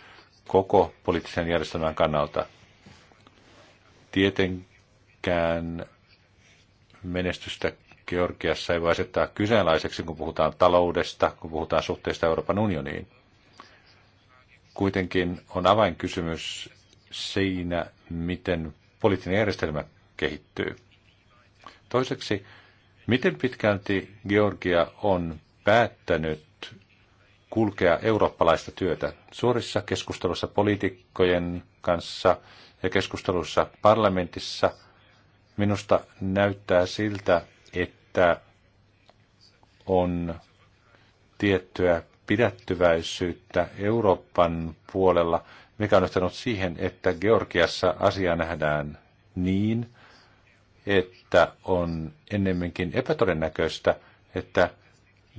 koko poliittisen järjestelmän kannalta. Tietenkään menestystä Georgiassa ei voi asettaa kyseenalaiseksi, kun puhutaan taloudesta, kun puhutaan suhteista Euroopan unioniin. Kuitenkin on avainkysymys siinä, miten poliittinen järjestelmä kehittyy. Toiseksi, miten pitkälti Georgia on päättänyt kulkea eurooppalaista työtä suorissa keskustelussa poliitikkojen kanssa ja keskustelussa parlamentissa. Minusta näyttää siltä, että on tiettyä pidättyväisyyttä Euroopan puolella, mikä on johtanut siihen, että Georgiassa asia nähdään niin, että on ennemminkin epätodennäköistä, että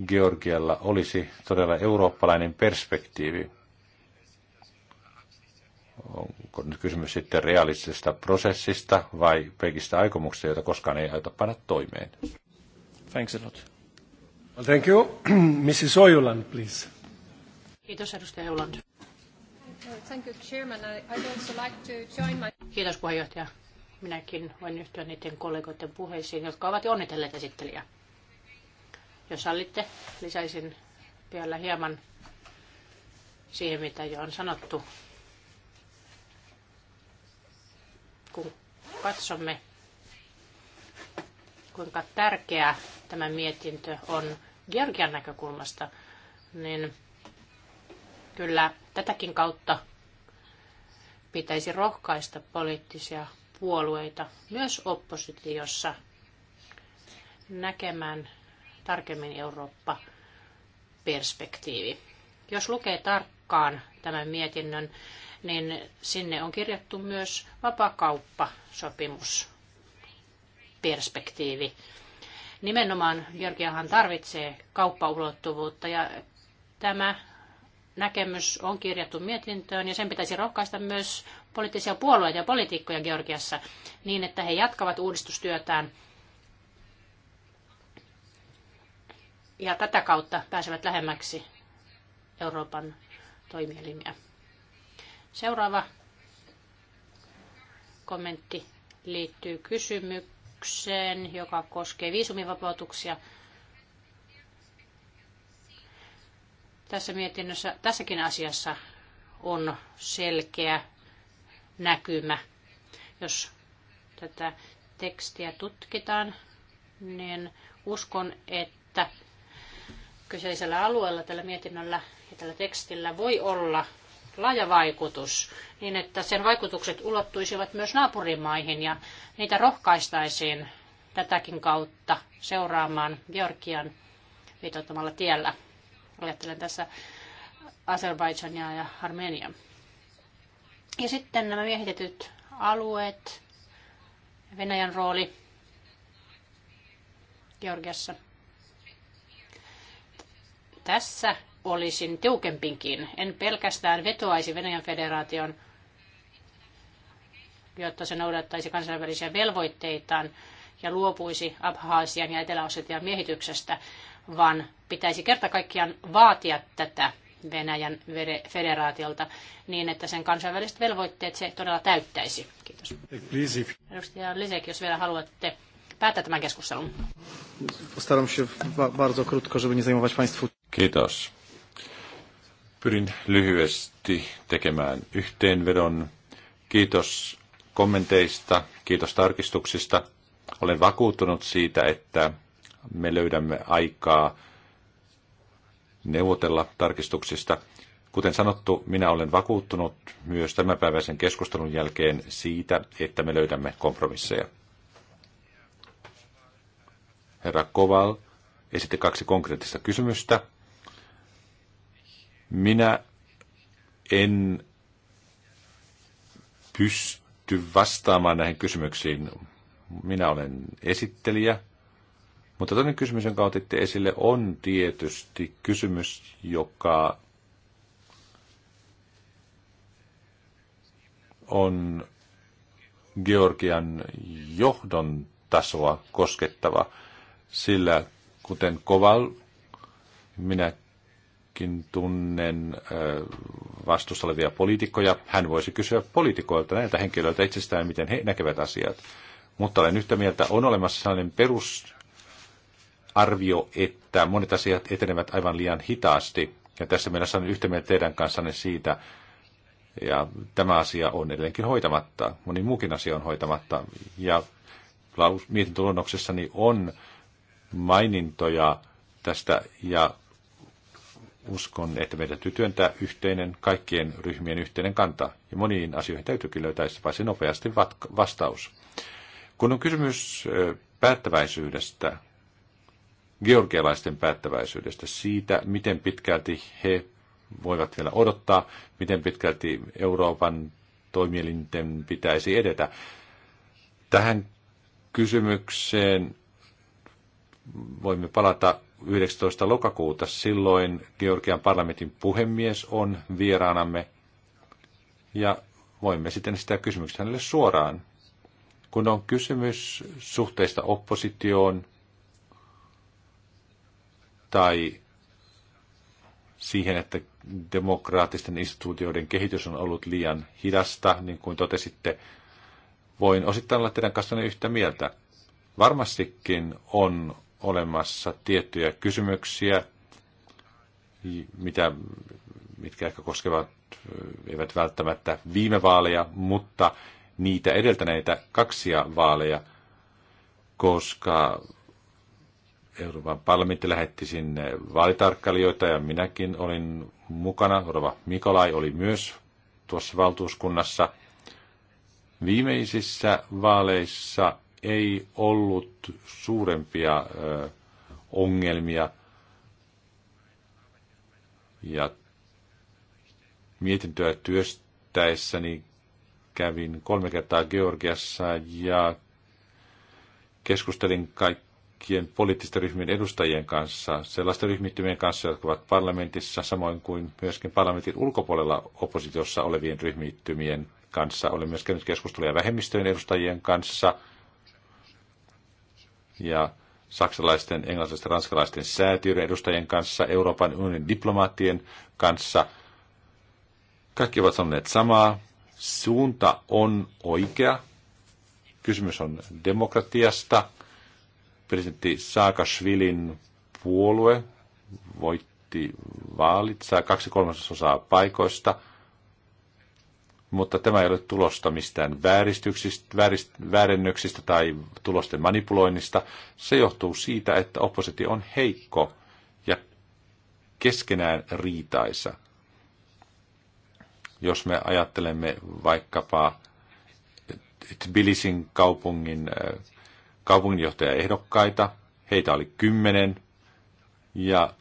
Georgialla olisi todella eurooppalainen perspektiivi. Onko nyt kysymys sitten realistisesta prosessista vai pelkistä aikomuksista, joita koskaan ei aita panna toimeen? Thanks a lot. Well, thank you. Mrs. Ojuland, please. Kiitos, edustaja Ojuland. Thank you, Chairman. I'd also like to join my... Kiitos, puheenjohtaja Minäkin voin yhtyä niiden kollegoiden puheisiin, jotka ovat jo onnitelleet esittelijää. Jos sallitte, lisäisin vielä hieman siihen, mitä jo on sanottu. Kun katsomme, kuinka tärkeä tämä mietintö on Georgian näkökulmasta, niin kyllä tätäkin kautta pitäisi rohkaista poliittisia puolueita myös oppositiossa näkemään tarkemmin Eurooppa-perspektiivi. Jos lukee tarkkaan tämän mietinnön, niin sinne on kirjattu myös vapakauppasopimusperspektiivi. Nimenomaan Georgiahan tarvitsee kauppaulottuvuutta ja tämä näkemys on kirjattu mietintöön ja sen pitäisi rohkaista myös poliittisia puolueita ja poliitikkoja Georgiassa niin, että he jatkavat uudistustyötään ja tätä kautta pääsevät lähemmäksi Euroopan toimielimiä. Seuraava kommentti liittyy kysymykseen, joka koskee viisumivapautuksia – Tässä mietinnössä, tässäkin asiassa on selkeä näkymä. Jos tätä tekstiä tutkitaan, niin uskon, että kyseisellä alueella, tällä mietinnöllä ja tällä tekstillä voi olla laaja vaikutus, niin että sen vaikutukset ulottuisivat myös naapurimaihin ja niitä rohkaistaisiin tätäkin kautta seuraamaan Georgian viitoittamalla tiellä. Ajattelen tässä Azerbaidsania ja Armenia. Ja sitten nämä miehitetyt alueet, Venäjän rooli Georgiassa. Tässä olisin tiukempinkin. En pelkästään vetoaisi Venäjän federaation, jotta se noudattaisi kansainvälisiä velvoitteitaan ja luopuisi Abhaasian ja etelä miehityksestä, vaan pitäisi kerta kaikkiaan vaatia tätä Venäjän federaatiolta niin, että sen kansainväliset velvoitteet se todella täyttäisi. Kiitos. Please. Edustaja Lisek, jos vielä haluatte päättää tämän keskustelun. się bardzo krótko, żeby nie zajmować Państwu. Kiitos. Pyrin lyhyesti tekemään yhteenvedon. Kiitos kommenteista, kiitos tarkistuksista. Olen vakuuttunut siitä, että me löydämme aikaa neuvotella tarkistuksista. Kuten sanottu, minä olen vakuuttunut myös tämänpäiväisen keskustelun jälkeen siitä, että me löydämme kompromisseja. Herra Koval esitti kaksi konkreettista kysymystä. Minä en pysty vastaamaan näihin kysymyksiin. Minä olen esittelijä mutta toinen kysymys, jonka otitte esille, on tietysti kysymys, joka on Georgian johdon tasoa koskettava, sillä kuten Koval, minäkin tunnen vastuussa olevia poliitikkoja, hän voisi kysyä poliitikoilta näiltä henkilöiltä itsestään, miten he näkevät asiat. Mutta olen yhtä mieltä, on olemassa sellainen perus arvio, että monet asiat etenevät aivan liian hitaasti. Ja tässä meillä on yhtä mieltä teidän kanssanne siitä, ja tämä asia on edelleenkin hoitamatta. Moni muukin asia on hoitamatta. Ja mietintöluonnoksessani on mainintoja tästä, ja uskon, että meidän täytyy työntää yhteinen, kaikkien ryhmien yhteinen kanta. Ja moniin asioihin täytyykin löytää varsin nopeasti vastaus. Kun on kysymys päättäväisyydestä, georgialaisten päättäväisyydestä, siitä, miten pitkälti he voivat vielä odottaa, miten pitkälti Euroopan toimielinten pitäisi edetä. Tähän kysymykseen voimme palata 19. lokakuuta. Silloin Georgian parlamentin puhemies on vieraanamme ja voimme sitten sitä kysymyksen hänelle suoraan. Kun on kysymys suhteista oppositioon, tai siihen, että demokraattisten instituutioiden kehitys on ollut liian hidasta, niin kuin totesitte, voin osittain olla teidän kanssanne yhtä mieltä. Varmastikin on olemassa tiettyjä kysymyksiä, mitä, mitkä ehkä koskevat, eivät välttämättä viime vaaleja, mutta niitä edeltäneitä kaksia vaaleja, koska Euroopan parlamentti lähetti sinne vaalitarkkailijoita ja minäkin olin mukana. Rova Mikolai oli myös tuossa valtuuskunnassa. Viimeisissä vaaleissa ei ollut suurempia ö, ongelmia. Ja mietintöä työstäessäni kävin kolme kertaa Georgiassa ja keskustelin kaikki kaikkien poliittisten ryhmien edustajien kanssa, sellaisten ryhmittymien kanssa, jotka ovat parlamentissa, samoin kuin myöskin parlamentin ulkopuolella oppositiossa olevien ryhmittymien kanssa. Olen myös käynyt keskusteluja vähemmistöjen edustajien kanssa ja saksalaisten, englantilaisten, ranskalaisten säätiöiden edustajien kanssa, Euroopan unionin diplomaattien kanssa. Kaikki ovat sanoneet samaa. Suunta on oikea. Kysymys on demokratiasta – presidentti Saakashvilin puolue voitti vaalit, saa kaksi kolmasosaa paikoista, mutta tämä ei ole tulosta mistään vääristyksistä, väärennöksistä tai tulosten manipuloinnista. Se johtuu siitä, että oppositio on heikko ja keskenään riitaisa. Jos me ajattelemme vaikkapa Tbilisin kaupungin äh, kaupunginjohtajaehdokkaita. Heitä oli kymmenen. Ja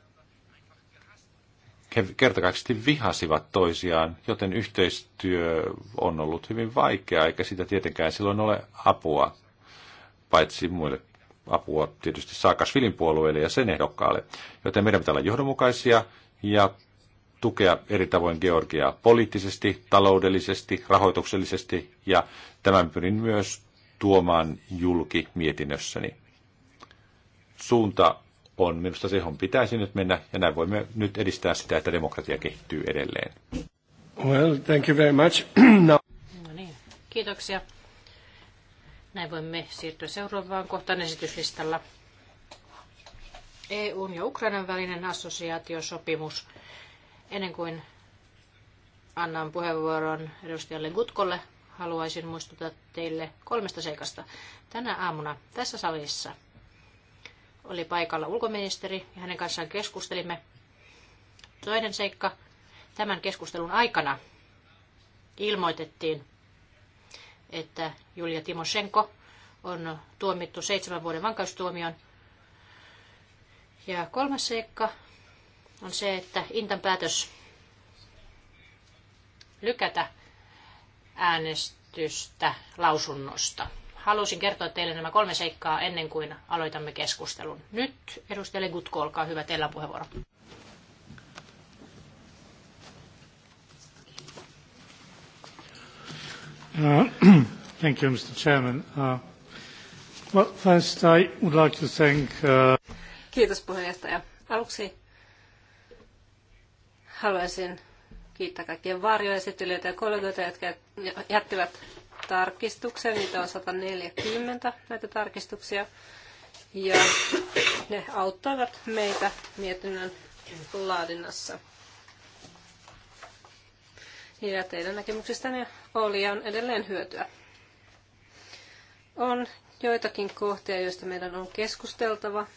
he kertakaisesti vihasivat toisiaan, joten yhteistyö on ollut hyvin vaikeaa, eikä sitä tietenkään silloin ole apua, paitsi muille apua tietysti Saakasvilin puolueelle ja sen ehdokkaalle. Joten meidän pitää olla johdonmukaisia ja tukea eri tavoin Georgiaa poliittisesti, taloudellisesti, rahoituksellisesti ja tämän pyrin myös tuomaan julki mietinnössäni. Suunta on minusta se, johon pitäisi nyt mennä, ja näin voimme nyt edistää sitä, että demokratia kehittyy edelleen. Well, thank you very much. no. no niin, kiitoksia. Näin voimme siirtyä seuraavaan kohtaan esityslistalla. EUn ja Ukrainan välinen assosiaatiosopimus. Ennen kuin annan puheenvuoron edustajalle Gutkolle, haluaisin muistuttaa teille kolmesta seikasta. Tänä aamuna tässä salissa oli paikalla ulkoministeri ja hänen kanssaan keskustelimme. Toinen seikka, tämän keskustelun aikana ilmoitettiin, että Julia Timoshenko on tuomittu seitsemän vuoden vankaustuomioon. Ja kolmas seikka on se, että Intan päätös lykätä äänestystä lausunnosta. Halusin kertoa teille nämä kolme seikkaa ennen kuin aloitamme keskustelun. Nyt edustaja Legutko, olkaa hyvä, teillä on puheenvuoro. Uh, thank you, Mr. Chairman. Uh, well, first I would like to thank... Uh... Kiitos puheenjohtaja. Aluksi haluaisin kiittää kaikkien varjoesittelijöitä ja kollegoita, jotka jättivät tarkistuksen. Niitä on 140 näitä tarkistuksia. Ja ne auttavat meitä mietinnön laadinnassa. Ja teidän näkemyksistänne oli ja on edelleen hyötyä. On joitakin kohtia, joista meidän on keskusteltava.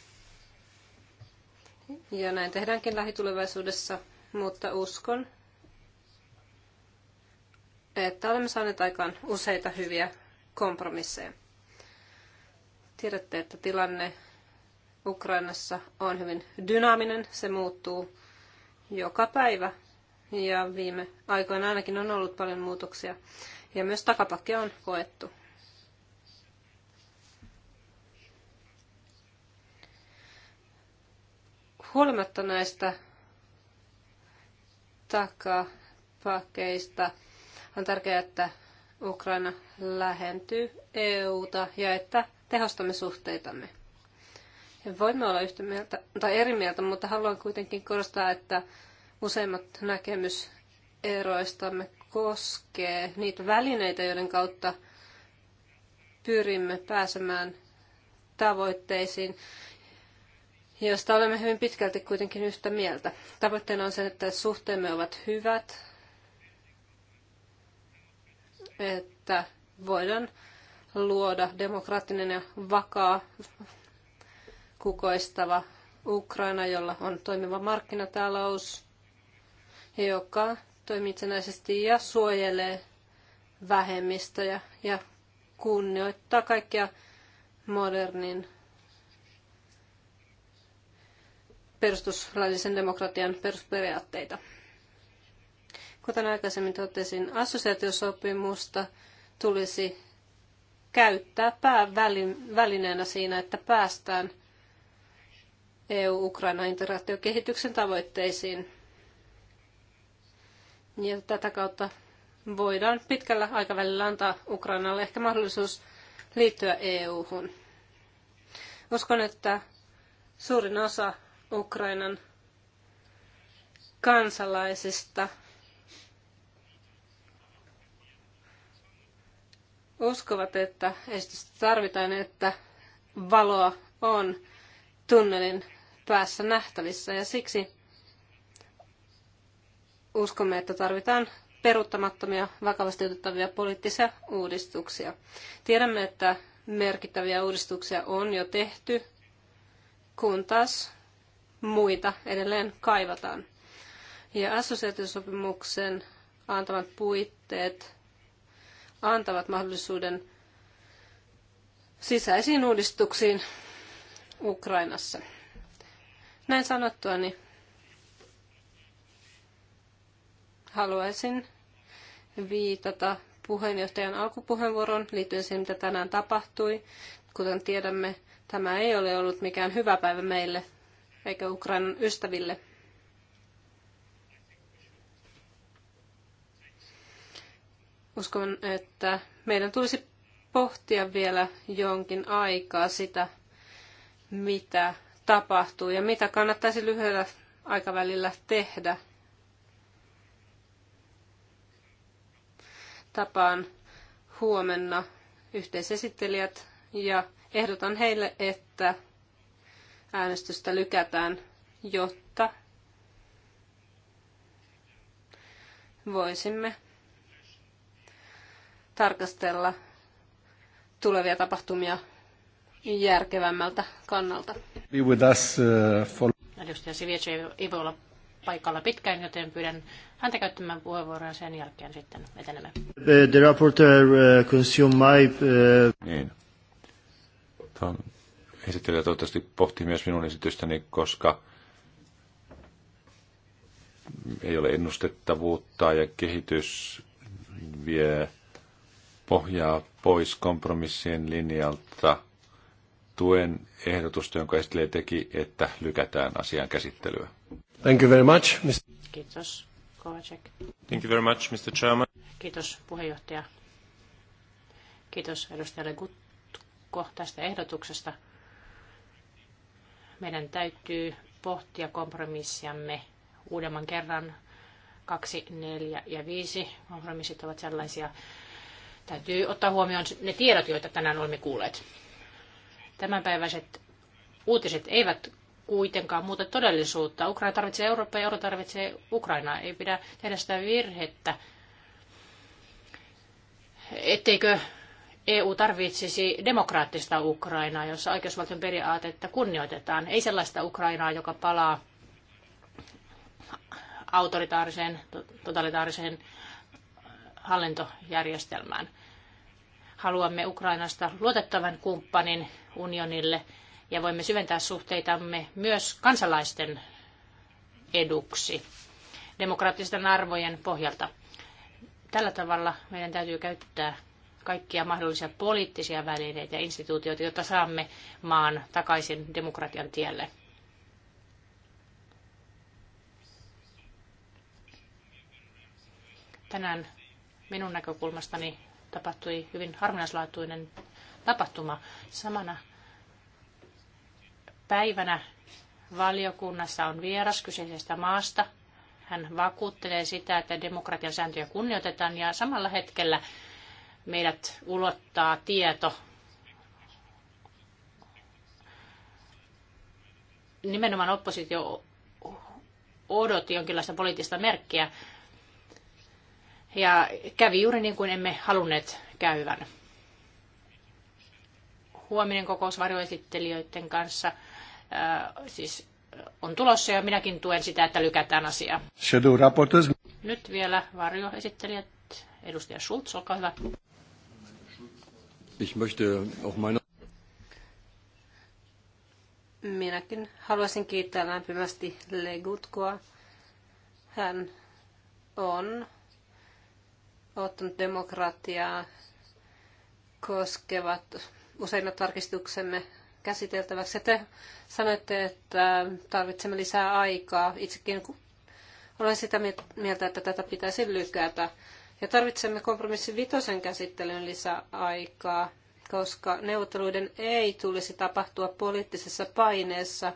Ja näin tehdäänkin lähitulevaisuudessa, mutta uskon, että olemme saaneet aikaan useita hyviä kompromisseja. Tiedätte, että tilanne Ukrainassa on hyvin dynaaminen, se muuttuu joka päivä ja viime aikoina ainakin on ollut paljon muutoksia ja myös takapakki on koettu. Huolimatta näistä takapakeista on tärkeää, että Ukraina lähentyy EUta ja että tehostamme suhteitamme. Voimme olla yhtä mieltä, tai eri mieltä, mutta haluan kuitenkin korostaa, että useimmat näkemyseroistamme koskee niitä välineitä, joiden kautta pyrimme pääsemään tavoitteisiin, joista olemme hyvin pitkälti kuitenkin yhtä mieltä. Tavoitteena on se, että suhteemme ovat hyvät, että voidaan luoda demokraattinen ja vakaa kukoistava Ukraina, jolla on toimiva markkinatalous, joka toimii itsenäisesti ja suojelee vähemmistöjä ja kunnioittaa kaikkia modernin perustuslaillisen demokratian perusperiaatteita. Kuten aikaisemmin totesin, assosiaatiosopimusta tulisi käyttää päävälineenä siinä, että päästään EU-Ukraina-integraatiokehityksen tavoitteisiin. Ja tätä kautta voidaan pitkällä aikavälillä antaa Ukrainalle ehkä mahdollisuus liittyä EU-hun. Uskon, että suurin osa Ukrainan kansalaisista uskovat, että esitystä tarvitaan, että valoa on tunnelin päässä nähtävissä ja siksi uskomme, että tarvitaan peruuttamattomia, vakavasti otettavia poliittisia uudistuksia. Tiedämme, että merkittäviä uudistuksia on jo tehty, kun taas muita edelleen kaivataan. Ja assosiaatiosopimuksen antamat puitteet antavat mahdollisuuden sisäisiin uudistuksiin Ukrainassa. Näin sanottua, niin haluaisin viitata puheenjohtajan alkupuheenvuoron liittyen siihen, mitä tänään tapahtui. Kuten tiedämme, tämä ei ole ollut mikään hyvä päivä meille eikä Ukrainan ystäville. Uskon, että meidän tulisi pohtia vielä jonkin aikaa sitä, mitä tapahtuu ja mitä kannattaisi lyhyellä aikavälillä tehdä. Tapaan huomenna yhteisesittelijät ja ehdotan heille, että äänestystä lykätään, jotta voisimme tarkastella tulevia tapahtumia järkevämmältä kannalta. Be with us, uh, for... Edustaja Sivietsi ei voi olla paikalla pitkään, joten pyydän häntä käyttämään puheenvuoroa sen jälkeen sitten etenemme. The, the rapporteur uh, consume my... Uh... Niin. Tämä, esittelijä toivottavasti pohtii myös minun esitystäni, koska ei ole ennustettavuutta ja kehitys vie pohjaa pois kompromissien linjalta. Tuen ehdotusta, jonka Estley teki, että lykätään asian käsittelyä. Thank you very much. Mr. Kiitos. Kovacek. Thank you very much, Mr. Chairman. Kiitos puheenjohtaja. Kiitos edustajalle Gutko tästä ehdotuksesta. Meidän täytyy pohtia kompromissiamme uudemman kerran. Kaksi, neljä ja viisi kompromissit ovat sellaisia, Täytyy ottaa huomioon ne tiedot, joita tänään olemme kuulleet. Tämänpäiväiset uutiset eivät kuitenkaan muuta todellisuutta. Ukraina tarvitsee Eurooppaa ja Euro tarvitsee Ukrainaa. Ei pidä tehdä sitä virhettä, etteikö EU tarvitsisi demokraattista Ukrainaa, jossa oikeusvaltion periaatetta kunnioitetaan. Ei sellaista Ukrainaa, joka palaa autoritaariseen, totalitaariseen hallintojärjestelmään. Haluamme Ukrainasta luotettavan kumppanin unionille ja voimme syventää suhteitamme myös kansalaisten eduksi demokraattisten arvojen pohjalta. Tällä tavalla meidän täytyy käyttää kaikkia mahdollisia poliittisia välineitä ja instituutioita, jotta saamme maan takaisin demokratian tielle. Tänään minun näkökulmastani tapahtui hyvin harvinaislaatuinen tapahtuma. Samana päivänä valiokunnassa on vieras kyseisestä maasta. Hän vakuuttelee sitä, että demokratian sääntöjä kunnioitetaan ja samalla hetkellä meidät ulottaa tieto nimenomaan oppositio odotti jonkinlaista poliittista merkkiä. Ja kävi juuri niin kuin emme halunneet käyvän. Huominen kokous varjoesittelijöiden kanssa äh, siis äh, on tulossa ja minäkin tuen sitä, että lykätään asiaa. Nyt vielä varjoesittelijät. Edustaja Schulz, olkaa hyvä. Ich möchte auch meine Minäkin haluaisin kiittää lämpimästi Legutkoa. Hän on ottanut demokratiaa koskevat useimmat tarkistuksemme käsiteltäväksi. Te sanoitte, että tarvitsemme lisää aikaa. Itsekin olen sitä mieltä, että tätä pitäisi lykätä. Ja tarvitsemme kompromissin vitosen käsittelyyn lisää aikaa, koska neuvotteluiden ei tulisi tapahtua poliittisessa paineessa,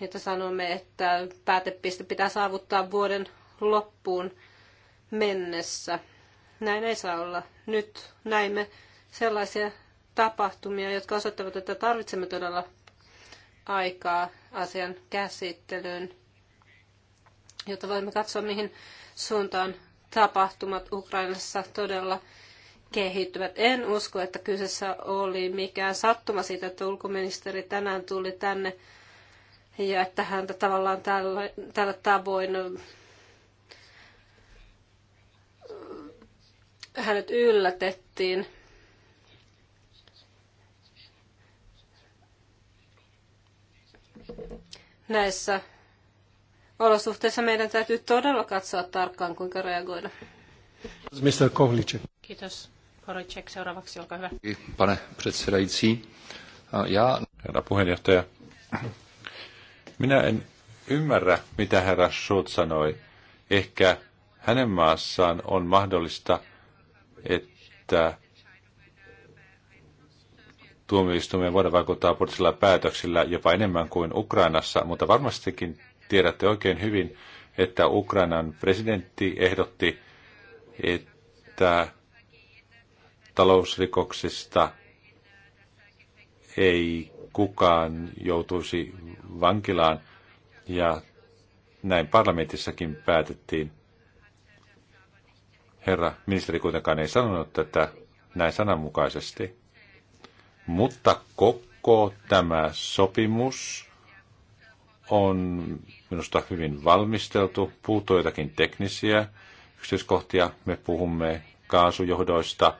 että sanomme, että päätepiste pitää saavuttaa vuoden loppuun mennessä. Näin ei saa olla. Nyt näimme sellaisia tapahtumia, jotka osoittavat, että tarvitsemme todella aikaa asian käsittelyyn, jotta voimme katsoa, mihin suuntaan tapahtumat Ukrainassa todella kehittyvät. En usko, että kyseessä oli mikään sattuma siitä, että ulkoministeri tänään tuli tänne ja että häntä tavallaan tällä, tällä tavoin hänet yllätettiin. Näissä olosuhteissa meidän täytyy todella katsoa tarkkaan, kuinka reagoida. Mr. Kovlicek. Kiitos. Kovlicek seuraavaksi, olkaa hyvä. Pane předsedající. Ja... Herra puheenjohtaja. Minä en ymmärrä, mitä herra Schultz sanoi. Ehkä hänen maassaan on mahdollista – että tuomioistuimeen voidaan vaikuttaa poliittisilla päätöksillä jopa enemmän kuin Ukrainassa, mutta varmastikin tiedätte oikein hyvin, että Ukrainan presidentti ehdotti, että talousrikoksista ei kukaan joutuisi vankilaan ja näin parlamentissakin päätettiin. Herra ministeri kuitenkaan ei sanonut tätä näin sananmukaisesti. Mutta koko tämä sopimus on minusta hyvin valmisteltu. Puuttuu jotakin teknisiä yksityiskohtia. Me puhumme kaasujohdoista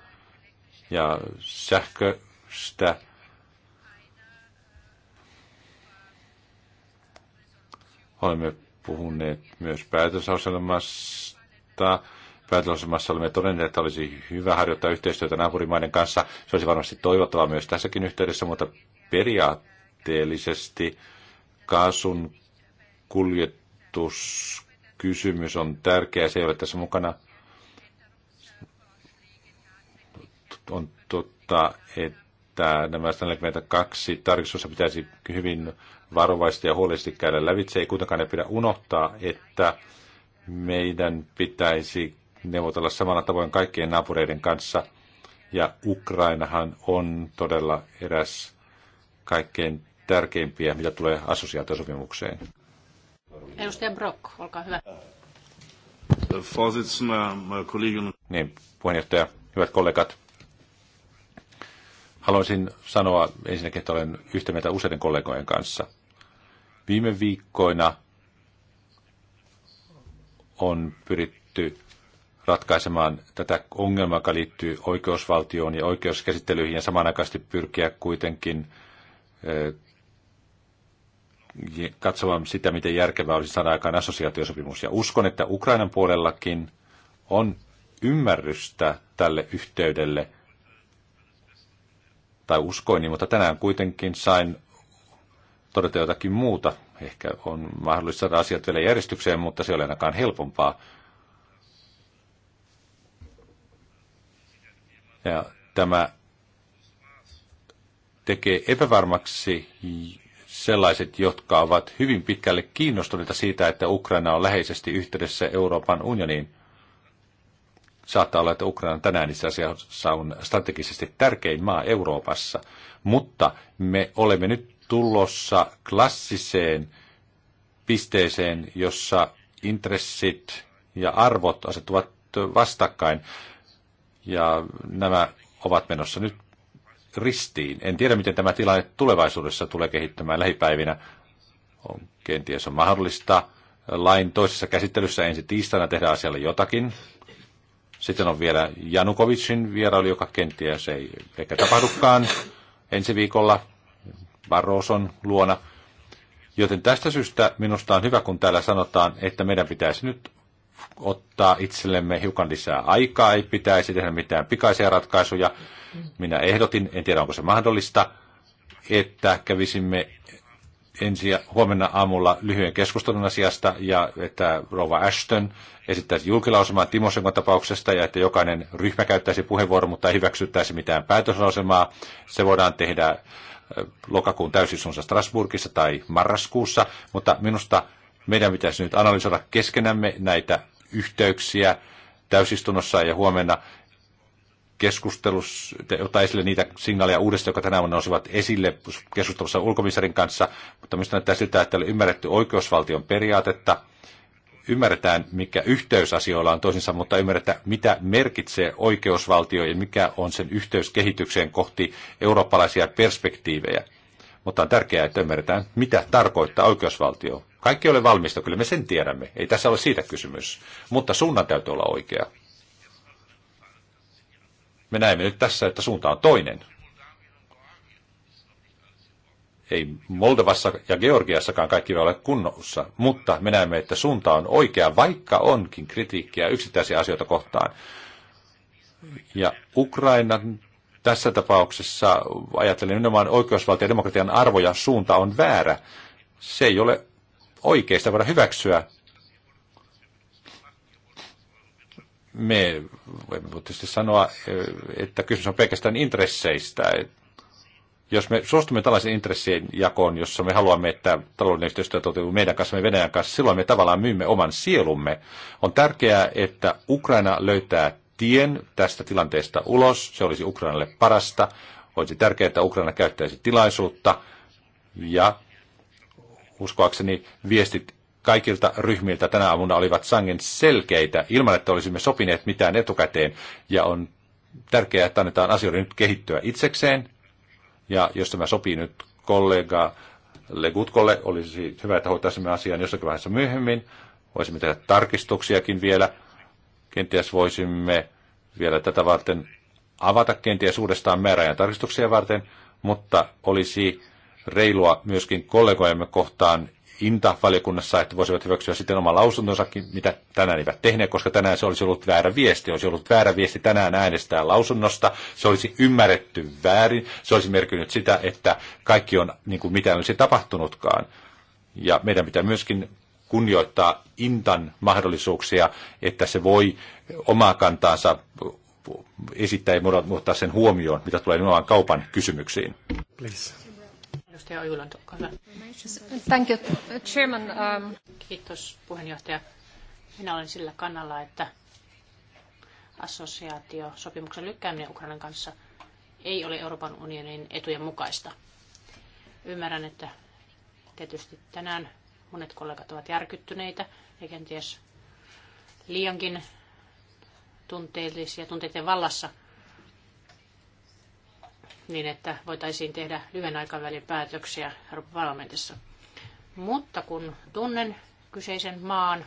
ja sähköstä. Olemme puhuneet myös päätösasemasta päätöslausumassa olemme todenneet, että olisi hyvä harjoittaa yhteistyötä naapurimaiden kanssa. Se olisi varmasti toivottavaa myös tässäkin yhteydessä, mutta periaatteellisesti kaasun kuljetuskysymys on tärkeä. Se ei ole tässä mukana. On totta, että nämä 42 tarkistusta pitäisi hyvin varovaisesti ja huolellisesti käydä lävitse. Ei kuitenkaan pidä unohtaa, että meidän pitäisi neuvotella samalla tavoin kaikkien naapureiden kanssa. Ja Ukrainahan on todella eräs kaikkein tärkeimpiä, mitä tulee assosiaatiosopimukseen. Edustaja Brock, olkaa hyvä. Niin, puheenjohtaja, hyvät kollegat. Haluaisin sanoa ensinnäkin, että olen yhtä mieltä useiden kollegojen kanssa. Viime viikkoina on pyritty ratkaisemaan tätä ongelmaa, joka liittyy oikeusvaltioon ja oikeuskäsittelyihin, ja samanaikaisesti pyrkiä kuitenkin eh, katsomaan sitä, miten järkevää olisi saada aikaan assosiaatiosopimus. Ja uskon, että Ukrainan puolellakin on ymmärrystä tälle yhteydelle, tai uskoin, niin, mutta tänään kuitenkin sain todeta jotakin muuta. Ehkä on mahdollista saada asiat vielä järjestykseen, mutta se ei ole ainakaan helpompaa. Ja tämä tekee epävarmaksi sellaiset, jotka ovat hyvin pitkälle kiinnostuneita siitä, että Ukraina on läheisesti yhteydessä Euroopan unioniin. Saattaa olla, että Ukraina tänään itse asiassa on strategisesti tärkein maa Euroopassa, mutta me olemme nyt tulossa klassiseen pisteeseen, jossa intressit ja arvot asettuvat vastakkain ja nämä ovat menossa nyt ristiin. En tiedä, miten tämä tilanne tulevaisuudessa tulee kehittämään lähipäivinä. On, kenties on mahdollista lain toisessa käsittelyssä ensi tiistaina tehdä asialle jotakin. Sitten on vielä Janukovicin vierailu, joka kenties ei ehkä tapahdukaan ensi viikolla Barroson luona. Joten tästä syystä minusta on hyvä, kun täällä sanotaan, että meidän pitäisi nyt ottaa itsellemme hiukan lisää aikaa, ei pitäisi tehdä mitään pikaisia ratkaisuja. Minä ehdotin, en tiedä onko se mahdollista, että kävisimme ensi huomenna aamulla lyhyen keskustelun asiasta ja että Rova Ashton esittäisi julkilausumaa Timosen tapauksesta ja että jokainen ryhmä käyttäisi puheenvuoron, mutta ei hyväksyttäisi mitään päätöslausemaa. Se voidaan tehdä äh, lokakuun täysistunnossa Strasbourgissa tai marraskuussa, mutta minusta meidän pitäisi nyt analysoida keskenämme näitä yhteyksiä täysistunnossa ja huomenna keskustelussa, ottaa esille niitä signaaleja uudestaan, jotka tänä vuonna nousivat esille keskustelussa ulkoministerin kanssa, mutta minusta näyttää siltä, että oli ymmärretty oikeusvaltion periaatetta, ymmärretään, mikä yhteys asioilla on toisinsa, mutta ymmärretään, mitä merkitsee oikeusvaltio ja mikä on sen yhteys kehitykseen kohti eurooppalaisia perspektiivejä. Mutta on tärkeää, että ymmärretään, mitä tarkoittaa oikeusvaltio. Kaikki ole valmista, kyllä me sen tiedämme. Ei tässä ole siitä kysymys. Mutta suunnan täytyy olla oikea. Me näemme nyt tässä, että suunta on toinen. Ei Moldovassa ja Georgiassakaan kaikki ole kunnossa, mutta me näemme, että suunta on oikea, vaikka onkin kritiikkiä yksittäisiä asioita kohtaan. Ja Ukrainan tässä tapauksessa ajattelen nimenomaan oikeusvaltio- ja demokratian arvoja, suunta on väärä. Se ei ole oikeista voida hyväksyä. Me voimme tietysti sanoa, että kysymys on pelkästään intresseistä. Jos me suostumme tällaisen intressien jakoon, jossa me haluamme, että talouden yhteistyö toteutuu meidän kanssa, me Venäjän kanssa, silloin me tavallaan myymme oman sielumme. On tärkeää, että Ukraina löytää tien tästä tilanteesta ulos. Se olisi Ukrainalle parasta. Olisi tärkeää, että Ukraina käyttäisi tilaisuutta ja uskoakseni viestit kaikilta ryhmiltä tänä aamuna olivat sangen selkeitä, ilman että olisimme sopineet mitään etukäteen. Ja on tärkeää, että annetaan asioiden nyt kehittyä itsekseen. Ja jos tämä sopii nyt kollega Legutkolle, olisi hyvä, että hoitaisimme asian jossakin vaiheessa myöhemmin. Voisimme tehdä tarkistuksiakin vielä. Kenties voisimme vielä tätä varten avata kenties uudestaan määräajan tarkistuksia varten, mutta olisi reilua myöskin kollegojamme kohtaan INTA-valiokunnassa, että voisivat hyväksyä sitten oma lausuntonsakin, mitä tänään eivät tehneet, koska tänään se olisi ollut väärä viesti. Olisi ollut väärä viesti tänään äänestää lausunnosta, se olisi ymmärretty väärin, se olisi merkinnyt sitä, että kaikki on niin kuin mitään olisi tapahtunutkaan. Ja meidän pitää myöskin kunnioittaa Intan mahdollisuuksia, että se voi omaa kantaansa esittää ja muuttaa sen huomioon, mitä tulee nimenomaan kaupan kysymyksiin. Please. Edustaja Ojuland, olkaa hyvä. Thank you, Chairman. Um... Kiitos puheenjohtaja. Minä olen sillä kannalla, että assosiaatiosopimuksen lykkääminen Ukrainan kanssa ei ole Euroopan unionin etujen mukaista. Ymmärrän, että tietysti tänään monet kollegat ovat järkyttyneitä ja kenties liiankin tunteellisia, tunteiden vallassa – niin että voitaisiin tehdä lyhyen aikavälin päätöksiä Euroopan parlamentissa. Mutta kun tunnen kyseisen maan,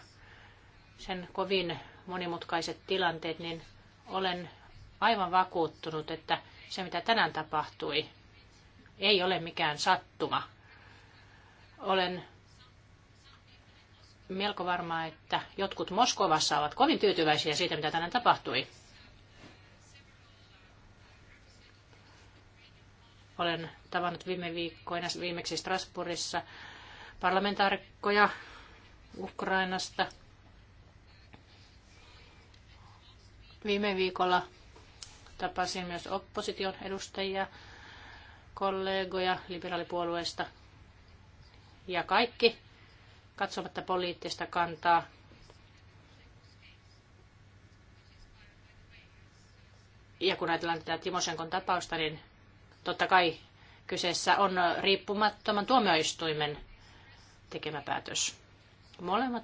sen kovin monimutkaiset tilanteet, niin olen aivan vakuuttunut, että se mitä tänään tapahtui, ei ole mikään sattuma. Olen melko varma, että jotkut Moskovassa ovat kovin tyytyväisiä siitä, mitä tänään tapahtui. Olen tavannut viime viikkoina, viimeksi Strasbourgissa, parlamentaarikkoja Ukrainasta. Viime viikolla tapasin myös opposition edustajia, kollegoja liberaalipuolueesta. Ja kaikki, katsomatta poliittista kantaa, ja kun ajatellaan tätä Timosenkon tapausta, niin Totta kai kyseessä on riippumattoman tuomioistuimen tekemä päätös. Molemmat,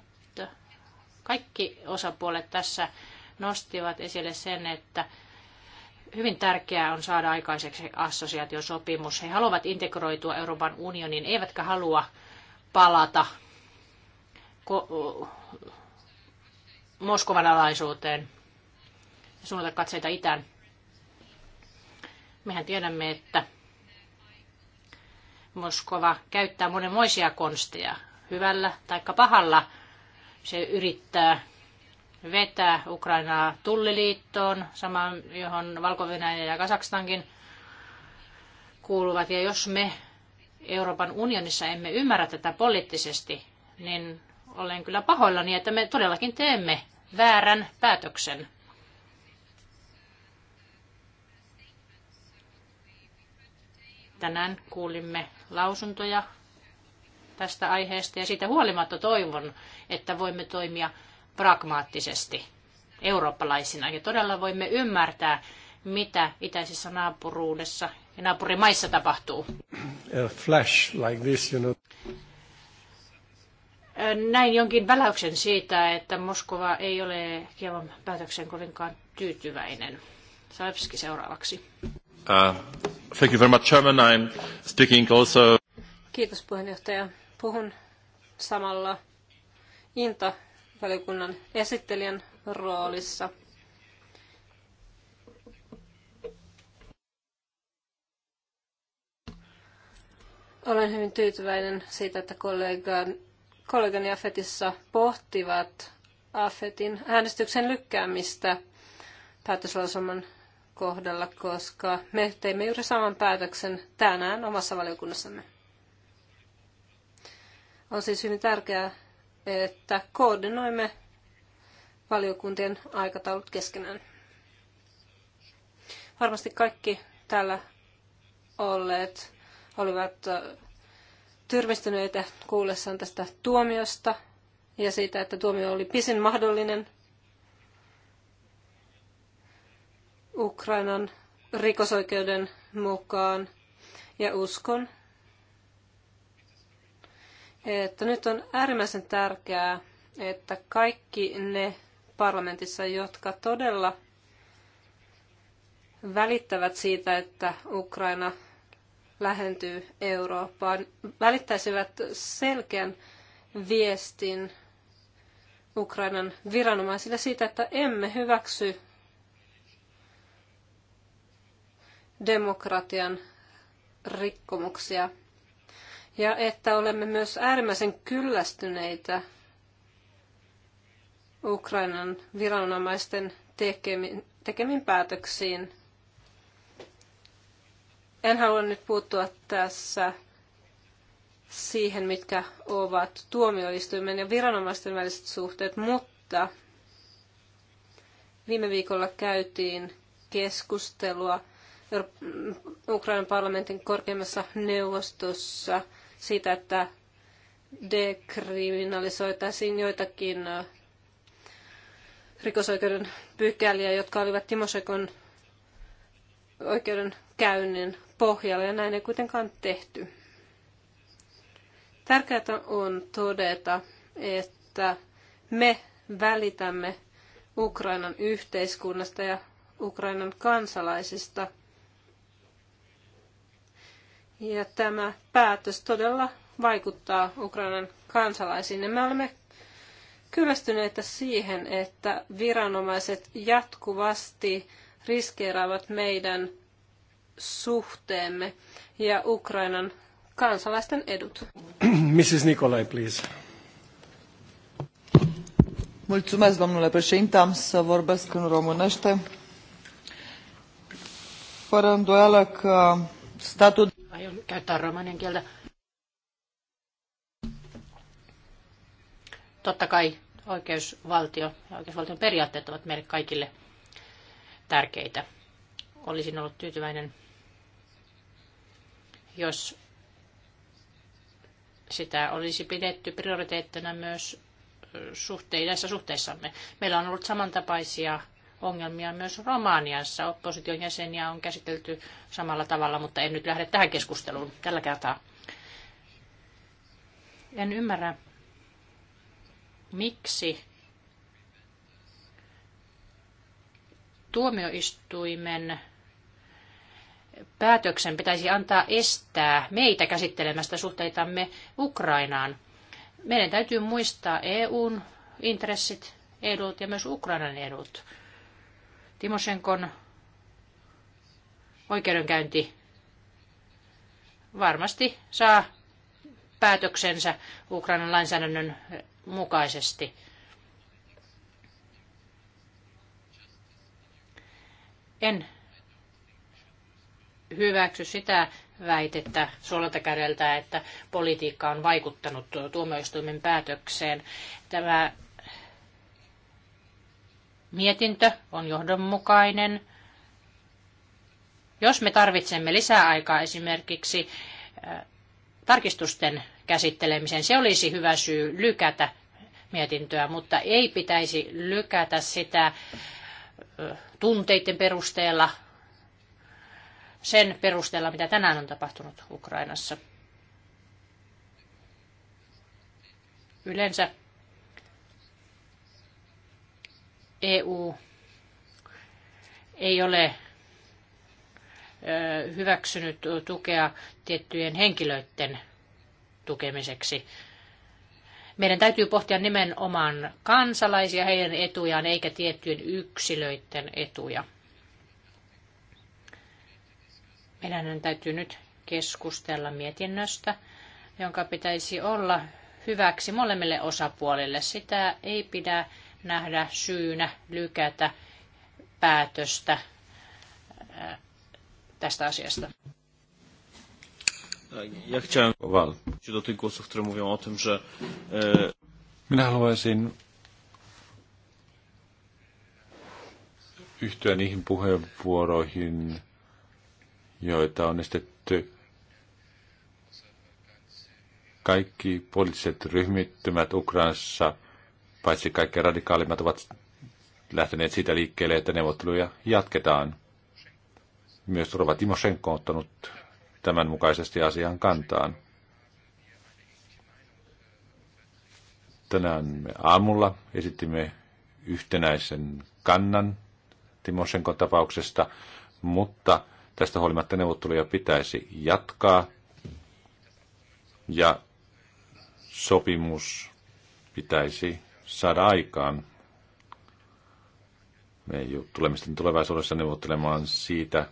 kaikki osapuolet tässä nostivat esille sen, että hyvin tärkeää on saada aikaiseksi assosiaatiosopimus. He haluavat integroitua Euroopan unioniin, eivätkä halua palata ko- Moskovan alaisuuteen ja suunnata katseita itään. Mehän tiedämme, että Moskova käyttää monenmoisia konsteja, hyvällä tai pahalla. Se yrittää vetää Ukrainaa tulliliittoon, sama johon valko ja Kasakstankin kuuluvat. Ja jos me Euroopan unionissa emme ymmärrä tätä poliittisesti, niin olen kyllä pahoillani, että me todellakin teemme väärän päätöksen. Tänään kuulimme lausuntoja tästä aiheesta ja siitä huolimatta toivon, että voimme toimia pragmaattisesti eurooppalaisina ja todella voimme ymmärtää, mitä itäisessä naapuruudessa ja naapurimaissa tapahtuu. A flash like this, you know. Näin jonkin väläyksen siitä, että Moskova ei ole Kievan päätöksen kovinkaan tyytyväinen. Saipski seuraavaksi. Uh, Thank you very much, Chairman. I'm speaking also... Kiitos puheenjohtaja. Puhun samalla INTA-valiokunnan esittelijän roolissa. Olen hyvin tyytyväinen siitä, että kollegani Afetissa pohtivat Afetin äänestyksen lykkäämistä päätöslauselman kohdalla, koska me teimme juuri saman päätöksen tänään omassa valiokunnassamme. On siis hyvin tärkeää, että koordinoimme valiokuntien aikataulut keskenään. Varmasti kaikki täällä olleet olivat tyrmistyneitä kuullessaan tästä tuomiosta ja siitä, että tuomio oli pisin mahdollinen – Ukrainan rikosoikeuden mukaan. Ja uskon, että nyt on äärimmäisen tärkeää, että kaikki ne parlamentissa, jotka todella välittävät siitä, että Ukraina lähentyy Eurooppaan, välittäisivät selkeän viestin Ukrainan viranomaisille siitä, että emme hyväksy demokratian rikkomuksia ja että olemme myös äärimmäisen kyllästyneitä Ukrainan viranomaisten tekemin, tekemin päätöksiin. En halua nyt puuttua tässä siihen, mitkä ovat tuomioistuimen ja viranomaisten väliset suhteet, mutta viime viikolla käytiin keskustelua – Ukrainan parlamentin korkeimmassa neuvostossa siitä, että dekriminalisoitaisiin joitakin rikosoikeuden pykäliä, jotka olivat Timosekon oikeudenkäynnin pohjalla, ja näin ei kuitenkaan tehty. Tärkeää on todeta, että me välitämme Ukrainan yhteiskunnasta ja Ukrainan kansalaisista – ja tämä päätös todella vaikuttaa Ukrainan kansalaisiin. Ja me olemme kyllästyneitä siihen, että viranomaiset jatkuvasti riskeeraavat meidän suhteemme ja Ukrainan kansalaisten edut. Mrs. Nikolai, please. Mulțumesc, domnule președinte. Am să vorbesc în românește. Fără îndoială că statul aion käyttää romanian kieltä. Totta kai oikeusvaltio ja oikeusvaltion periaatteet ovat meille kaikille tärkeitä. Olisin ollut tyytyväinen, jos sitä olisi pidetty prioriteettina myös suhte, suhteissamme. Meillä on ollut samantapaisia ongelmia myös Romaniassa. Opposition jäseniä on käsitelty samalla tavalla, mutta en nyt lähde tähän keskusteluun tällä kertaa. En ymmärrä, miksi tuomioistuimen päätöksen pitäisi antaa estää meitä käsittelemästä suhteitamme Ukrainaan. Meidän täytyy muistaa EUn intressit, edut ja myös Ukrainan edut. Timoshenkon oikeudenkäynti varmasti saa päätöksensä Ukrainan lainsäädännön mukaisesti. En hyväksy sitä väitettä suolelta kädeltä, että politiikka on vaikuttanut tuomioistuimen päätökseen. Tämä mietintö on johdonmukainen. Jos me tarvitsemme lisää aikaa esimerkiksi äh, tarkistusten käsittelemiseen, se olisi hyvä syy lykätä mietintöä, mutta ei pitäisi lykätä sitä äh, tunteiden perusteella, sen perusteella, mitä tänään on tapahtunut Ukrainassa. Yleensä EU ei ole hyväksynyt tukea tiettyjen henkilöiden tukemiseksi. Meidän täytyy pohtia nimenomaan kansalaisia, heidän etujaan, eikä tiettyjen yksilöiden etuja. Meidän täytyy nyt keskustella mietinnöstä, jonka pitäisi olla hyväksi molemmille osapuolille. Sitä ei pidä nähdä syynä lykätä päätöstä tästä asiasta. Ja chciałem do tych głosów, które mówią o tym, że... E, Minä haluaisin yhtyä niihin puheenvuoroihin, joita on estetty kaikki poliittiset ryhmittymät Ukrainassa – paitsi kaikki radikaalimmat ovat lähteneet siitä liikkeelle, että neuvotteluja jatketaan. Myös Rova Timoshenko on ottanut tämän mukaisesti asian kantaan. Tänään me aamulla esittimme yhtenäisen kannan Timoshenkon tapauksesta, mutta tästä huolimatta neuvotteluja pitäisi jatkaa ja sopimus pitäisi saada aikaan. Me tulemme sitten tulevaisuudessa neuvottelemaan siitä,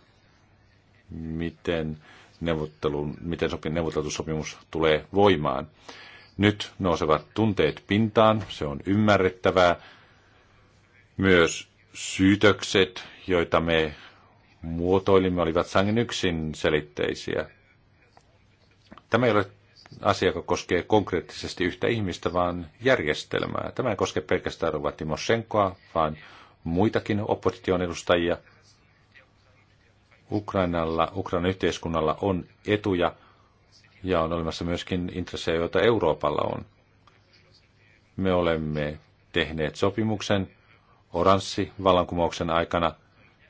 miten, neuvottelun, miten sopi, neuvoteltu sopimus tulee voimaan. Nyt nousevat tunteet pintaan, se on ymmärrettävää. Myös syytökset, joita me muotoilimme, olivat sangen yksin selitteisiä. Tämä ei ole asia, joka koskee konkreettisesti yhtä ihmistä, vaan järjestelmää. Tämä ei koske pelkästään Rova Timoshenkoa, vaan muitakin opposition edustajia. Ukrainalla, Ukrainan yhteiskunnalla on etuja ja on olemassa myöskin intressejä, joita Euroopalla on. Me olemme tehneet sopimuksen oranssi vallankumouksen aikana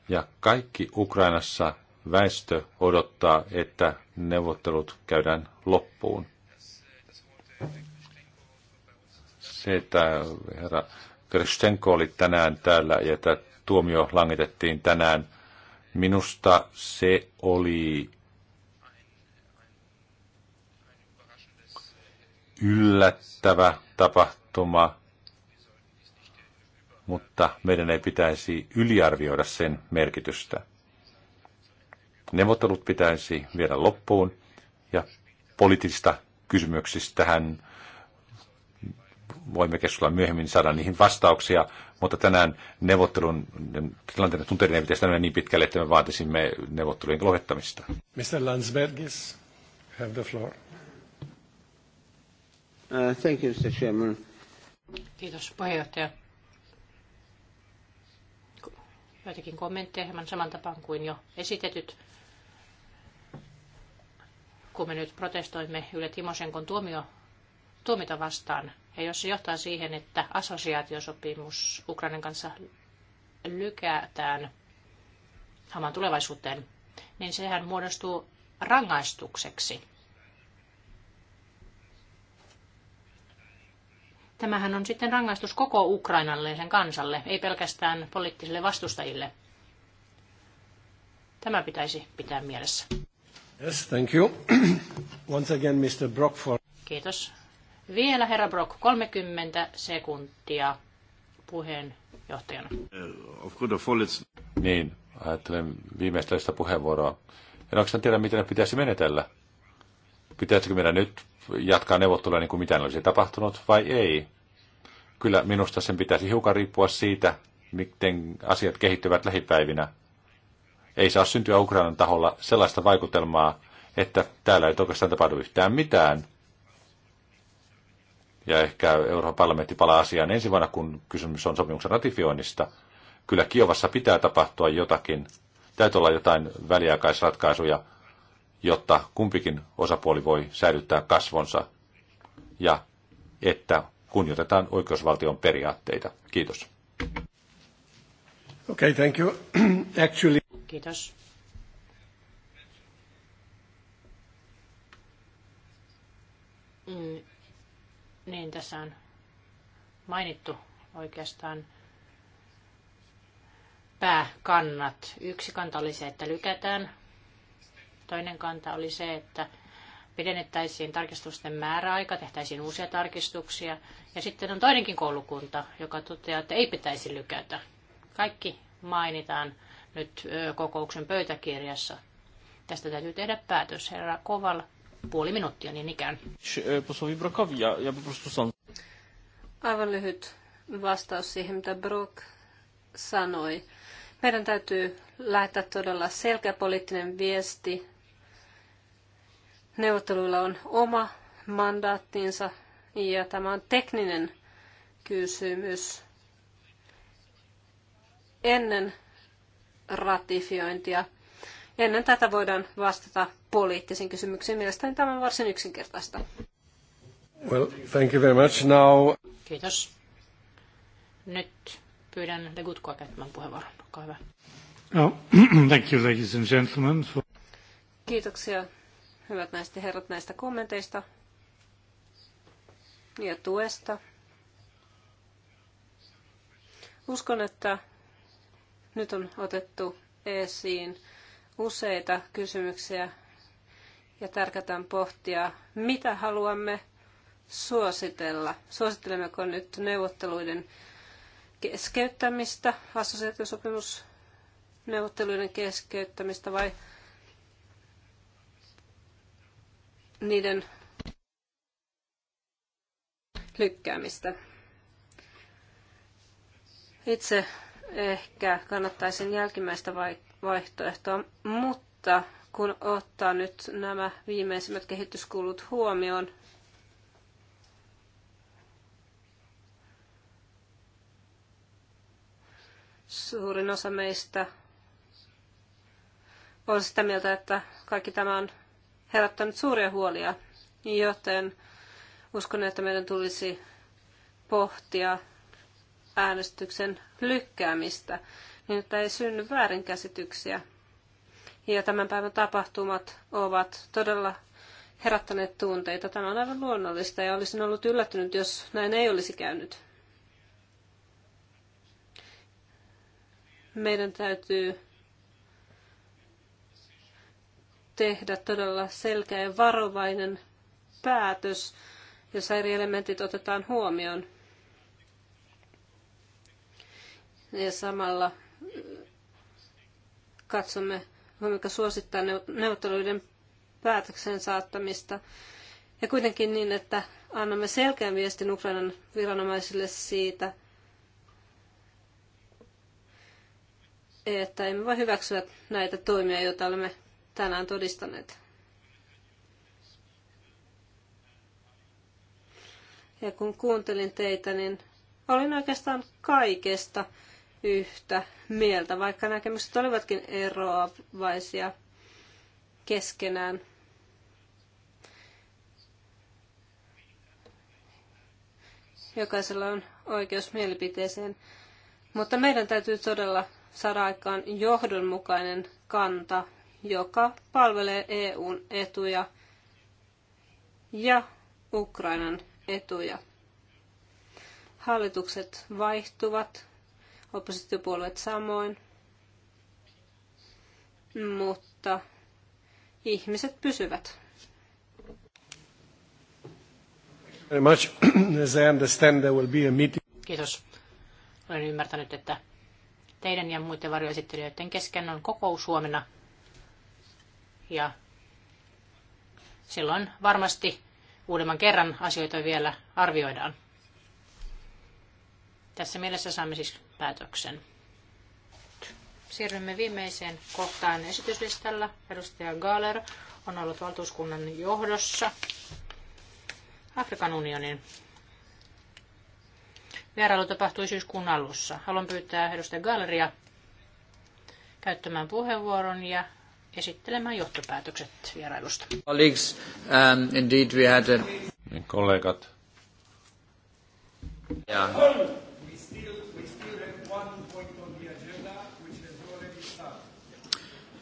ja kaikki Ukrainassa väestö odottaa, että neuvottelut käydään loppuun. se, että herra Kerstenko oli tänään täällä ja että tuomio langitettiin tänään, minusta se oli yllättävä tapahtuma, mutta meidän ei pitäisi yliarvioida sen merkitystä. Neuvottelut pitäisi viedä loppuun ja poliittisista kysymyksistähän voimme keskustella myöhemmin, saada niihin vastauksia, mutta tänään neuvottelun tilanteen tunteiden ei pitäisi niin pitkälle, että me vaatisimme neuvottelujen lopettamista. Mr. Landsbergis, have the floor. Uh, thank you, Mr. Chairman. Kiitos puheenjohtaja. Joitakin kommentteja hieman saman tapaan kuin jo esitetyt kun me nyt protestoimme Yle Timosenkon tuomio, tuomita vastaan, ja jos se johtaa siihen, että assosiaatiosopimus Ukrainan kanssa lykätään hamaan tulevaisuuteen, niin sehän muodostuu rangaistukseksi. Tämähän on sitten rangaistus koko Ukrainalle ja sen kansalle, ei pelkästään poliittisille vastustajille. Tämä pitäisi pitää mielessä. Yes, thank you. Once again, Mr. Brock for... Kiitos. Vielä herra Brock, 30 sekuntia puheenjohtajana. Eh, niin, ajattelen viimeistä puheenvuoroa. En oikeastaan tiedä, miten pitäisi menetellä. Pitäisikö meidän nyt jatkaa neuvotteluja niin kuin mitään olisi tapahtunut vai ei? Kyllä minusta sen pitäisi hiukan riippua siitä, miten asiat kehittyvät lähipäivinä. Ei saa syntyä Ukrainan taholla sellaista vaikutelmaa, että täällä ei oikeastaan tapahdu yhtään mitään ja ehkä Euroopan parlamentti palaa asiaan ensi vuonna, kun kysymys on sopimuksen ratifioinnista. Kyllä Kiovassa pitää tapahtua jotakin. Täytyy olla jotain väliaikaisratkaisuja, jotta kumpikin osapuoli voi säilyttää kasvonsa ja että kunnioitetaan oikeusvaltion periaatteita. Kiitos. Okay, thank you. Actually... Kiitos. Mm niin, tässä on mainittu oikeastaan pääkannat. Yksi kanta oli se, että lykätään. Toinen kanta oli se, että pidennettäisiin tarkistusten määräaika, tehtäisiin uusia tarkistuksia. Ja sitten on toinenkin koulukunta, joka toteaa, että ei pitäisi lykätä. Kaikki mainitaan nyt kokouksen pöytäkirjassa. Tästä täytyy tehdä päätös. Herra Koval Puoli minuuttia niin ikään. E, ja, ja po Aivan lyhyt vastaus siihen, mitä Brock sanoi. Meidän täytyy lähettää todella selkeä poliittinen viesti. Neuvotteluilla on oma mandaattinsa ja tämä on tekninen kysymys. Ennen ratifiointia, ennen tätä voidaan vastata poliittisiin kysymyksiin. Mielestäni tämä on varsin yksinkertaista. Well, thank you very much. Now... Kiitos. Nyt pyydän Legutkoa käyttämään puheenvuoron. Olkaa hyvä. No, thank you, ladies and gentlemen. For... Kiitoksia, hyvät naiset ja herrat, näistä kommenteista ja tuesta. Uskon, että nyt on otettu esiin useita kysymyksiä, ja tärkeää pohtia, mitä haluamme suositella. Suosittelemmeko nyt neuvotteluiden keskeyttämistä, assosiaatiosopimusneuvotteluiden keskeyttämistä vai niiden lykkäämistä. Itse ehkä kannattaisin jälkimmäistä vaihtoehtoa, mutta kun ottaa nyt nämä viimeisimmät kehityskulut huomioon, suurin osa meistä on sitä mieltä, että kaikki tämä on herättänyt suuria huolia, joten uskon, että meidän tulisi pohtia äänestyksen lykkäämistä, niin että ei synny väärinkäsityksiä ja tämän päivän tapahtumat ovat todella herättäneet tunteita. Tämä on aivan luonnollista ja olisin ollut yllättynyt, jos näin ei olisi käynyt. Meidän täytyy tehdä todella selkeä ja varovainen päätös, jossa eri elementit otetaan huomioon. Ja samalla katsomme voimmeko suosittaa neuvotteluiden päätöksen saattamista. Ja kuitenkin niin, että annamme selkeän viestin Ukrainan viranomaisille siitä, että emme voi hyväksyä näitä toimia, joita olemme tänään todistaneet. Ja kun kuuntelin teitä, niin olin oikeastaan kaikesta yhtä mieltä, vaikka näkemykset olivatkin eroavaisia keskenään. Jokaisella on oikeus mielipiteeseen, mutta meidän täytyy todella saada aikaan johdonmukainen kanta, joka palvelee EUn etuja ja Ukrainan etuja. Hallitukset vaihtuvat oppositiopuolueet samoin. Mutta ihmiset pysyvät. Very much. As I understand, there will be a meeting. Kiitos. Olen ymmärtänyt, että teidän ja muiden varjoesittelijöiden kesken on kokous huomenna. Ja silloin varmasti uudemman kerran asioita vielä arvioidaan. Tässä mielessä saamme siis päätöksen. Siirrymme viimeiseen kohtaan esityslistalla. Edustaja Gaaler on ollut valtuuskunnan johdossa Afrikan unionin. Vierailu tapahtui syyskuun alussa. Haluan pyytää edustaja Galleria käyttämään puheenvuoron ja esittelemään johtopäätökset vierailusta. Colleagues, um, indeed we had a... Niin, kollegat. Yeah.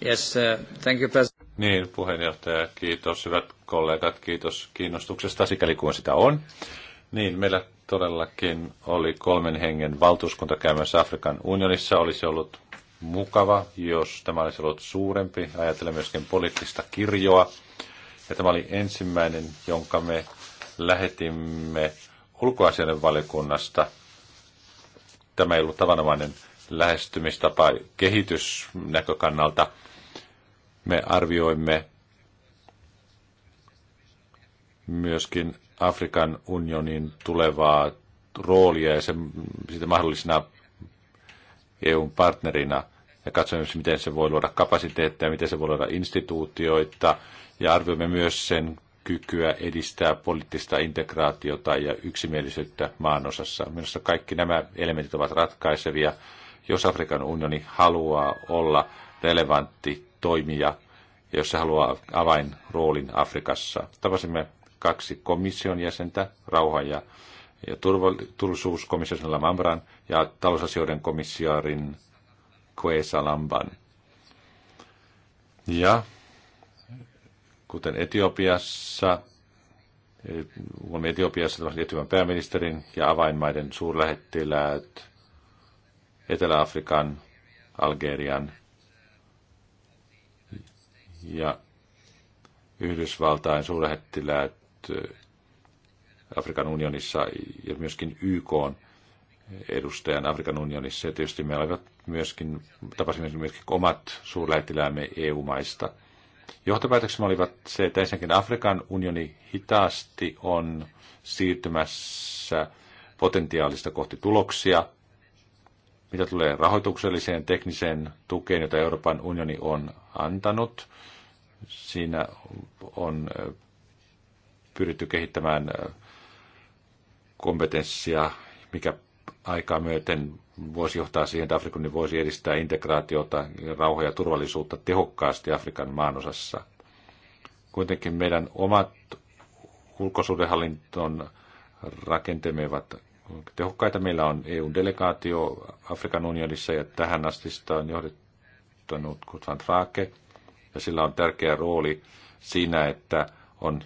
Yes, uh, thank you, president. Niin, puheenjohtaja, kiitos. Hyvät kollegat, kiitos kiinnostuksesta, sikäli kuin sitä on. Niin, meillä todellakin oli kolmen hengen valtuuskunta käymässä Afrikan unionissa. Olisi ollut mukava, jos tämä olisi ollut suurempi. Ajatellen myöskin poliittista kirjoa. Ja tämä oli ensimmäinen, jonka me lähetimme ulkoasioiden valikunnasta. Tämä ei ollut tavanomainen lähestymistapa kehitysnäkökannalta. Me arvioimme myöskin Afrikan unionin tulevaa roolia ja sen, sitä mahdollisena eu partnerina ja katsomme, miten se voi luoda kapasiteettia, miten se voi luoda instituutioita ja arvioimme myös sen kykyä edistää poliittista integraatiota ja yksimielisyyttä maanosassa. Minusta kaikki nämä elementit ovat ratkaisevia, jos Afrikan unioni haluaa olla relevantti toimija, jossa haluaa avainroolin Afrikassa. Tapasimme kaksi komission jäsentä, rauhan ja, ja turvallisuuskomission Lamambran ja talousasioiden komissiaarin Kuesa Lamban. Ja kuten Etiopiassa, olemme Etiopiassa Etiopian pääministerin ja avainmaiden suurlähettiläät, Etelä-Afrikan, Algerian ja Yhdysvaltain suurlähettiläät eh, Afrikan unionissa ja myöskin YK on edustajan Afrikan unionissa. Ja tietysti me olivat myöskin, tapasimme myöskin omat suurlähettiläämme EU-maista. Johtopäätöksemme olivat se, että ensinnäkin Afrikan unioni hitaasti on siirtymässä potentiaalista kohti tuloksia – mitä tulee rahoitukselliseen tekniseen tukeen, jota Euroopan unioni on antanut, siinä on pyritty kehittämään kompetenssia, mikä aikaa myöten voisi johtaa siihen, että Afrikan niin voisi edistää integraatiota, rauhaa ja turvallisuutta tehokkaasti Afrikan maanosassa. Kuitenkin meidän omat ulkosuhdehallinton rakenteemme ovat tehokkaita. Meillä on EU-delegaatio Afrikan unionissa ja tähän asti sitä on johdettanut Kutvan Traake. Ja sillä on tärkeä rooli siinä, että on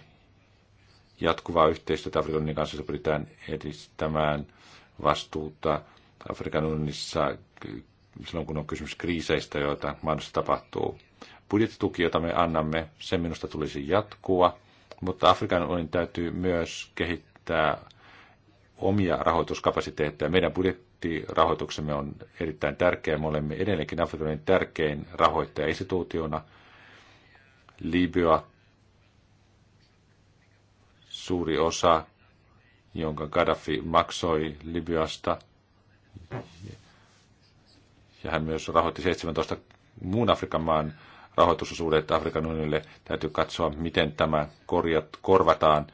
jatkuvaa yhteistyötä Afrikan unionin kanssa, jossa pyritään edistämään vastuuta Afrikan unionissa silloin, kun on kysymys kriiseistä, joita maailmassa tapahtuu. Budjettituki, jota me annamme, sen minusta tulisi jatkua, mutta Afrikan unionin täytyy myös kehittää omia rahoituskapasiteetteja. Meidän budjettirahoituksemme on erittäin tärkeä. Me olemme edelleenkin Afrikan tärkein rahoittaja instituutiona. Libya, suuri osa, jonka Gaddafi maksoi Libyasta. Ja hän myös rahoitti 17 muun Afrikan maan rahoitusosuudet Afrikan unionille. Täytyy katsoa, miten tämä korjat, korvataan –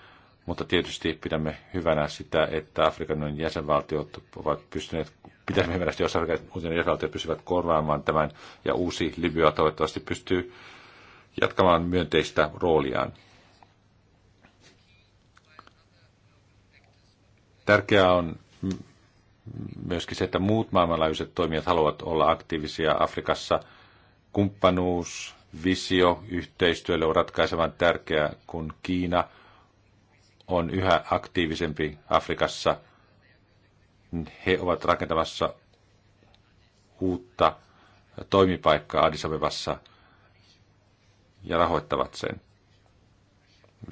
mutta tietysti pidämme hyvänä sitä, että Afrikan jäsenvaltiot ovat pystyneet, pitäisimme hyvänä sitä, jos Afrikan jäsenvaltiot pysyvät korvaamaan tämän, ja uusi Libya toivottavasti pystyy jatkamaan myönteistä rooliaan. Tärkeää on myöskin se, että muut maailmanlaajuiset toimijat haluavat olla aktiivisia Afrikassa. Kumppanuus, visio yhteistyölle on ratkaisevan tärkeää, kun Kiina – on yhä aktiivisempi Afrikassa. He ovat rakentamassa uutta toimipaikkaa Addis Abebassa ja rahoittavat sen.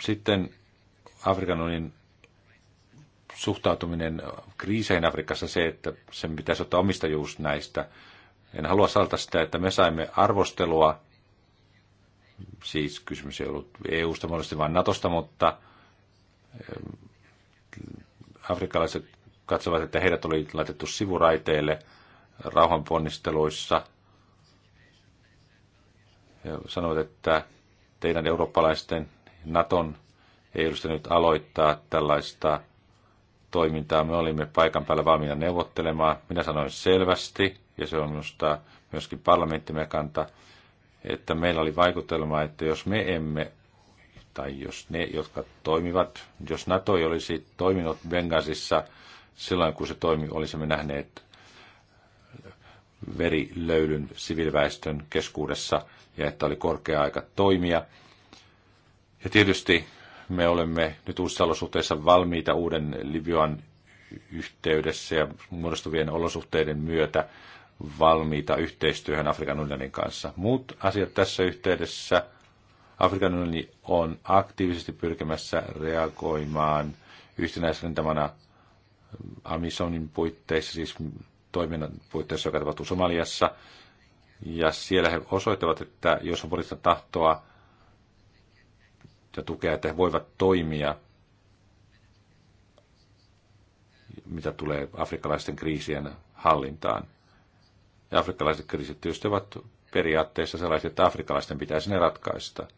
Sitten Afrikan unionin suhtautuminen kriiseihin Afrikassa se, että sen pitäisi ottaa omistajuus näistä. En halua salata sitä, että me saimme arvostelua, siis kysymys ei ollut EU-sta vaan NATOsta, mutta afrikkalaiset katsovat, että heidät oli laitettu sivuraiteille rauhanponnisteluissa. He sanovat, että teidän eurooppalaisten Naton ei olisi nyt aloittaa tällaista toimintaa. Me olimme paikan päällä valmiina neuvottelemaan. Minä sanoin selvästi, ja se on minusta myöskin parlamenttimme kanta, että meillä oli vaikutelma, että jos me emme tai jos ne, jotka toimivat, jos NATO ei olisi toiminut Bengasissa silloin, kun se toimi, olisimme nähneet verilöylyn siviiliväestön keskuudessa ja että oli korkea aika toimia. Ja tietysti me olemme nyt uusissa olosuhteissa valmiita uuden Libyan yhteydessä ja muodostuvien olosuhteiden myötä valmiita yhteistyöhön Afrikan unionin kanssa. Muut asiat tässä yhteydessä – Afrikan unioni on aktiivisesti pyrkimässä reagoimaan yhtenäisrintamana Amisonin puitteissa, siis toiminnan puitteissa, joka tapahtuu Somaliassa. Ja siellä he osoittavat, että jos on poliittista tahtoa ja tukea, että he voivat toimia, mitä tulee afrikkalaisten kriisien hallintaan. Ja afrikkalaiset kriisit tietysti ovat periaatteessa sellaisia, että afrikkalaisten pitäisi ne ratkaista –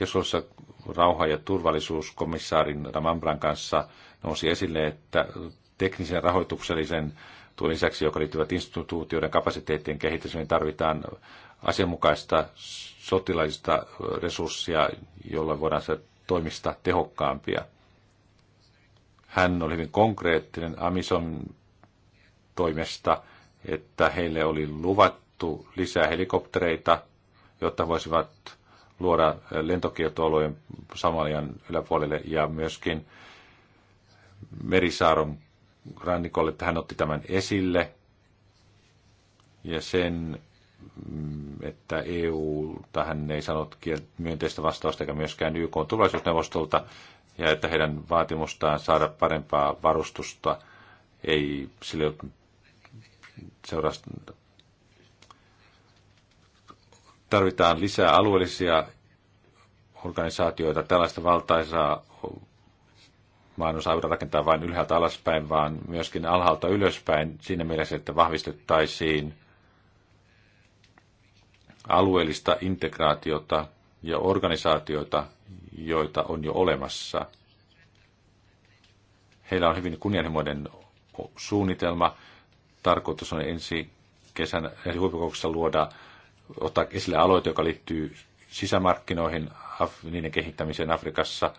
keskustelussa rauha- ja turvallisuuskomissaarin Ramambran kanssa nousi esille, että teknisen rahoituksellisen tuen lisäksi, joka liittyvät instituutioiden kapasiteettien kehitykseen, tarvitaan asianmukaista sotilaista resurssia, jolla voidaan se toimista tehokkaampia. Hän oli hyvin konkreettinen Amison toimesta, että heille oli luvattu lisää helikoptereita, jotta voisivat luoda äh, lentokieltoalueen Samalian yläpuolelle ja myöskin Merisaaron rannikolle, että hän otti tämän esille ja sen, mm, että EU tähän ei sanot myönteistä vastausta eikä myöskään YK tulevaisuusneuvostolta, ja että heidän vaatimustaan saada parempaa varustusta ei sille seurasta Tarvitaan lisää alueellisia organisaatioita. Tällaista valtaisaa maanosaa rakentaa vain ylhäältä alaspäin, vaan myöskin alhaalta ylöspäin siinä mielessä, että vahvistettaisiin alueellista integraatiota ja organisaatioita, joita on jo olemassa. Heillä on hyvin kunnianhimoinen suunnitelma. Tarkoitus on ensi kesän eri huippukokouksessa luoda ottaa esille aloite, joka liittyy sisämarkkinoihin, niiden kehittämiseen Afrikassa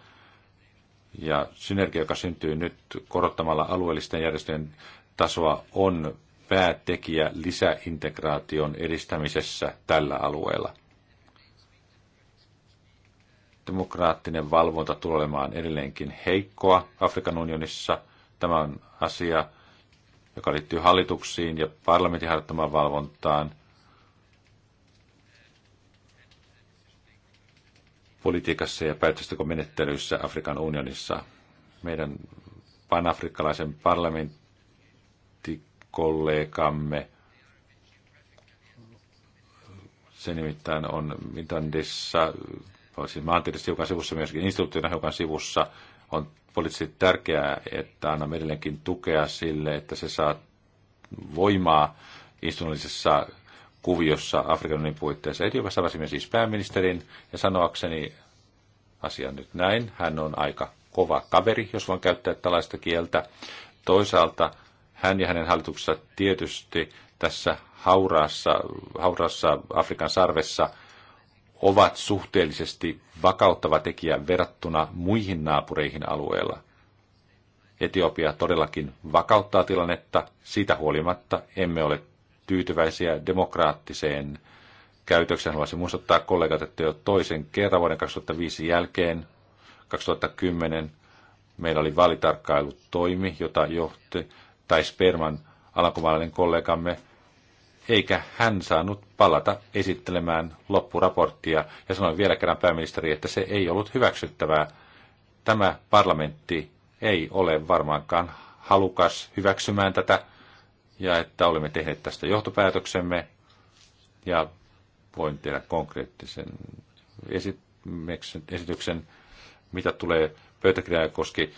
ja synergia, joka syntyy nyt korottamalla alueellisten järjestöjen tasoa, on päätekijä lisäintegraation edistämisessä tällä alueella. Demokraattinen valvonta tulee olemaan edelleenkin heikkoa Afrikan unionissa. Tämä on asia, joka liittyy hallituksiin ja parlamentin harjoittamaan valvontaan – politiikassa ja päätöstekomenettelyissä Afrikan unionissa. Meidän panafrikkalaisen parlamenttikollegamme, se nimittäin on Mitandissa, siis maantieteellisesti hiukan sivussa, myöskin instituutiona hiukan sivussa, on poliittisesti tärkeää, että annamme edelleenkin tukea sille, että se saa voimaa instituutioissa kuviossa Afrikan unionin puitteissa. Etiopiassa tavasimme siis pääministerin ja sanoakseni asian nyt näin. Hän on aika kova kaveri, jos voin käyttää tällaista kieltä. Toisaalta hän ja hänen hallituksensa tietysti tässä hauraassa, hauraassa Afrikan sarvessa ovat suhteellisesti vakauttava tekijä verrattuna muihin naapureihin alueella. Etiopia todellakin vakauttaa tilannetta, siitä huolimatta emme ole tyytyväisiä demokraattiseen käytökseen. Haluaisin muistuttaa kollegat, että jo toisen kerran vuoden 2005 jälkeen, 2010, meillä oli vaalitarkkailutoimi, jota johti tai Sperman alankomaalainen kollegamme, eikä hän saanut palata esittelemään loppuraporttia ja sanoi vielä kerran pääministeri, että se ei ollut hyväksyttävää. Tämä parlamentti ei ole varmaankaan halukas hyväksymään tätä ja että olemme tehneet tästä johtopäätöksemme ja voin tehdä konkreettisen esityksen, mitä tulee pöytäkirjaan koski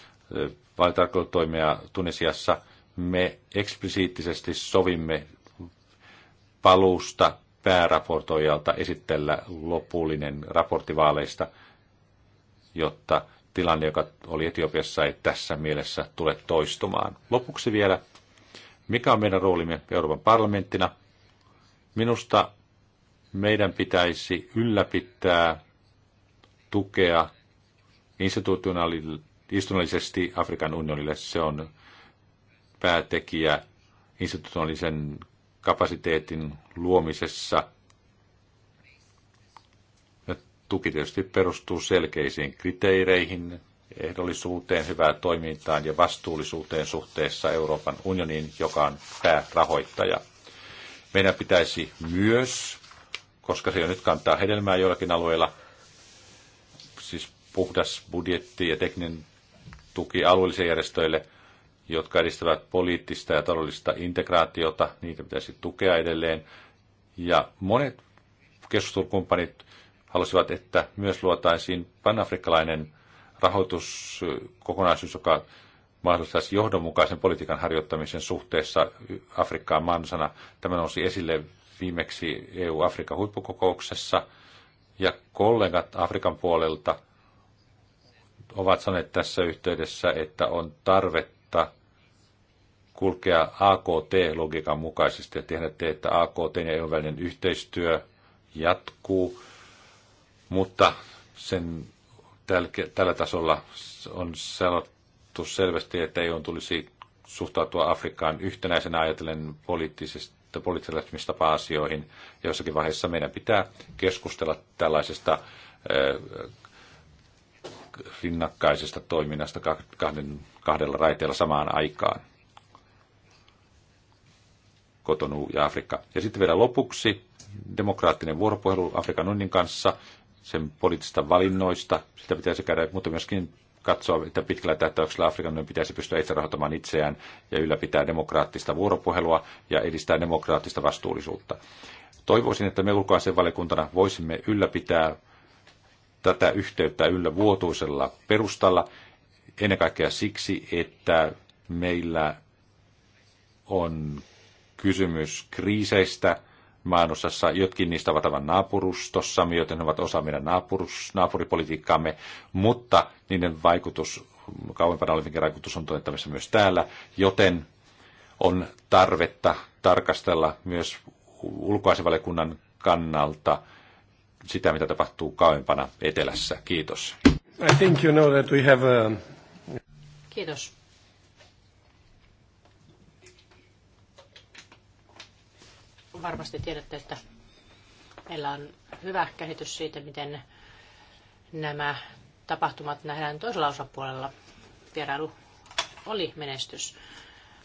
toimia Tunisiassa. Me eksplisiittisesti sovimme paluusta pääraportoijalta esitellä lopullinen raporttivaaleista, jotta tilanne, joka oli Etiopiassa, ei tässä mielessä tule toistumaan. Lopuksi vielä mikä on meidän roolimme Euroopan parlamenttina? Minusta meidän pitäisi ylläpitää tukea institutionaalisesti Afrikan unionille. Se on päätekijä institutionaalisen kapasiteetin luomisessa. Ja tuki tietysti perustuu selkeisiin kriteereihin, ehdollisuuteen, hyvään toimintaan ja vastuullisuuteen suhteessa Euroopan unioniin, joka on päärahoittaja. Meidän pitäisi myös, koska se jo nyt kantaa hedelmää joillakin alueilla, siis puhdas budjetti ja tekninen tuki alueellisille järjestöille, jotka edistävät poliittista ja taloudellista integraatiota, niitä pitäisi tukea edelleen. Ja monet keskustelukumppanit halusivat, että myös luotaisiin panafrikkalainen rahoituskokonaisuus, joka mahdollistaisi johdonmukaisen politiikan harjoittamisen suhteessa Afrikkaan mansana. Tämä nousi esille viimeksi EU-Afrikan huippukokouksessa. Ja kollegat Afrikan puolelta ovat sanoneet tässä yhteydessä, että on tarvetta kulkea AKT-logiikan mukaisesti ja tehdä te, että AKT ja eu välinen yhteistyö jatkuu, mutta sen tällä tasolla on sanottu selvästi, että EU tulisi suhtautua Afrikkaan yhtenäisenä ajatellen poliittisesta poliittisista asioihin. jossakin vaiheessa meidän pitää keskustella tällaisesta äh, rinnakkaisesta toiminnasta kahden, kahdella raiteella samaan aikaan. Kotonu ja Afrikka. Ja sitten vielä lopuksi demokraattinen vuoropuhelu Afrikan unionin kanssa sen poliittisista valinnoista, sitä pitäisi käydä, mutta myöskin katsoa, että pitkällä tähtäyksellä Afrikan pitäisi pystyä itse rahoittamaan itseään ja ylläpitää demokraattista vuoropuhelua ja edistää demokraattista vastuullisuutta. Toivoisin, että me ulkoisen valikuntana voisimme ylläpitää tätä yhteyttä yllä vuotuisella perustalla, ennen kaikkea siksi, että meillä on kysymys kriiseistä – maanosassa. Jotkin niistä ovat aivan naapurustossa, joten ne ovat osa meidän naapurus, naapuripolitiikkaamme, mutta niiden vaikutus, kauempana olevinkin vaikutus on todettavissa myös täällä, joten on tarvetta tarkastella myös ulkoasivalikunnan kannalta sitä, mitä tapahtuu kauempana etelässä. Kiitos. I think you know that we have a... Um, Kiitos. varmasti tiedätte, että meillä on hyvä käsitys siitä, miten nämä tapahtumat nähdään toisella osapuolella. Vierailu oli menestys.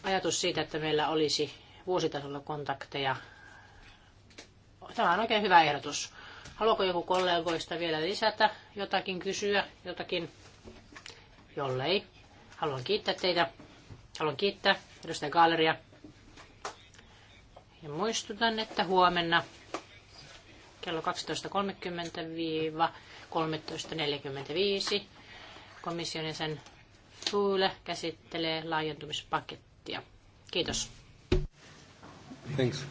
Ajatus siitä, että meillä olisi vuositasolla kontakteja. Tämä on oikein hyvä ehdotus. Haluaako joku kollegoista vielä lisätä jotakin, kysyä jotakin? Jollei. Haluan kiittää teitä. Haluan kiittää edustaja Galleria ja muistutan, että huomenna kello 12.30-13.45 komission sen Fuule käsittelee laajentumispakettia. Kiitos. Thanks.